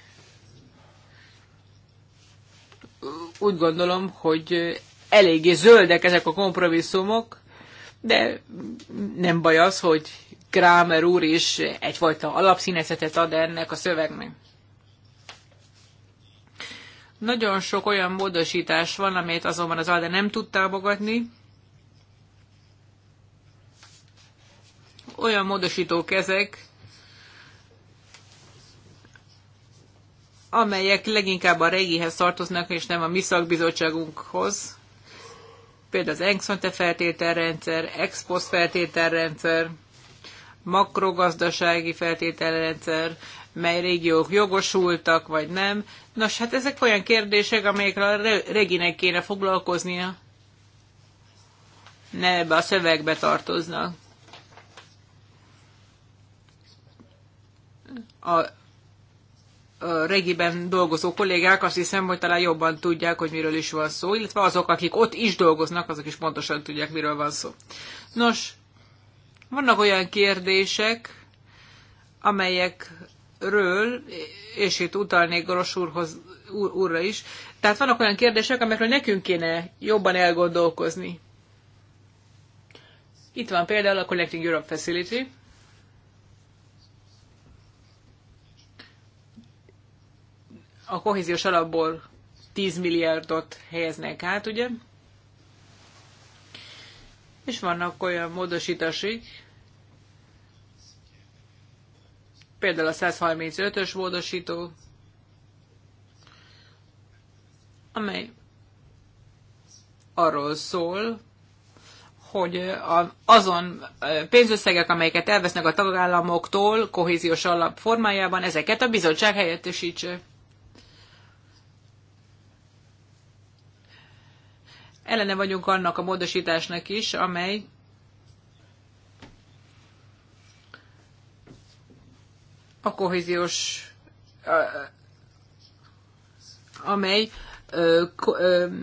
S1: Úgy gondolom, hogy eléggé zöldek ezek a kompromisszumok, de nem baj az, hogy Kramer úr is egyfajta alapszínezetet ad ennek a szövegnek. Nagyon sok olyan módosítás van, amelyet azonban az ALDE nem tud támogatni. Olyan módosítók ezek, amelyek leginkább a régihez tartoznak, és nem a mi szakbizottságunkhoz. Például az Engszonte feltételrendszer, ex post feltételrendszer, makrogazdasági feltételrendszer, mely régiók jogosultak vagy nem. Nos, hát ezek olyan kérdések, amelyekre a reginek kéne foglalkoznia. Ne ebbe a szövegbe tartoznak. A, a regiben dolgozó kollégák azt hiszem, hogy talán jobban tudják, hogy miről is van szó, illetve azok, akik ott is dolgoznak, azok is pontosan tudják, miről van szó. Nos, vannak olyan kérdések, amelyekről, és itt utalnék Goros úrhoz, úr, úrra is, tehát vannak olyan kérdések, amelyekről nekünk kéne jobban elgondolkozni. Itt van például a Connecting Europe Facility. A kohéziós alapból 10 milliárdot helyeznek át, ugye? és vannak olyan módosítási, például a 135-ös módosító, amely arról szól, hogy azon pénzösszegek, amelyeket elvesznek a tagállamoktól kohéziós alap formájában, ezeket a bizottság helyettesítse. ellene vagyunk annak a módosításnak is, amely a kohéziós, amely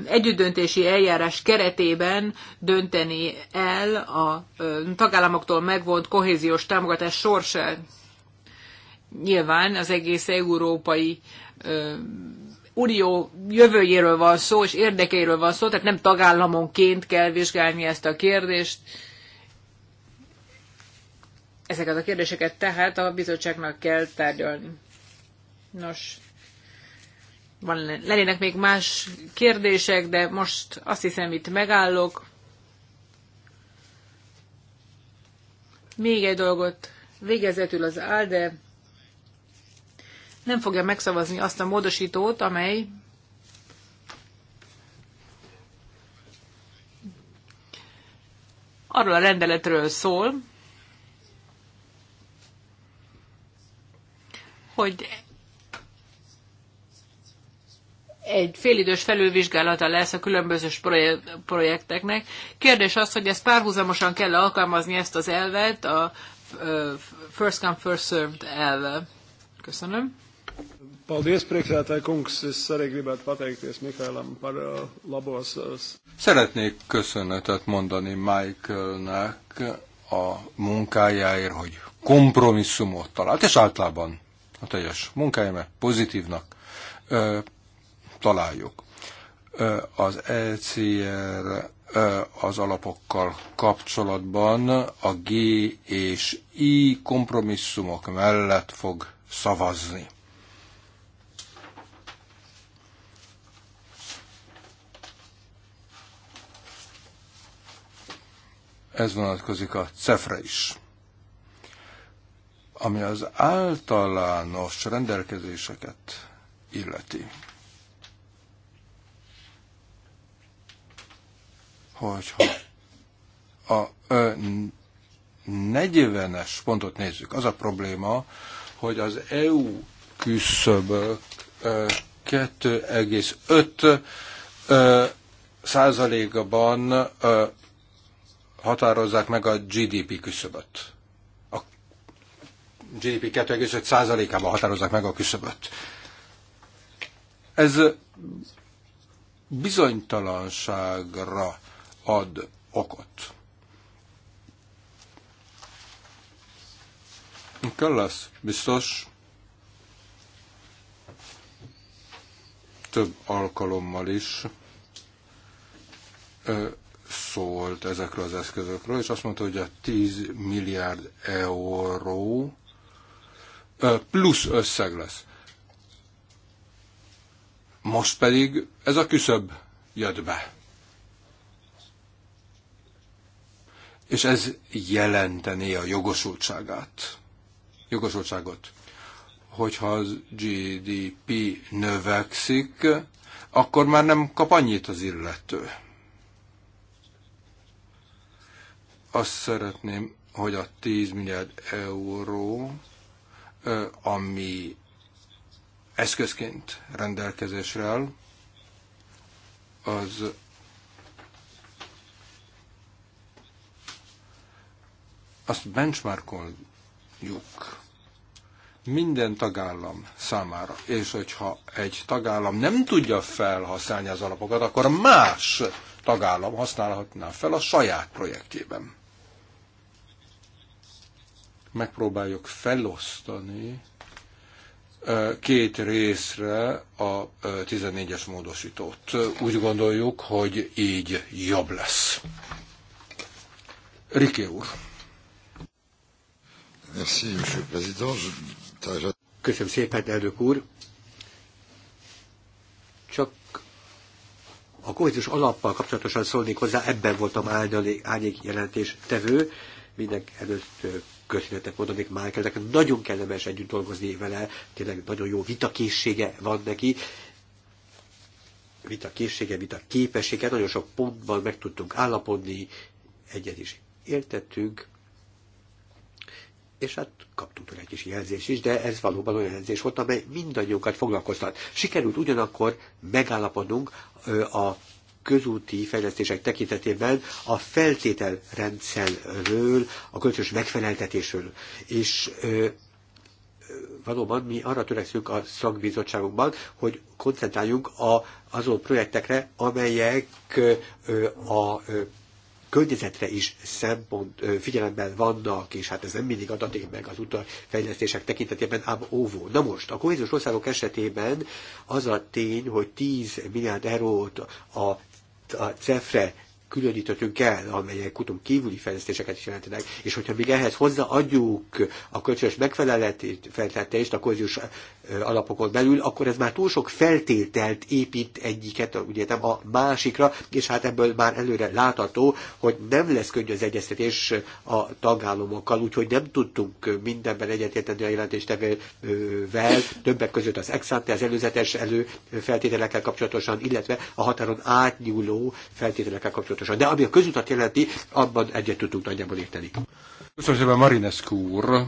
S1: együttdöntési eljárás keretében dönteni el a tagállamoktól megvont kohéziós támogatás sorsát. Nyilván az egész európai unió jövőjéről van szó, és érdekeiről van szó, tehát nem tagállamonként kell vizsgálni ezt a kérdést. Ezeket a kérdéseket tehát a bizottságnak kell tárgyalni. Nos, van, lennének még más kérdések, de most azt hiszem itt megállok. Még egy dolgot végezetül az ALDE nem fogja megszavazni azt a módosítót, amely arról a rendeletről szól, hogy egy félidős felülvizsgálata lesz a különböző projekteknek. Kérdés az, hogy ezt párhuzamosan kell alkalmazni ezt az elvet, a first come, first served elve. Köszönöm. Paldies, priekšsētāji kungs. Es arī gribētu pateikties Mihailam par uh, labos. Uh...
S4: Szeretnék köszönetet mondani mike a munkájáért, hogy kompromisszumot talált, és általában a teljes munkájámat pozitívnak ö, találjuk. Ö, az ECR ö, az alapokkal kapcsolatban a G és I kompromisszumok mellett fog szavazni Ez vonatkozik a cefre is. Ami az általános rendelkezéseket illeti. Hogyha a 40-es pontot nézzük, az a probléma, hogy az EU küszöbök 2,5 százalékban határozzák meg a GDP küszöböt. A GDP 2,5%-ában határozzák meg a küszöböt. Ez bizonytalanságra ad okot. Kallasz biztos több alkalommal is szólt ezekről az eszközökről, és azt mondta, hogy a 10 milliárd euró plusz összeg lesz. Most pedig ez a küszöb jött be. És ez jelentené a jogosultságát. Jogosultságot. Hogyha az GDP növekszik, akkor már nem kap annyit az illető. Azt szeretném, hogy a 10 milliárd euró, ami eszközként rendelkezésre áll, az azt benchmarkoljuk minden tagállam számára, és hogyha egy tagállam nem tudja felhasználni az alapokat, akkor más tagállam használhatná fel a saját projektjében megpróbáljuk felosztani két részre a 14-es módosítót. Úgy gondoljuk, hogy így jobb lesz. Riké úr. Köszönöm szépen,
S2: elnök úr. Csak a kohézus alappal kapcsolatosan szólnék hozzá, ebben voltam árnyék jelentés tevő, mindenek előtt oda még Michaelnek, nagyon kellemes együtt dolgozni vele, tényleg nagyon jó vitakészsége van neki, vitakészsége, vitaképessége. nagyon sok pontban meg tudtunk állapodni, egyet is értettünk, és hát kaptunk tőle egy kis jelzést is, de ez valóban olyan jelzés volt, amely mindannyiunkat foglalkoztat. Sikerült ugyanakkor megállapodnunk a közúti fejlesztések tekintetében a feltételrendszerről, a kölcsös megfeleltetésről. És ö, valóban mi arra törekszünk a szakbizottságunkban, hogy koncentráljunk a, azon projektekre, amelyek ö, a ö, környezetre is szempont figyelemben vannak, és hát ez nem mindig adatik meg az fejlesztések tekintetében, ám óvó. Na most, a kohéziós országok esetében az a tény, hogy 10 milliárd eurót a a CEFRE különítettünk el, amelyek kutunk kívüli fejlesztéseket is jelentenek, és hogyha még ehhez hozzáadjuk a kölcsönös megfelelést a közös alapokon belül, akkor ez már túl sok feltételt épít egyiket, ugye nem a másikra, és hát ebből már előre látható, hogy nem lesz könnyű az egyeztetés a tagállamokkal, úgyhogy nem tudtunk mindenben egyetérteni a jelentéstevővel, többek között az exante, az előzetes előfeltételekkel kapcsolatosan, illetve a határon átnyúló feltételekkel kapcsolatosan kapcsolatosan. De ami a közutat jelenti, abban egyet tudtunk nagyjából érteni.
S4: Köszönöm szépen, Marinescu úr!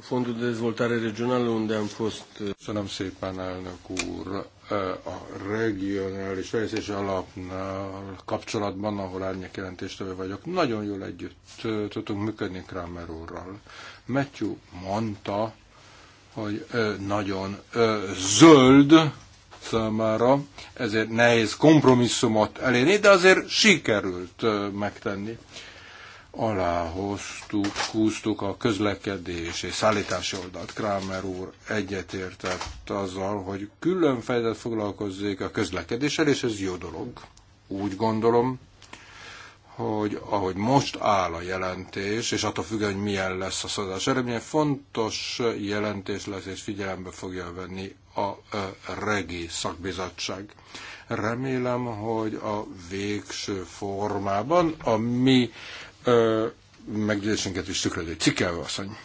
S4: Fondul de dezvoltare regională unde am fost... Uh, Köszönöm szépen, elnök úr! Uh, a regionális fejlesztés alapnál kapcsolatban, ahol árnyék jelentéstevő vagyok, nagyon jól együtt uh, tudtunk működni Kramer úrral. Matthew mondta, hogy nagyon zöld számára, ezért nehéz kompromisszumot elérni, de azért sikerült megtenni. Aláhoztuk, húztuk a közlekedés és szállítási oldalt. Kramer úr egyetértett azzal, hogy külön fejezet foglalkozzék a közlekedéssel, és ez jó dolog. Úgy gondolom, hogy ahogy most áll a jelentés, és attól függően, hogy milyen lesz a szavazás eredménye, fontos jelentés lesz, és figyelembe fogja venni a regi szakbizottság. Remélem, hogy a végső formában a mi meggyőzésünket is tükröző. cikkelve asszony.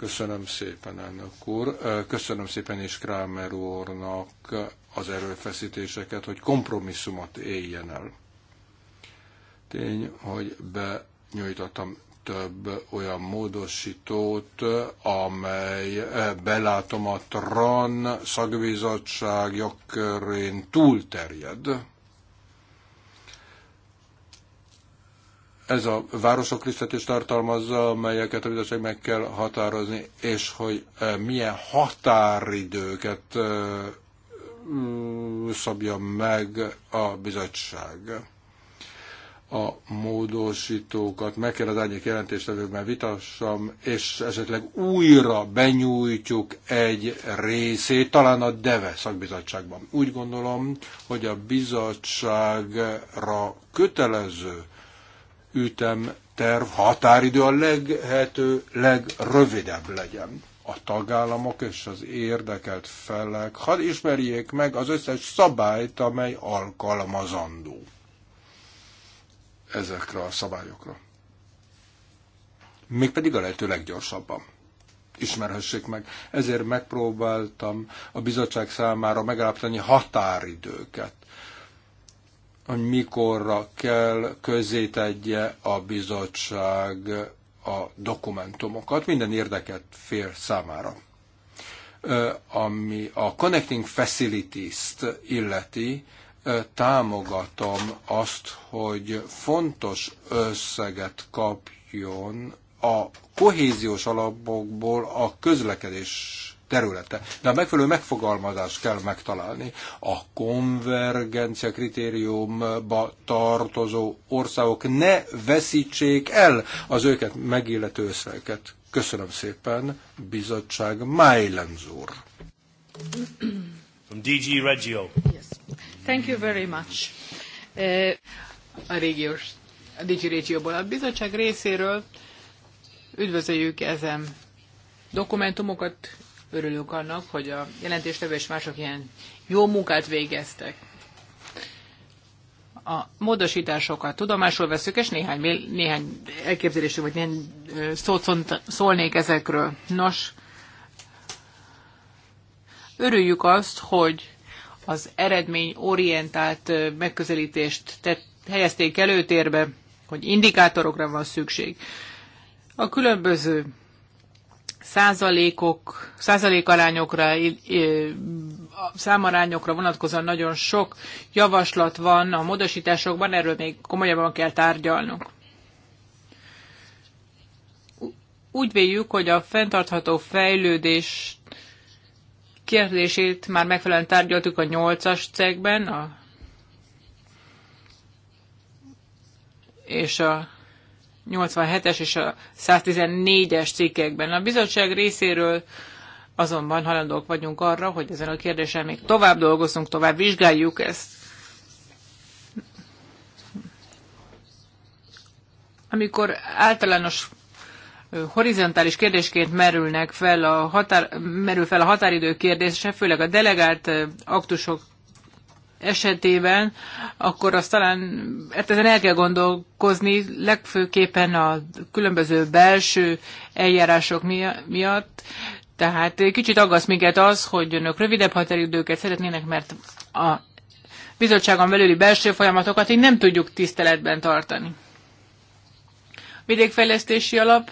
S4: Köszönöm szépen, elnök úr. Köszönöm szépen is Krámer úrnak az erőfeszítéseket, hogy kompromisszumot éljen el. Tény, hogy benyújtottam több olyan módosítót, amely eh, belátom a TRAN szakbizottság jogkörén túlterjed. Ez a városok listát is tartalmazza, amelyeket a bizottság meg kell határozni, és hogy eh, milyen határidőket eh, mm, szabja meg a bizottság a módosítókat meg kell az árnyék jelentéstevőkben vitassam, és esetleg újra benyújtjuk egy részét, talán a DEVE szakbizottságban. Úgy gondolom, hogy a bizottságra kötelező ütem terv határidő a leghető legrövidebb legyen. A tagállamok és az érdekelt felek hadd ismerjék meg az összes szabályt, amely alkalmazandó ezekre a szabályokra. Mégpedig a lehető leggyorsabban ismerhessék meg. Ezért megpróbáltam a bizottság számára megállapítani határidőket, hogy mikorra kell közzétegye a bizottság a dokumentumokat minden érdeket fél számára. Ami a Connecting Facilities-t illeti, támogatom azt, hogy fontos összeget kapjon a kohéziós alapokból a közlekedés területe. De a megfelelő megfogalmazást kell megtalálni. A konvergencia kritériumba tartozó országok ne veszítsék el az őket megillető összeget. Köszönöm szépen, bizottság Májlenz úr. From DG
S3: Reggio. Yes.
S1: Thank you very much. Eh, a régiós, a Digi Régióból a bizottság részéről üdvözöljük ezen dokumentumokat, örülünk annak, hogy a jelentéstevő és mások ilyen jó munkát végeztek. A módosításokat tudomásul veszük, és néhány, néhány elképzelésű, vagy néhány szót szólnék ezekről. Nos, örüljük azt, hogy az eredményorientált megközelítést tett, helyezték előtérbe, hogy indikátorokra van szükség. A különböző százalékok, százalékarányokra, számarányokra vonatkozóan nagyon sok javaslat van a módosításokban, erről még komolyabban kell tárgyalnunk. Úgy véljük, hogy a fenntartható fejlődés kérdését már megfelelően tárgyaltuk a 8-as a, és a 87-es és a 114-es cikkekben. A bizottság részéről azonban halandók vagyunk arra, hogy ezen a kérdésen még tovább dolgozunk, tovább vizsgáljuk ezt. Amikor általános horizontális kérdésként merülnek fel a határ, merül fel a határidő kérdése, főleg a delegált aktusok esetében, akkor azt talán hát ezen el kell gondolkozni, legfőképpen a különböző belső eljárások miatt. Tehát kicsit aggaszt minket az, hogy önök rövidebb határidőket szeretnének, mert a bizottságon belüli belső folyamatokat így nem tudjuk tiszteletben tartani. Vidékfejlesztési alap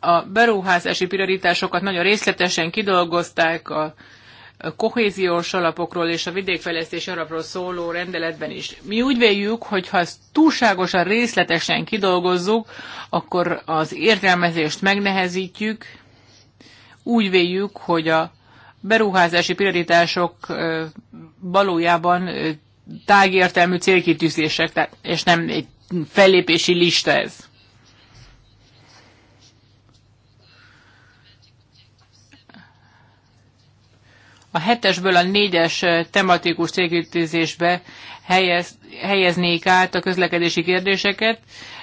S1: A beruházási prioritásokat nagyon részletesen kidolgozták a kohéziós alapokról és a vidékfejlesztési alapról szóló rendeletben is. Mi úgy véljük, hogy ha ezt túlságosan részletesen kidolgozzuk, akkor az értelmezést megnehezítjük. Úgy véljük, hogy a beruházási prioritások valójában tágértelmű célkitűzések, és nem egy fellépési lista ez. a hetesből a négyes eh, tematikus célkütőzésbe helyez, helyeznék át a közlekedési kérdéseket.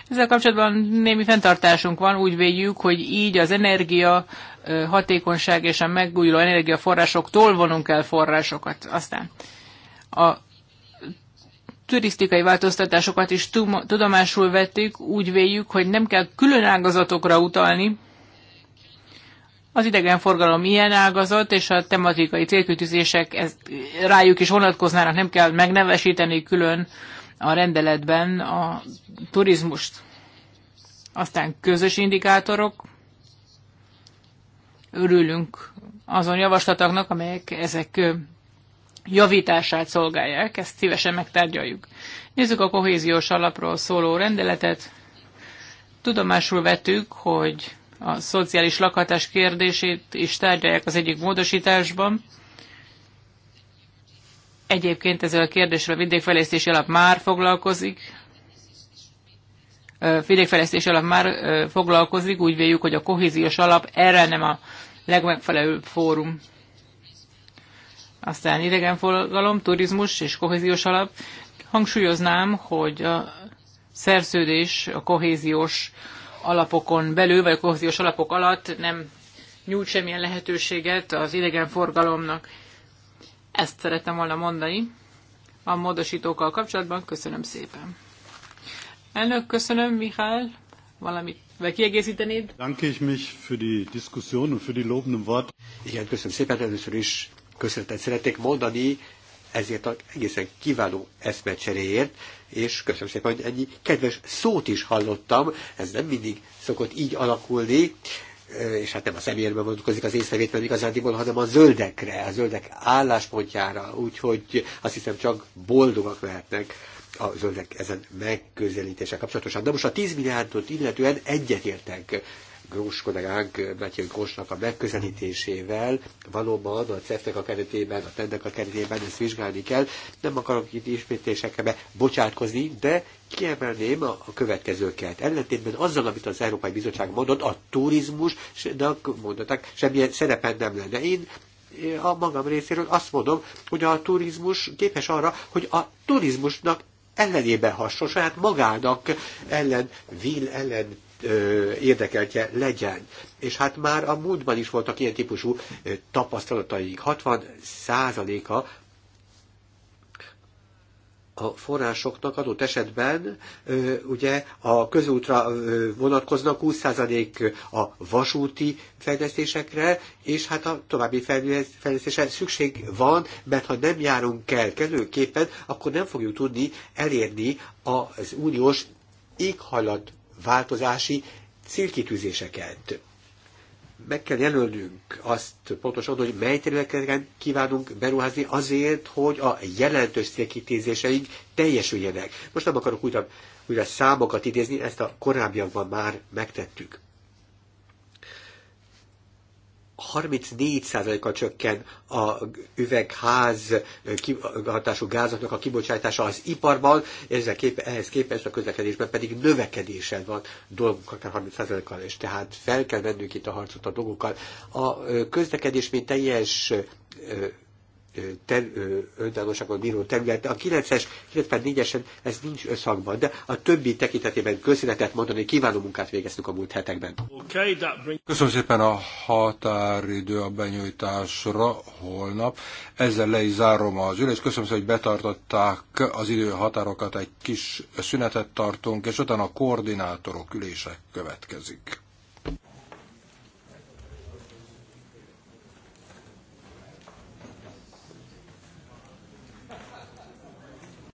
S1: Ezzel kapcsolatban némi fenntartásunk van, úgy véljük, hogy így az energia eh, hatékonyság és a megújuló energiaforrásoktól vonunk el forrásokat. Aztán a turisztikai változtatásokat is tudomásul vettük, úgy véljük, hogy nem kell külön ágazatokra utalni, az idegenforgalom ilyen ágazat, és a tematikai célkütőzések rájuk is vonatkoznának, nem kell megnevesíteni külön a rendeletben a turizmust. Aztán közös indikátorok. Örülünk azon javaslataknak amelyek ezek javítását szolgálják, ezt szívesen megtárgyaljuk. Nézzük a kohéziós alapról szóló rendeletet. Tudomásul vettük, hogy a szociális lakhatás kérdését is tárgyalják az egyik módosításban. Egyébként ezzel a kérdésre a vidékfejlesztési alap már foglalkozik. Vidékfejlesztési alap már foglalkozik, úgy véljük, hogy a kohéziós alap erre nem a legmegfelelőbb fórum. Aztán idegenforgalom, turizmus és kohéziós alap. Hangsúlyoznám, hogy a szerződés a kohéziós alapokon belül, vagy a kohéziós alapok alatt nem nyújt semmilyen lehetőséget az idegenforgalomnak. Ezt szerettem volna mondani a módosítókkal kapcsolatban. Köszönöm szépen. Elnök, köszönöm, Mihály. Valamit vagy kiegészítenéd?
S3: Danke ich mich für die Diskussion und für die lobenden Wort.
S2: Igen, köszönöm szépen. Először is köszönetet szeretnék mondani ezért az egészen kiváló eszmecseréért és köszönöm szépen, hogy egy kedves szót is hallottam, ez nem mindig szokott így alakulni, és hát nem a személyre vonatkozik az észrevétel igazándiból, hanem a zöldekre, a zöldek álláspontjára, úgyhogy azt hiszem csak boldogak lehetnek a zöldek ezen megközelítése kapcsolatosan. De most a 10 milliárdot illetően egyetértek Grós kollégánk, Mátyai Grósnak a megközelítésével valóban a CEF-nek a keretében, a TED-nek a keretében ezt vizsgálni kell. Nem akarok itt ismétésekbe bocsátkozni, de kiemelném a, a következőket. Ellentétben azzal, amit az Európai Bizottság mondott, a turizmus, De mondották, semmilyen szerepen nem lenne. Én a magam részéről azt mondom, hogy a turizmus képes arra, hogy a turizmusnak ellenében hasson, saját magának ellen, vil ellen érdekeltje legyen. És hát már a múltban is voltak ilyen típusú tapasztalataik. 60 százaléka a forrásoknak adott esetben ugye a közútra vonatkoznak 20% a vasúti fejlesztésekre, és hát a további fejlesztésre szükség van, mert ha nem járunk el kellőképpen, akkor nem fogjuk tudni elérni az uniós éghajlat változási célkitűzéseket. Meg kell jelölnünk azt pontosan, hogy mely területeken kívánunk beruházni azért, hogy a jelentős célkitűzéseink teljesüljenek. Most nem akarok újra, újra számokat idézni, ezt a korábbiakban már megtettük. 34%-a csökken a üvegház hatású gázoknak a kibocsátása az iparban, ezzel kép, ehhez képest a közlekedésben pedig növekedésen van dolgunk, akár 30%-kal, és tehát fel kell vennünk itt a harcot a dolgokkal. A közlekedés, mint teljes ter, önállóságot bíró területe. a 9-es, 94-esen ez nincs összhangban, de a többi tekintetében köszönetet mondani, kiváló
S4: munkát végeztük a múlt hetekben.
S3: Okay, brings...
S4: Köszönöm szépen a határidő a benyújtásra holnap. Ezzel le is zárom az ülés Köszönöm szépen, hogy betartották az időhatárokat, egy kis szünetet tartunk, és utána a koordinátorok ülése következik.